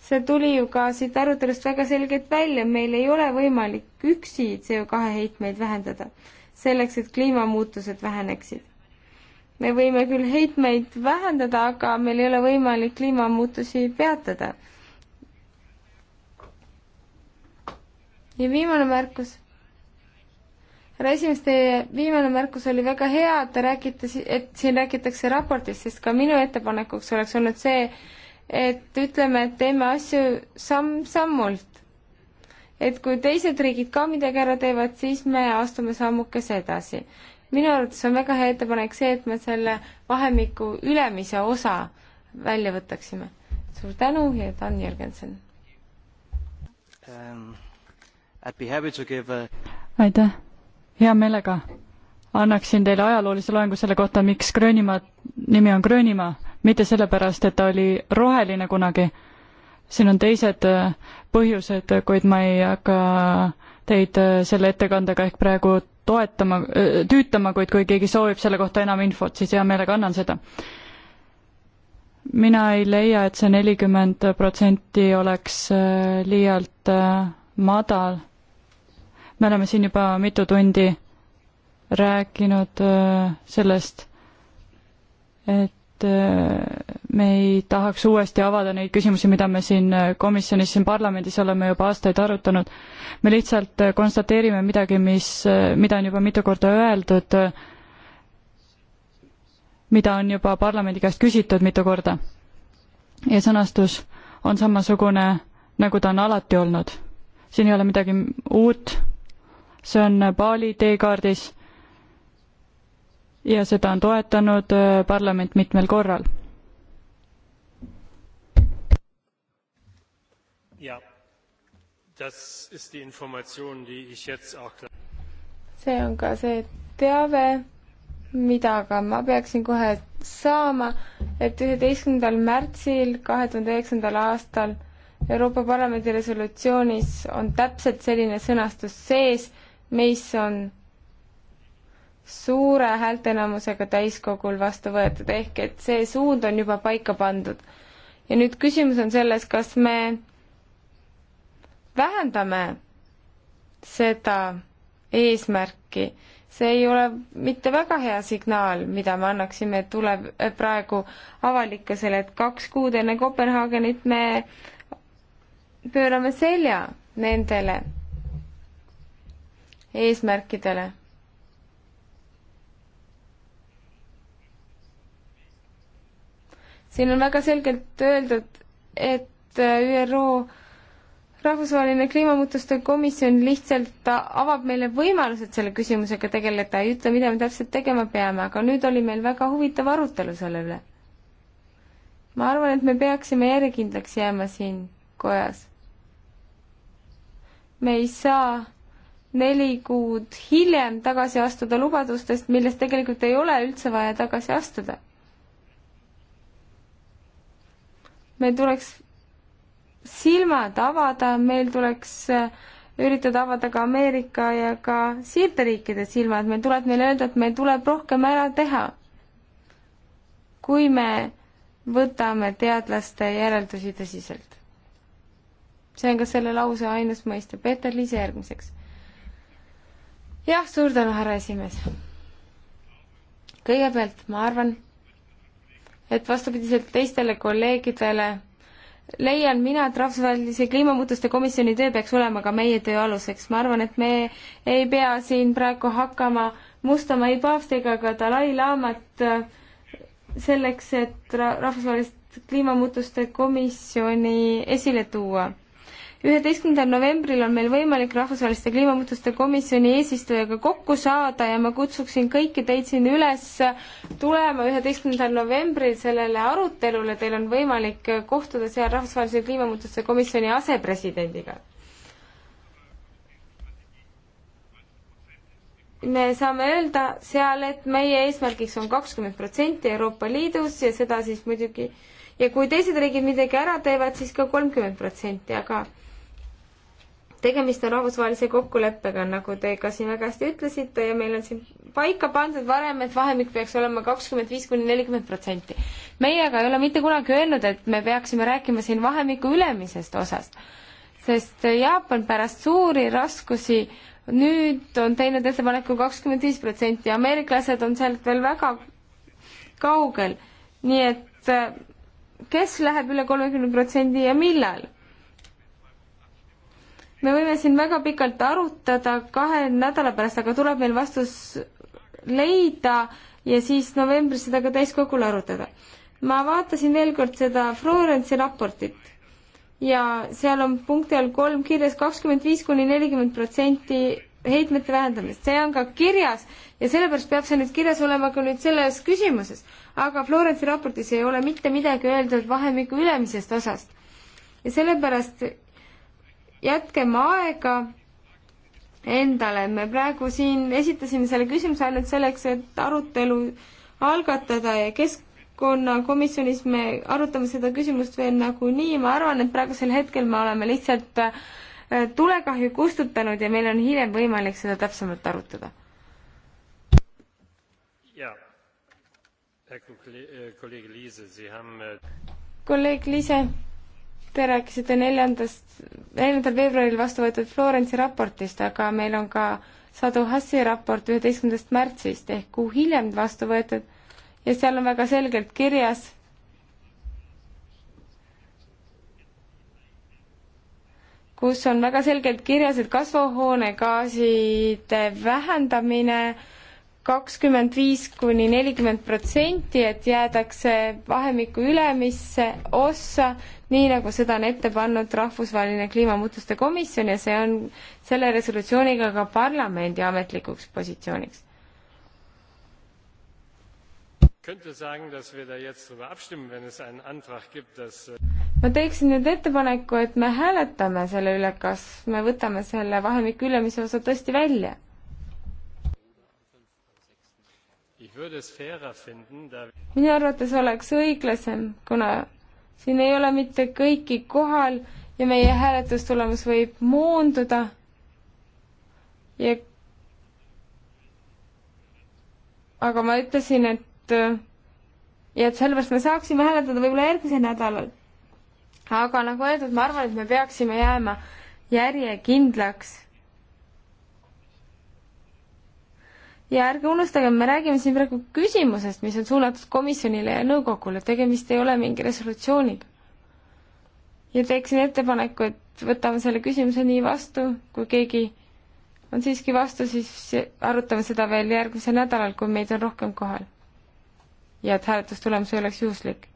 see tuli ju ka siit arutelust väga selgelt välja, meil ei ole võimalik üksi CO2 heitmeid vähendada, selleks et kliimamuutused väheneksid. me võime küll heitmeid vähendada, aga meil ei ole võimalik kliimamuutusi peatada. ja viimane märkus härra esimees, teie viimane märkus oli väga hea, et te räägite, et siin räägitakse raportist, sest ka minu ettepanekuks oleks olnud see, et ütleme, et teeme asju samm-sammult. et kui teised riigid ka midagi ära teevad, siis me astume sammukese edasi. minu arvates on väga hea ettepanek see, et me selle vahemiku ülemise osa välja võtaksime. suur tänu ja Dan Jürgenson um,. A... aitäh hea meelega annaksin teile ajaloolise loengu selle kohta, miks Gröönimaa nimi on Gröönimaa, mitte sellepärast, et ta oli roheline kunagi. siin on teised äh, põhjused, kuid ma ei hakka teid äh, selle ettekandega ehk praegu toetama, äh, tüütama, kuid kui keegi soovib selle kohta enam infot, siis hea meelega annan seda. mina ei leia, et see nelikümmend protsenti oleks liialt madal me oleme siin juba mitu tundi rääkinud äh, sellest, et äh, me ei tahaks uuesti avada neid küsimusi, mida me siin äh, komisjonis, siin parlamendis oleme juba aastaid arutanud. me lihtsalt konstateerime midagi, mis, mida on juba mitu korda öeldud, mida on juba parlamendi käest küsitud mitu korda. ja sõnastus on samasugune, nagu ta on alati olnud. siin ei ole midagi uut see on Bali teekaardis ja seda on toetanud äh, parlament mitmel korral. see on ka see teave, mida ka ma peaksin kohe saama, et üheteistkümnendal märtsil kahe tuhande üheksandal aastal Euroopa Parlamendi resolutsioonis on täpselt selline sõnastus sees mis on suure häälteenamusega täiskogul vastu võetud, ehk et see suund on juba paika pandud. ja nüüd küsimus on selles, kas me vähendame seda eesmärki, see ei ole mitte väga hea signaal, mida me annaksime, et tuleb eh, praegu avalikkusele, et kaks kuud enne Kopenhaagenit me pöörame selja nendele eesmärkidele. siin on väga selgelt öeldud, et äh, ÜRO rahvusvaheline kliimamuutuste komisjon lihtsalt avab meile võimalused selle küsimusega tegeleda, ei ütle, mida me täpselt tegema peame, aga nüüd oli meil väga huvitav arutelu selle üle. ma arvan, et me peaksime järjekindlaks jääma siin kojas. me ei saa neli kuud hiljem tagasi astuda lubadustest, millest tegelikult ei ole üldse vaja tagasi astuda. meil tuleks silmad avada, meil tuleks äh, üritada avada ka Ameerika ja ka siirderiikide silmad, meil tuleb neile öelda, et meil tuleb rohkem ära teha. kui me võtame teadlaste järeldusi tõsiselt. see on ka selle lause ainus mõiste. Peeter Liise järgmiseks jah, suur tänu, härra esimees. kõigepealt ma arvan, et vastupidiselt teistele kolleegidele leian mina, et rahvusvahelise kliimamuutuste komisjoni töö peaks olema ka meie töö aluseks. ma arvan, et me ei pea siin praegu hakkama mustama ei paavstiga ega Dalai-laamat äh, selleks, et rahvusvahelist kliimamuutuste komisjoni esile tuua üheteistkümnendal novembril on meil võimalik Rahvusvaheliste Kliimamuutuste Komisjoni eesistujaga kokku saada ja ma kutsuksin kõiki teid siin üles tulema üheteistkümnendal novembril sellele arutelule, teil on võimalik kohtuda seal Rahvusvahelise Kliimamuutuste Komisjoni asepresidendiga. me saame öelda seal, et meie eesmärgiks on kakskümmend protsenti Euroopa Liidus ja seda siis muidugi ja kui teised riigid midagi ära teevad, siis ka kolmkümmend protsenti, aga tegemist on rahvusvahelise kokkuleppega, nagu te ka siin väga hästi ütlesite ja meil on siin paika pandud varem, et vahemik peaks olema kakskümmend viis kuni nelikümmend protsenti. meie aga ei ole mitte kunagi öelnud, et me peaksime rääkima siin vahemiku ülemisest osast, sest Jaapan pärast suuri raskusi nüüd on teinud ettepaneku kakskümmend viis protsenti, ameeriklased on sealt veel väga kaugel, nii et kes läheb üle kolmekümne protsendi ja millal me võime siin väga pikalt arutada kahe nädala pärast, aga tuleb meil vastus leida ja siis novembris seda ka täiskogul arutada. ma vaatasin veel kord seda Florence'i raportit ja seal on punkti all kolm kirjas kakskümmend viis kuni nelikümmend protsenti heitmete vähendamist, see on ka kirjas ja sellepärast peab see nüüd kirjas olema ka nüüd selles küsimuses. aga Florence'i raportis ei ole mitte midagi öeldud vahemiku ülemisest osast ja sellepärast jätkem aega endale, me praegu siin esitasime selle küsimuse ainult selleks, et arutelu algatada ja keskkonnakomisjonis me arutame seda küsimust veel nagunii, ma arvan, et praegusel hetkel me oleme lihtsalt äh, tulekahju kustutanud ja meil on hiljem võimalik seda täpsemalt arutada. jaa, kolleeg Liise, Sie haben äh, kolleeg Liise Te rääkisite neljandast, neljandal veebruaril vastu võetud Florence'i raportist, aga meil on ka Sadu Hassi raport üheteistkümnendast märtsist ehk kuu hiljem vastu võetud ja seal on väga selgelt kirjas, kus on väga selgelt kirjas, et kasvuhoonegaaside vähendamine äh, kakskümmend viis kuni nelikümmend protsenti, et jäädakse vahemikku ülemisse ossa, nii nagu seda on ette pannud Rahvusvaheline Kliimamuutuste Komisjon ja see on selle resolutsiooniga ka parlamendi ametlikuks positsiooniks. Äh, ma teeksin nüüd ettepaneku, et me hääletame selle üle, kas me võtame selle vahemiku ülemise osa tõesti välja minu arvates oleks õiglasem, kuna siin ei ole mitte kõiki kohal ja meie hääletustulemus võib moonduda ja aga ma ütlesin, et ja et sellepärast me saaksime hääletada võib-olla järgmisel nädalal. aga nagu öeldud, ma arvan, et me peaksime jääma järjekindlaks ja ärge unustage, me räägime siin praegu küsimusest, mis on suunatud komisjonile ja nõukogule, tegemist ei ole mingi resolutsiooniga. ja teeksin ettepaneku, et võtame selle küsimuse nii vastu, kui keegi on siiski vastu, siis arutame seda veel järgmisel nädalal, kui meid on rohkem kohal. ja et hääletustulemus ei oleks juhuslik.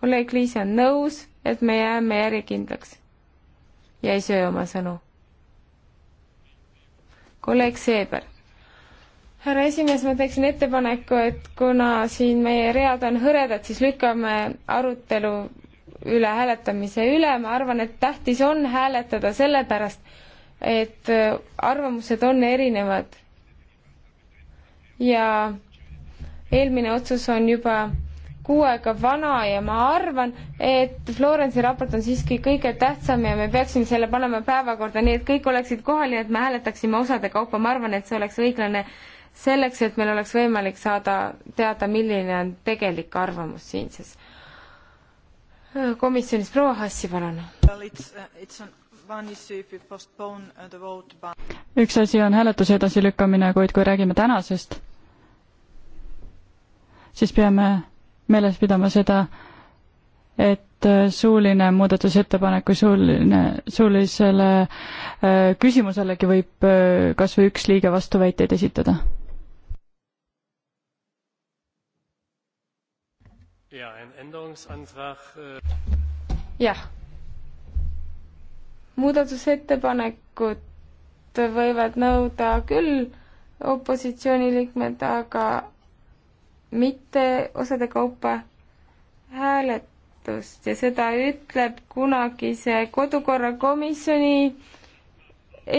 kolleeg Liise on nõus, et me jääme järjekindlaks ja ei söö oma sõnu. kolleeg Seeber härra esimees, ma teeksin ettepaneku, et kuna siin meie read on hõredad, siis lükkame arutelu üle hääletamise üle, ma arvan, et tähtis on hääletada sellepärast, et äh, arvamused on erinevad. ja eelmine otsus on juba kuu aega vana ja ma arvan, et Florence'i raport on siiski kõige tähtsam ja me peaksime selle panema päevakorda, nii et kõik oleksid kohal ja et me hääletaksime osade kaupa, ma arvan, et see oleks õiglane selleks, et meil oleks võimalik saada teada, milline on tegelik arvamus siinses komisjonis. proua Hassi, palun uh, uh, üks asi on hääletuse edasilükkamine, kuid kui räägime tänasest, siis peame meeles pidama seda, et äh, suuline muudatusettepanek või suuline, suulisele äh, küsimuselegi võib äh, kas või üks liige vastuväiteid esitada Äh, jah. muudatusettepanekut võivad nõuda küll opositsiooniliikmed, aga mitte osade kaupa hääletust ja seda ütleb kunagise kodukorrakomisjoni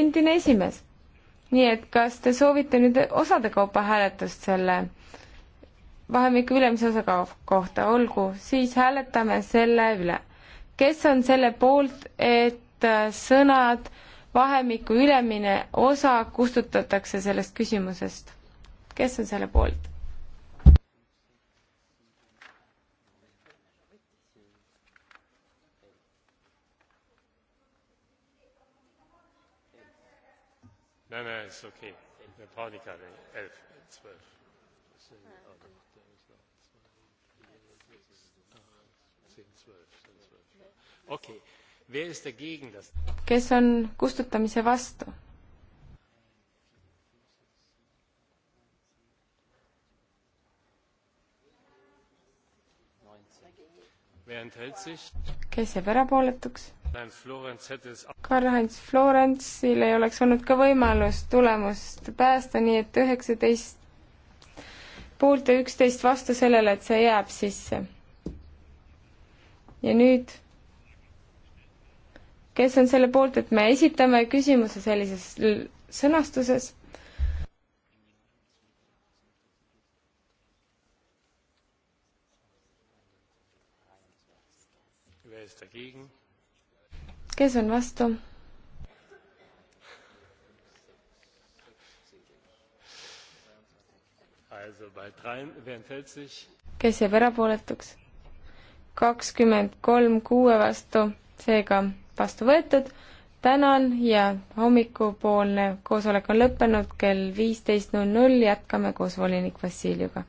endine esimees. nii et kas te soovite nüüd osade kaupa hääletust selle vahemiku ülemise osa kohta, olgu, siis hääletame selle üle. kes on selle poolt, et äh, sõnad vahemiku ülemine osa kustutatakse sellest küsimusest? kes on selle poolt? No, no, it's okay. The party card, 11, eh, 12. kes on kustutamise vastu? kes jääb erapooletuks? Karl-Heinz Florensil ei oleks olnud ka võimalust tulemust päästa, nii et üheksateist poolt ja üksteist vastu sellele, et see jääb sisse. ja nüüd kes on selle poolt, et me esitame küsimuse sellises sõnastuses? kes on vastu? kes jääb erapooletuks? kakskümmend kolm kuue vastu seega vastu võetud. tänan ja hommikupoolne koosolek on lõppenud kell viisteist null null, jätkame koos volinik Vassiljeviga.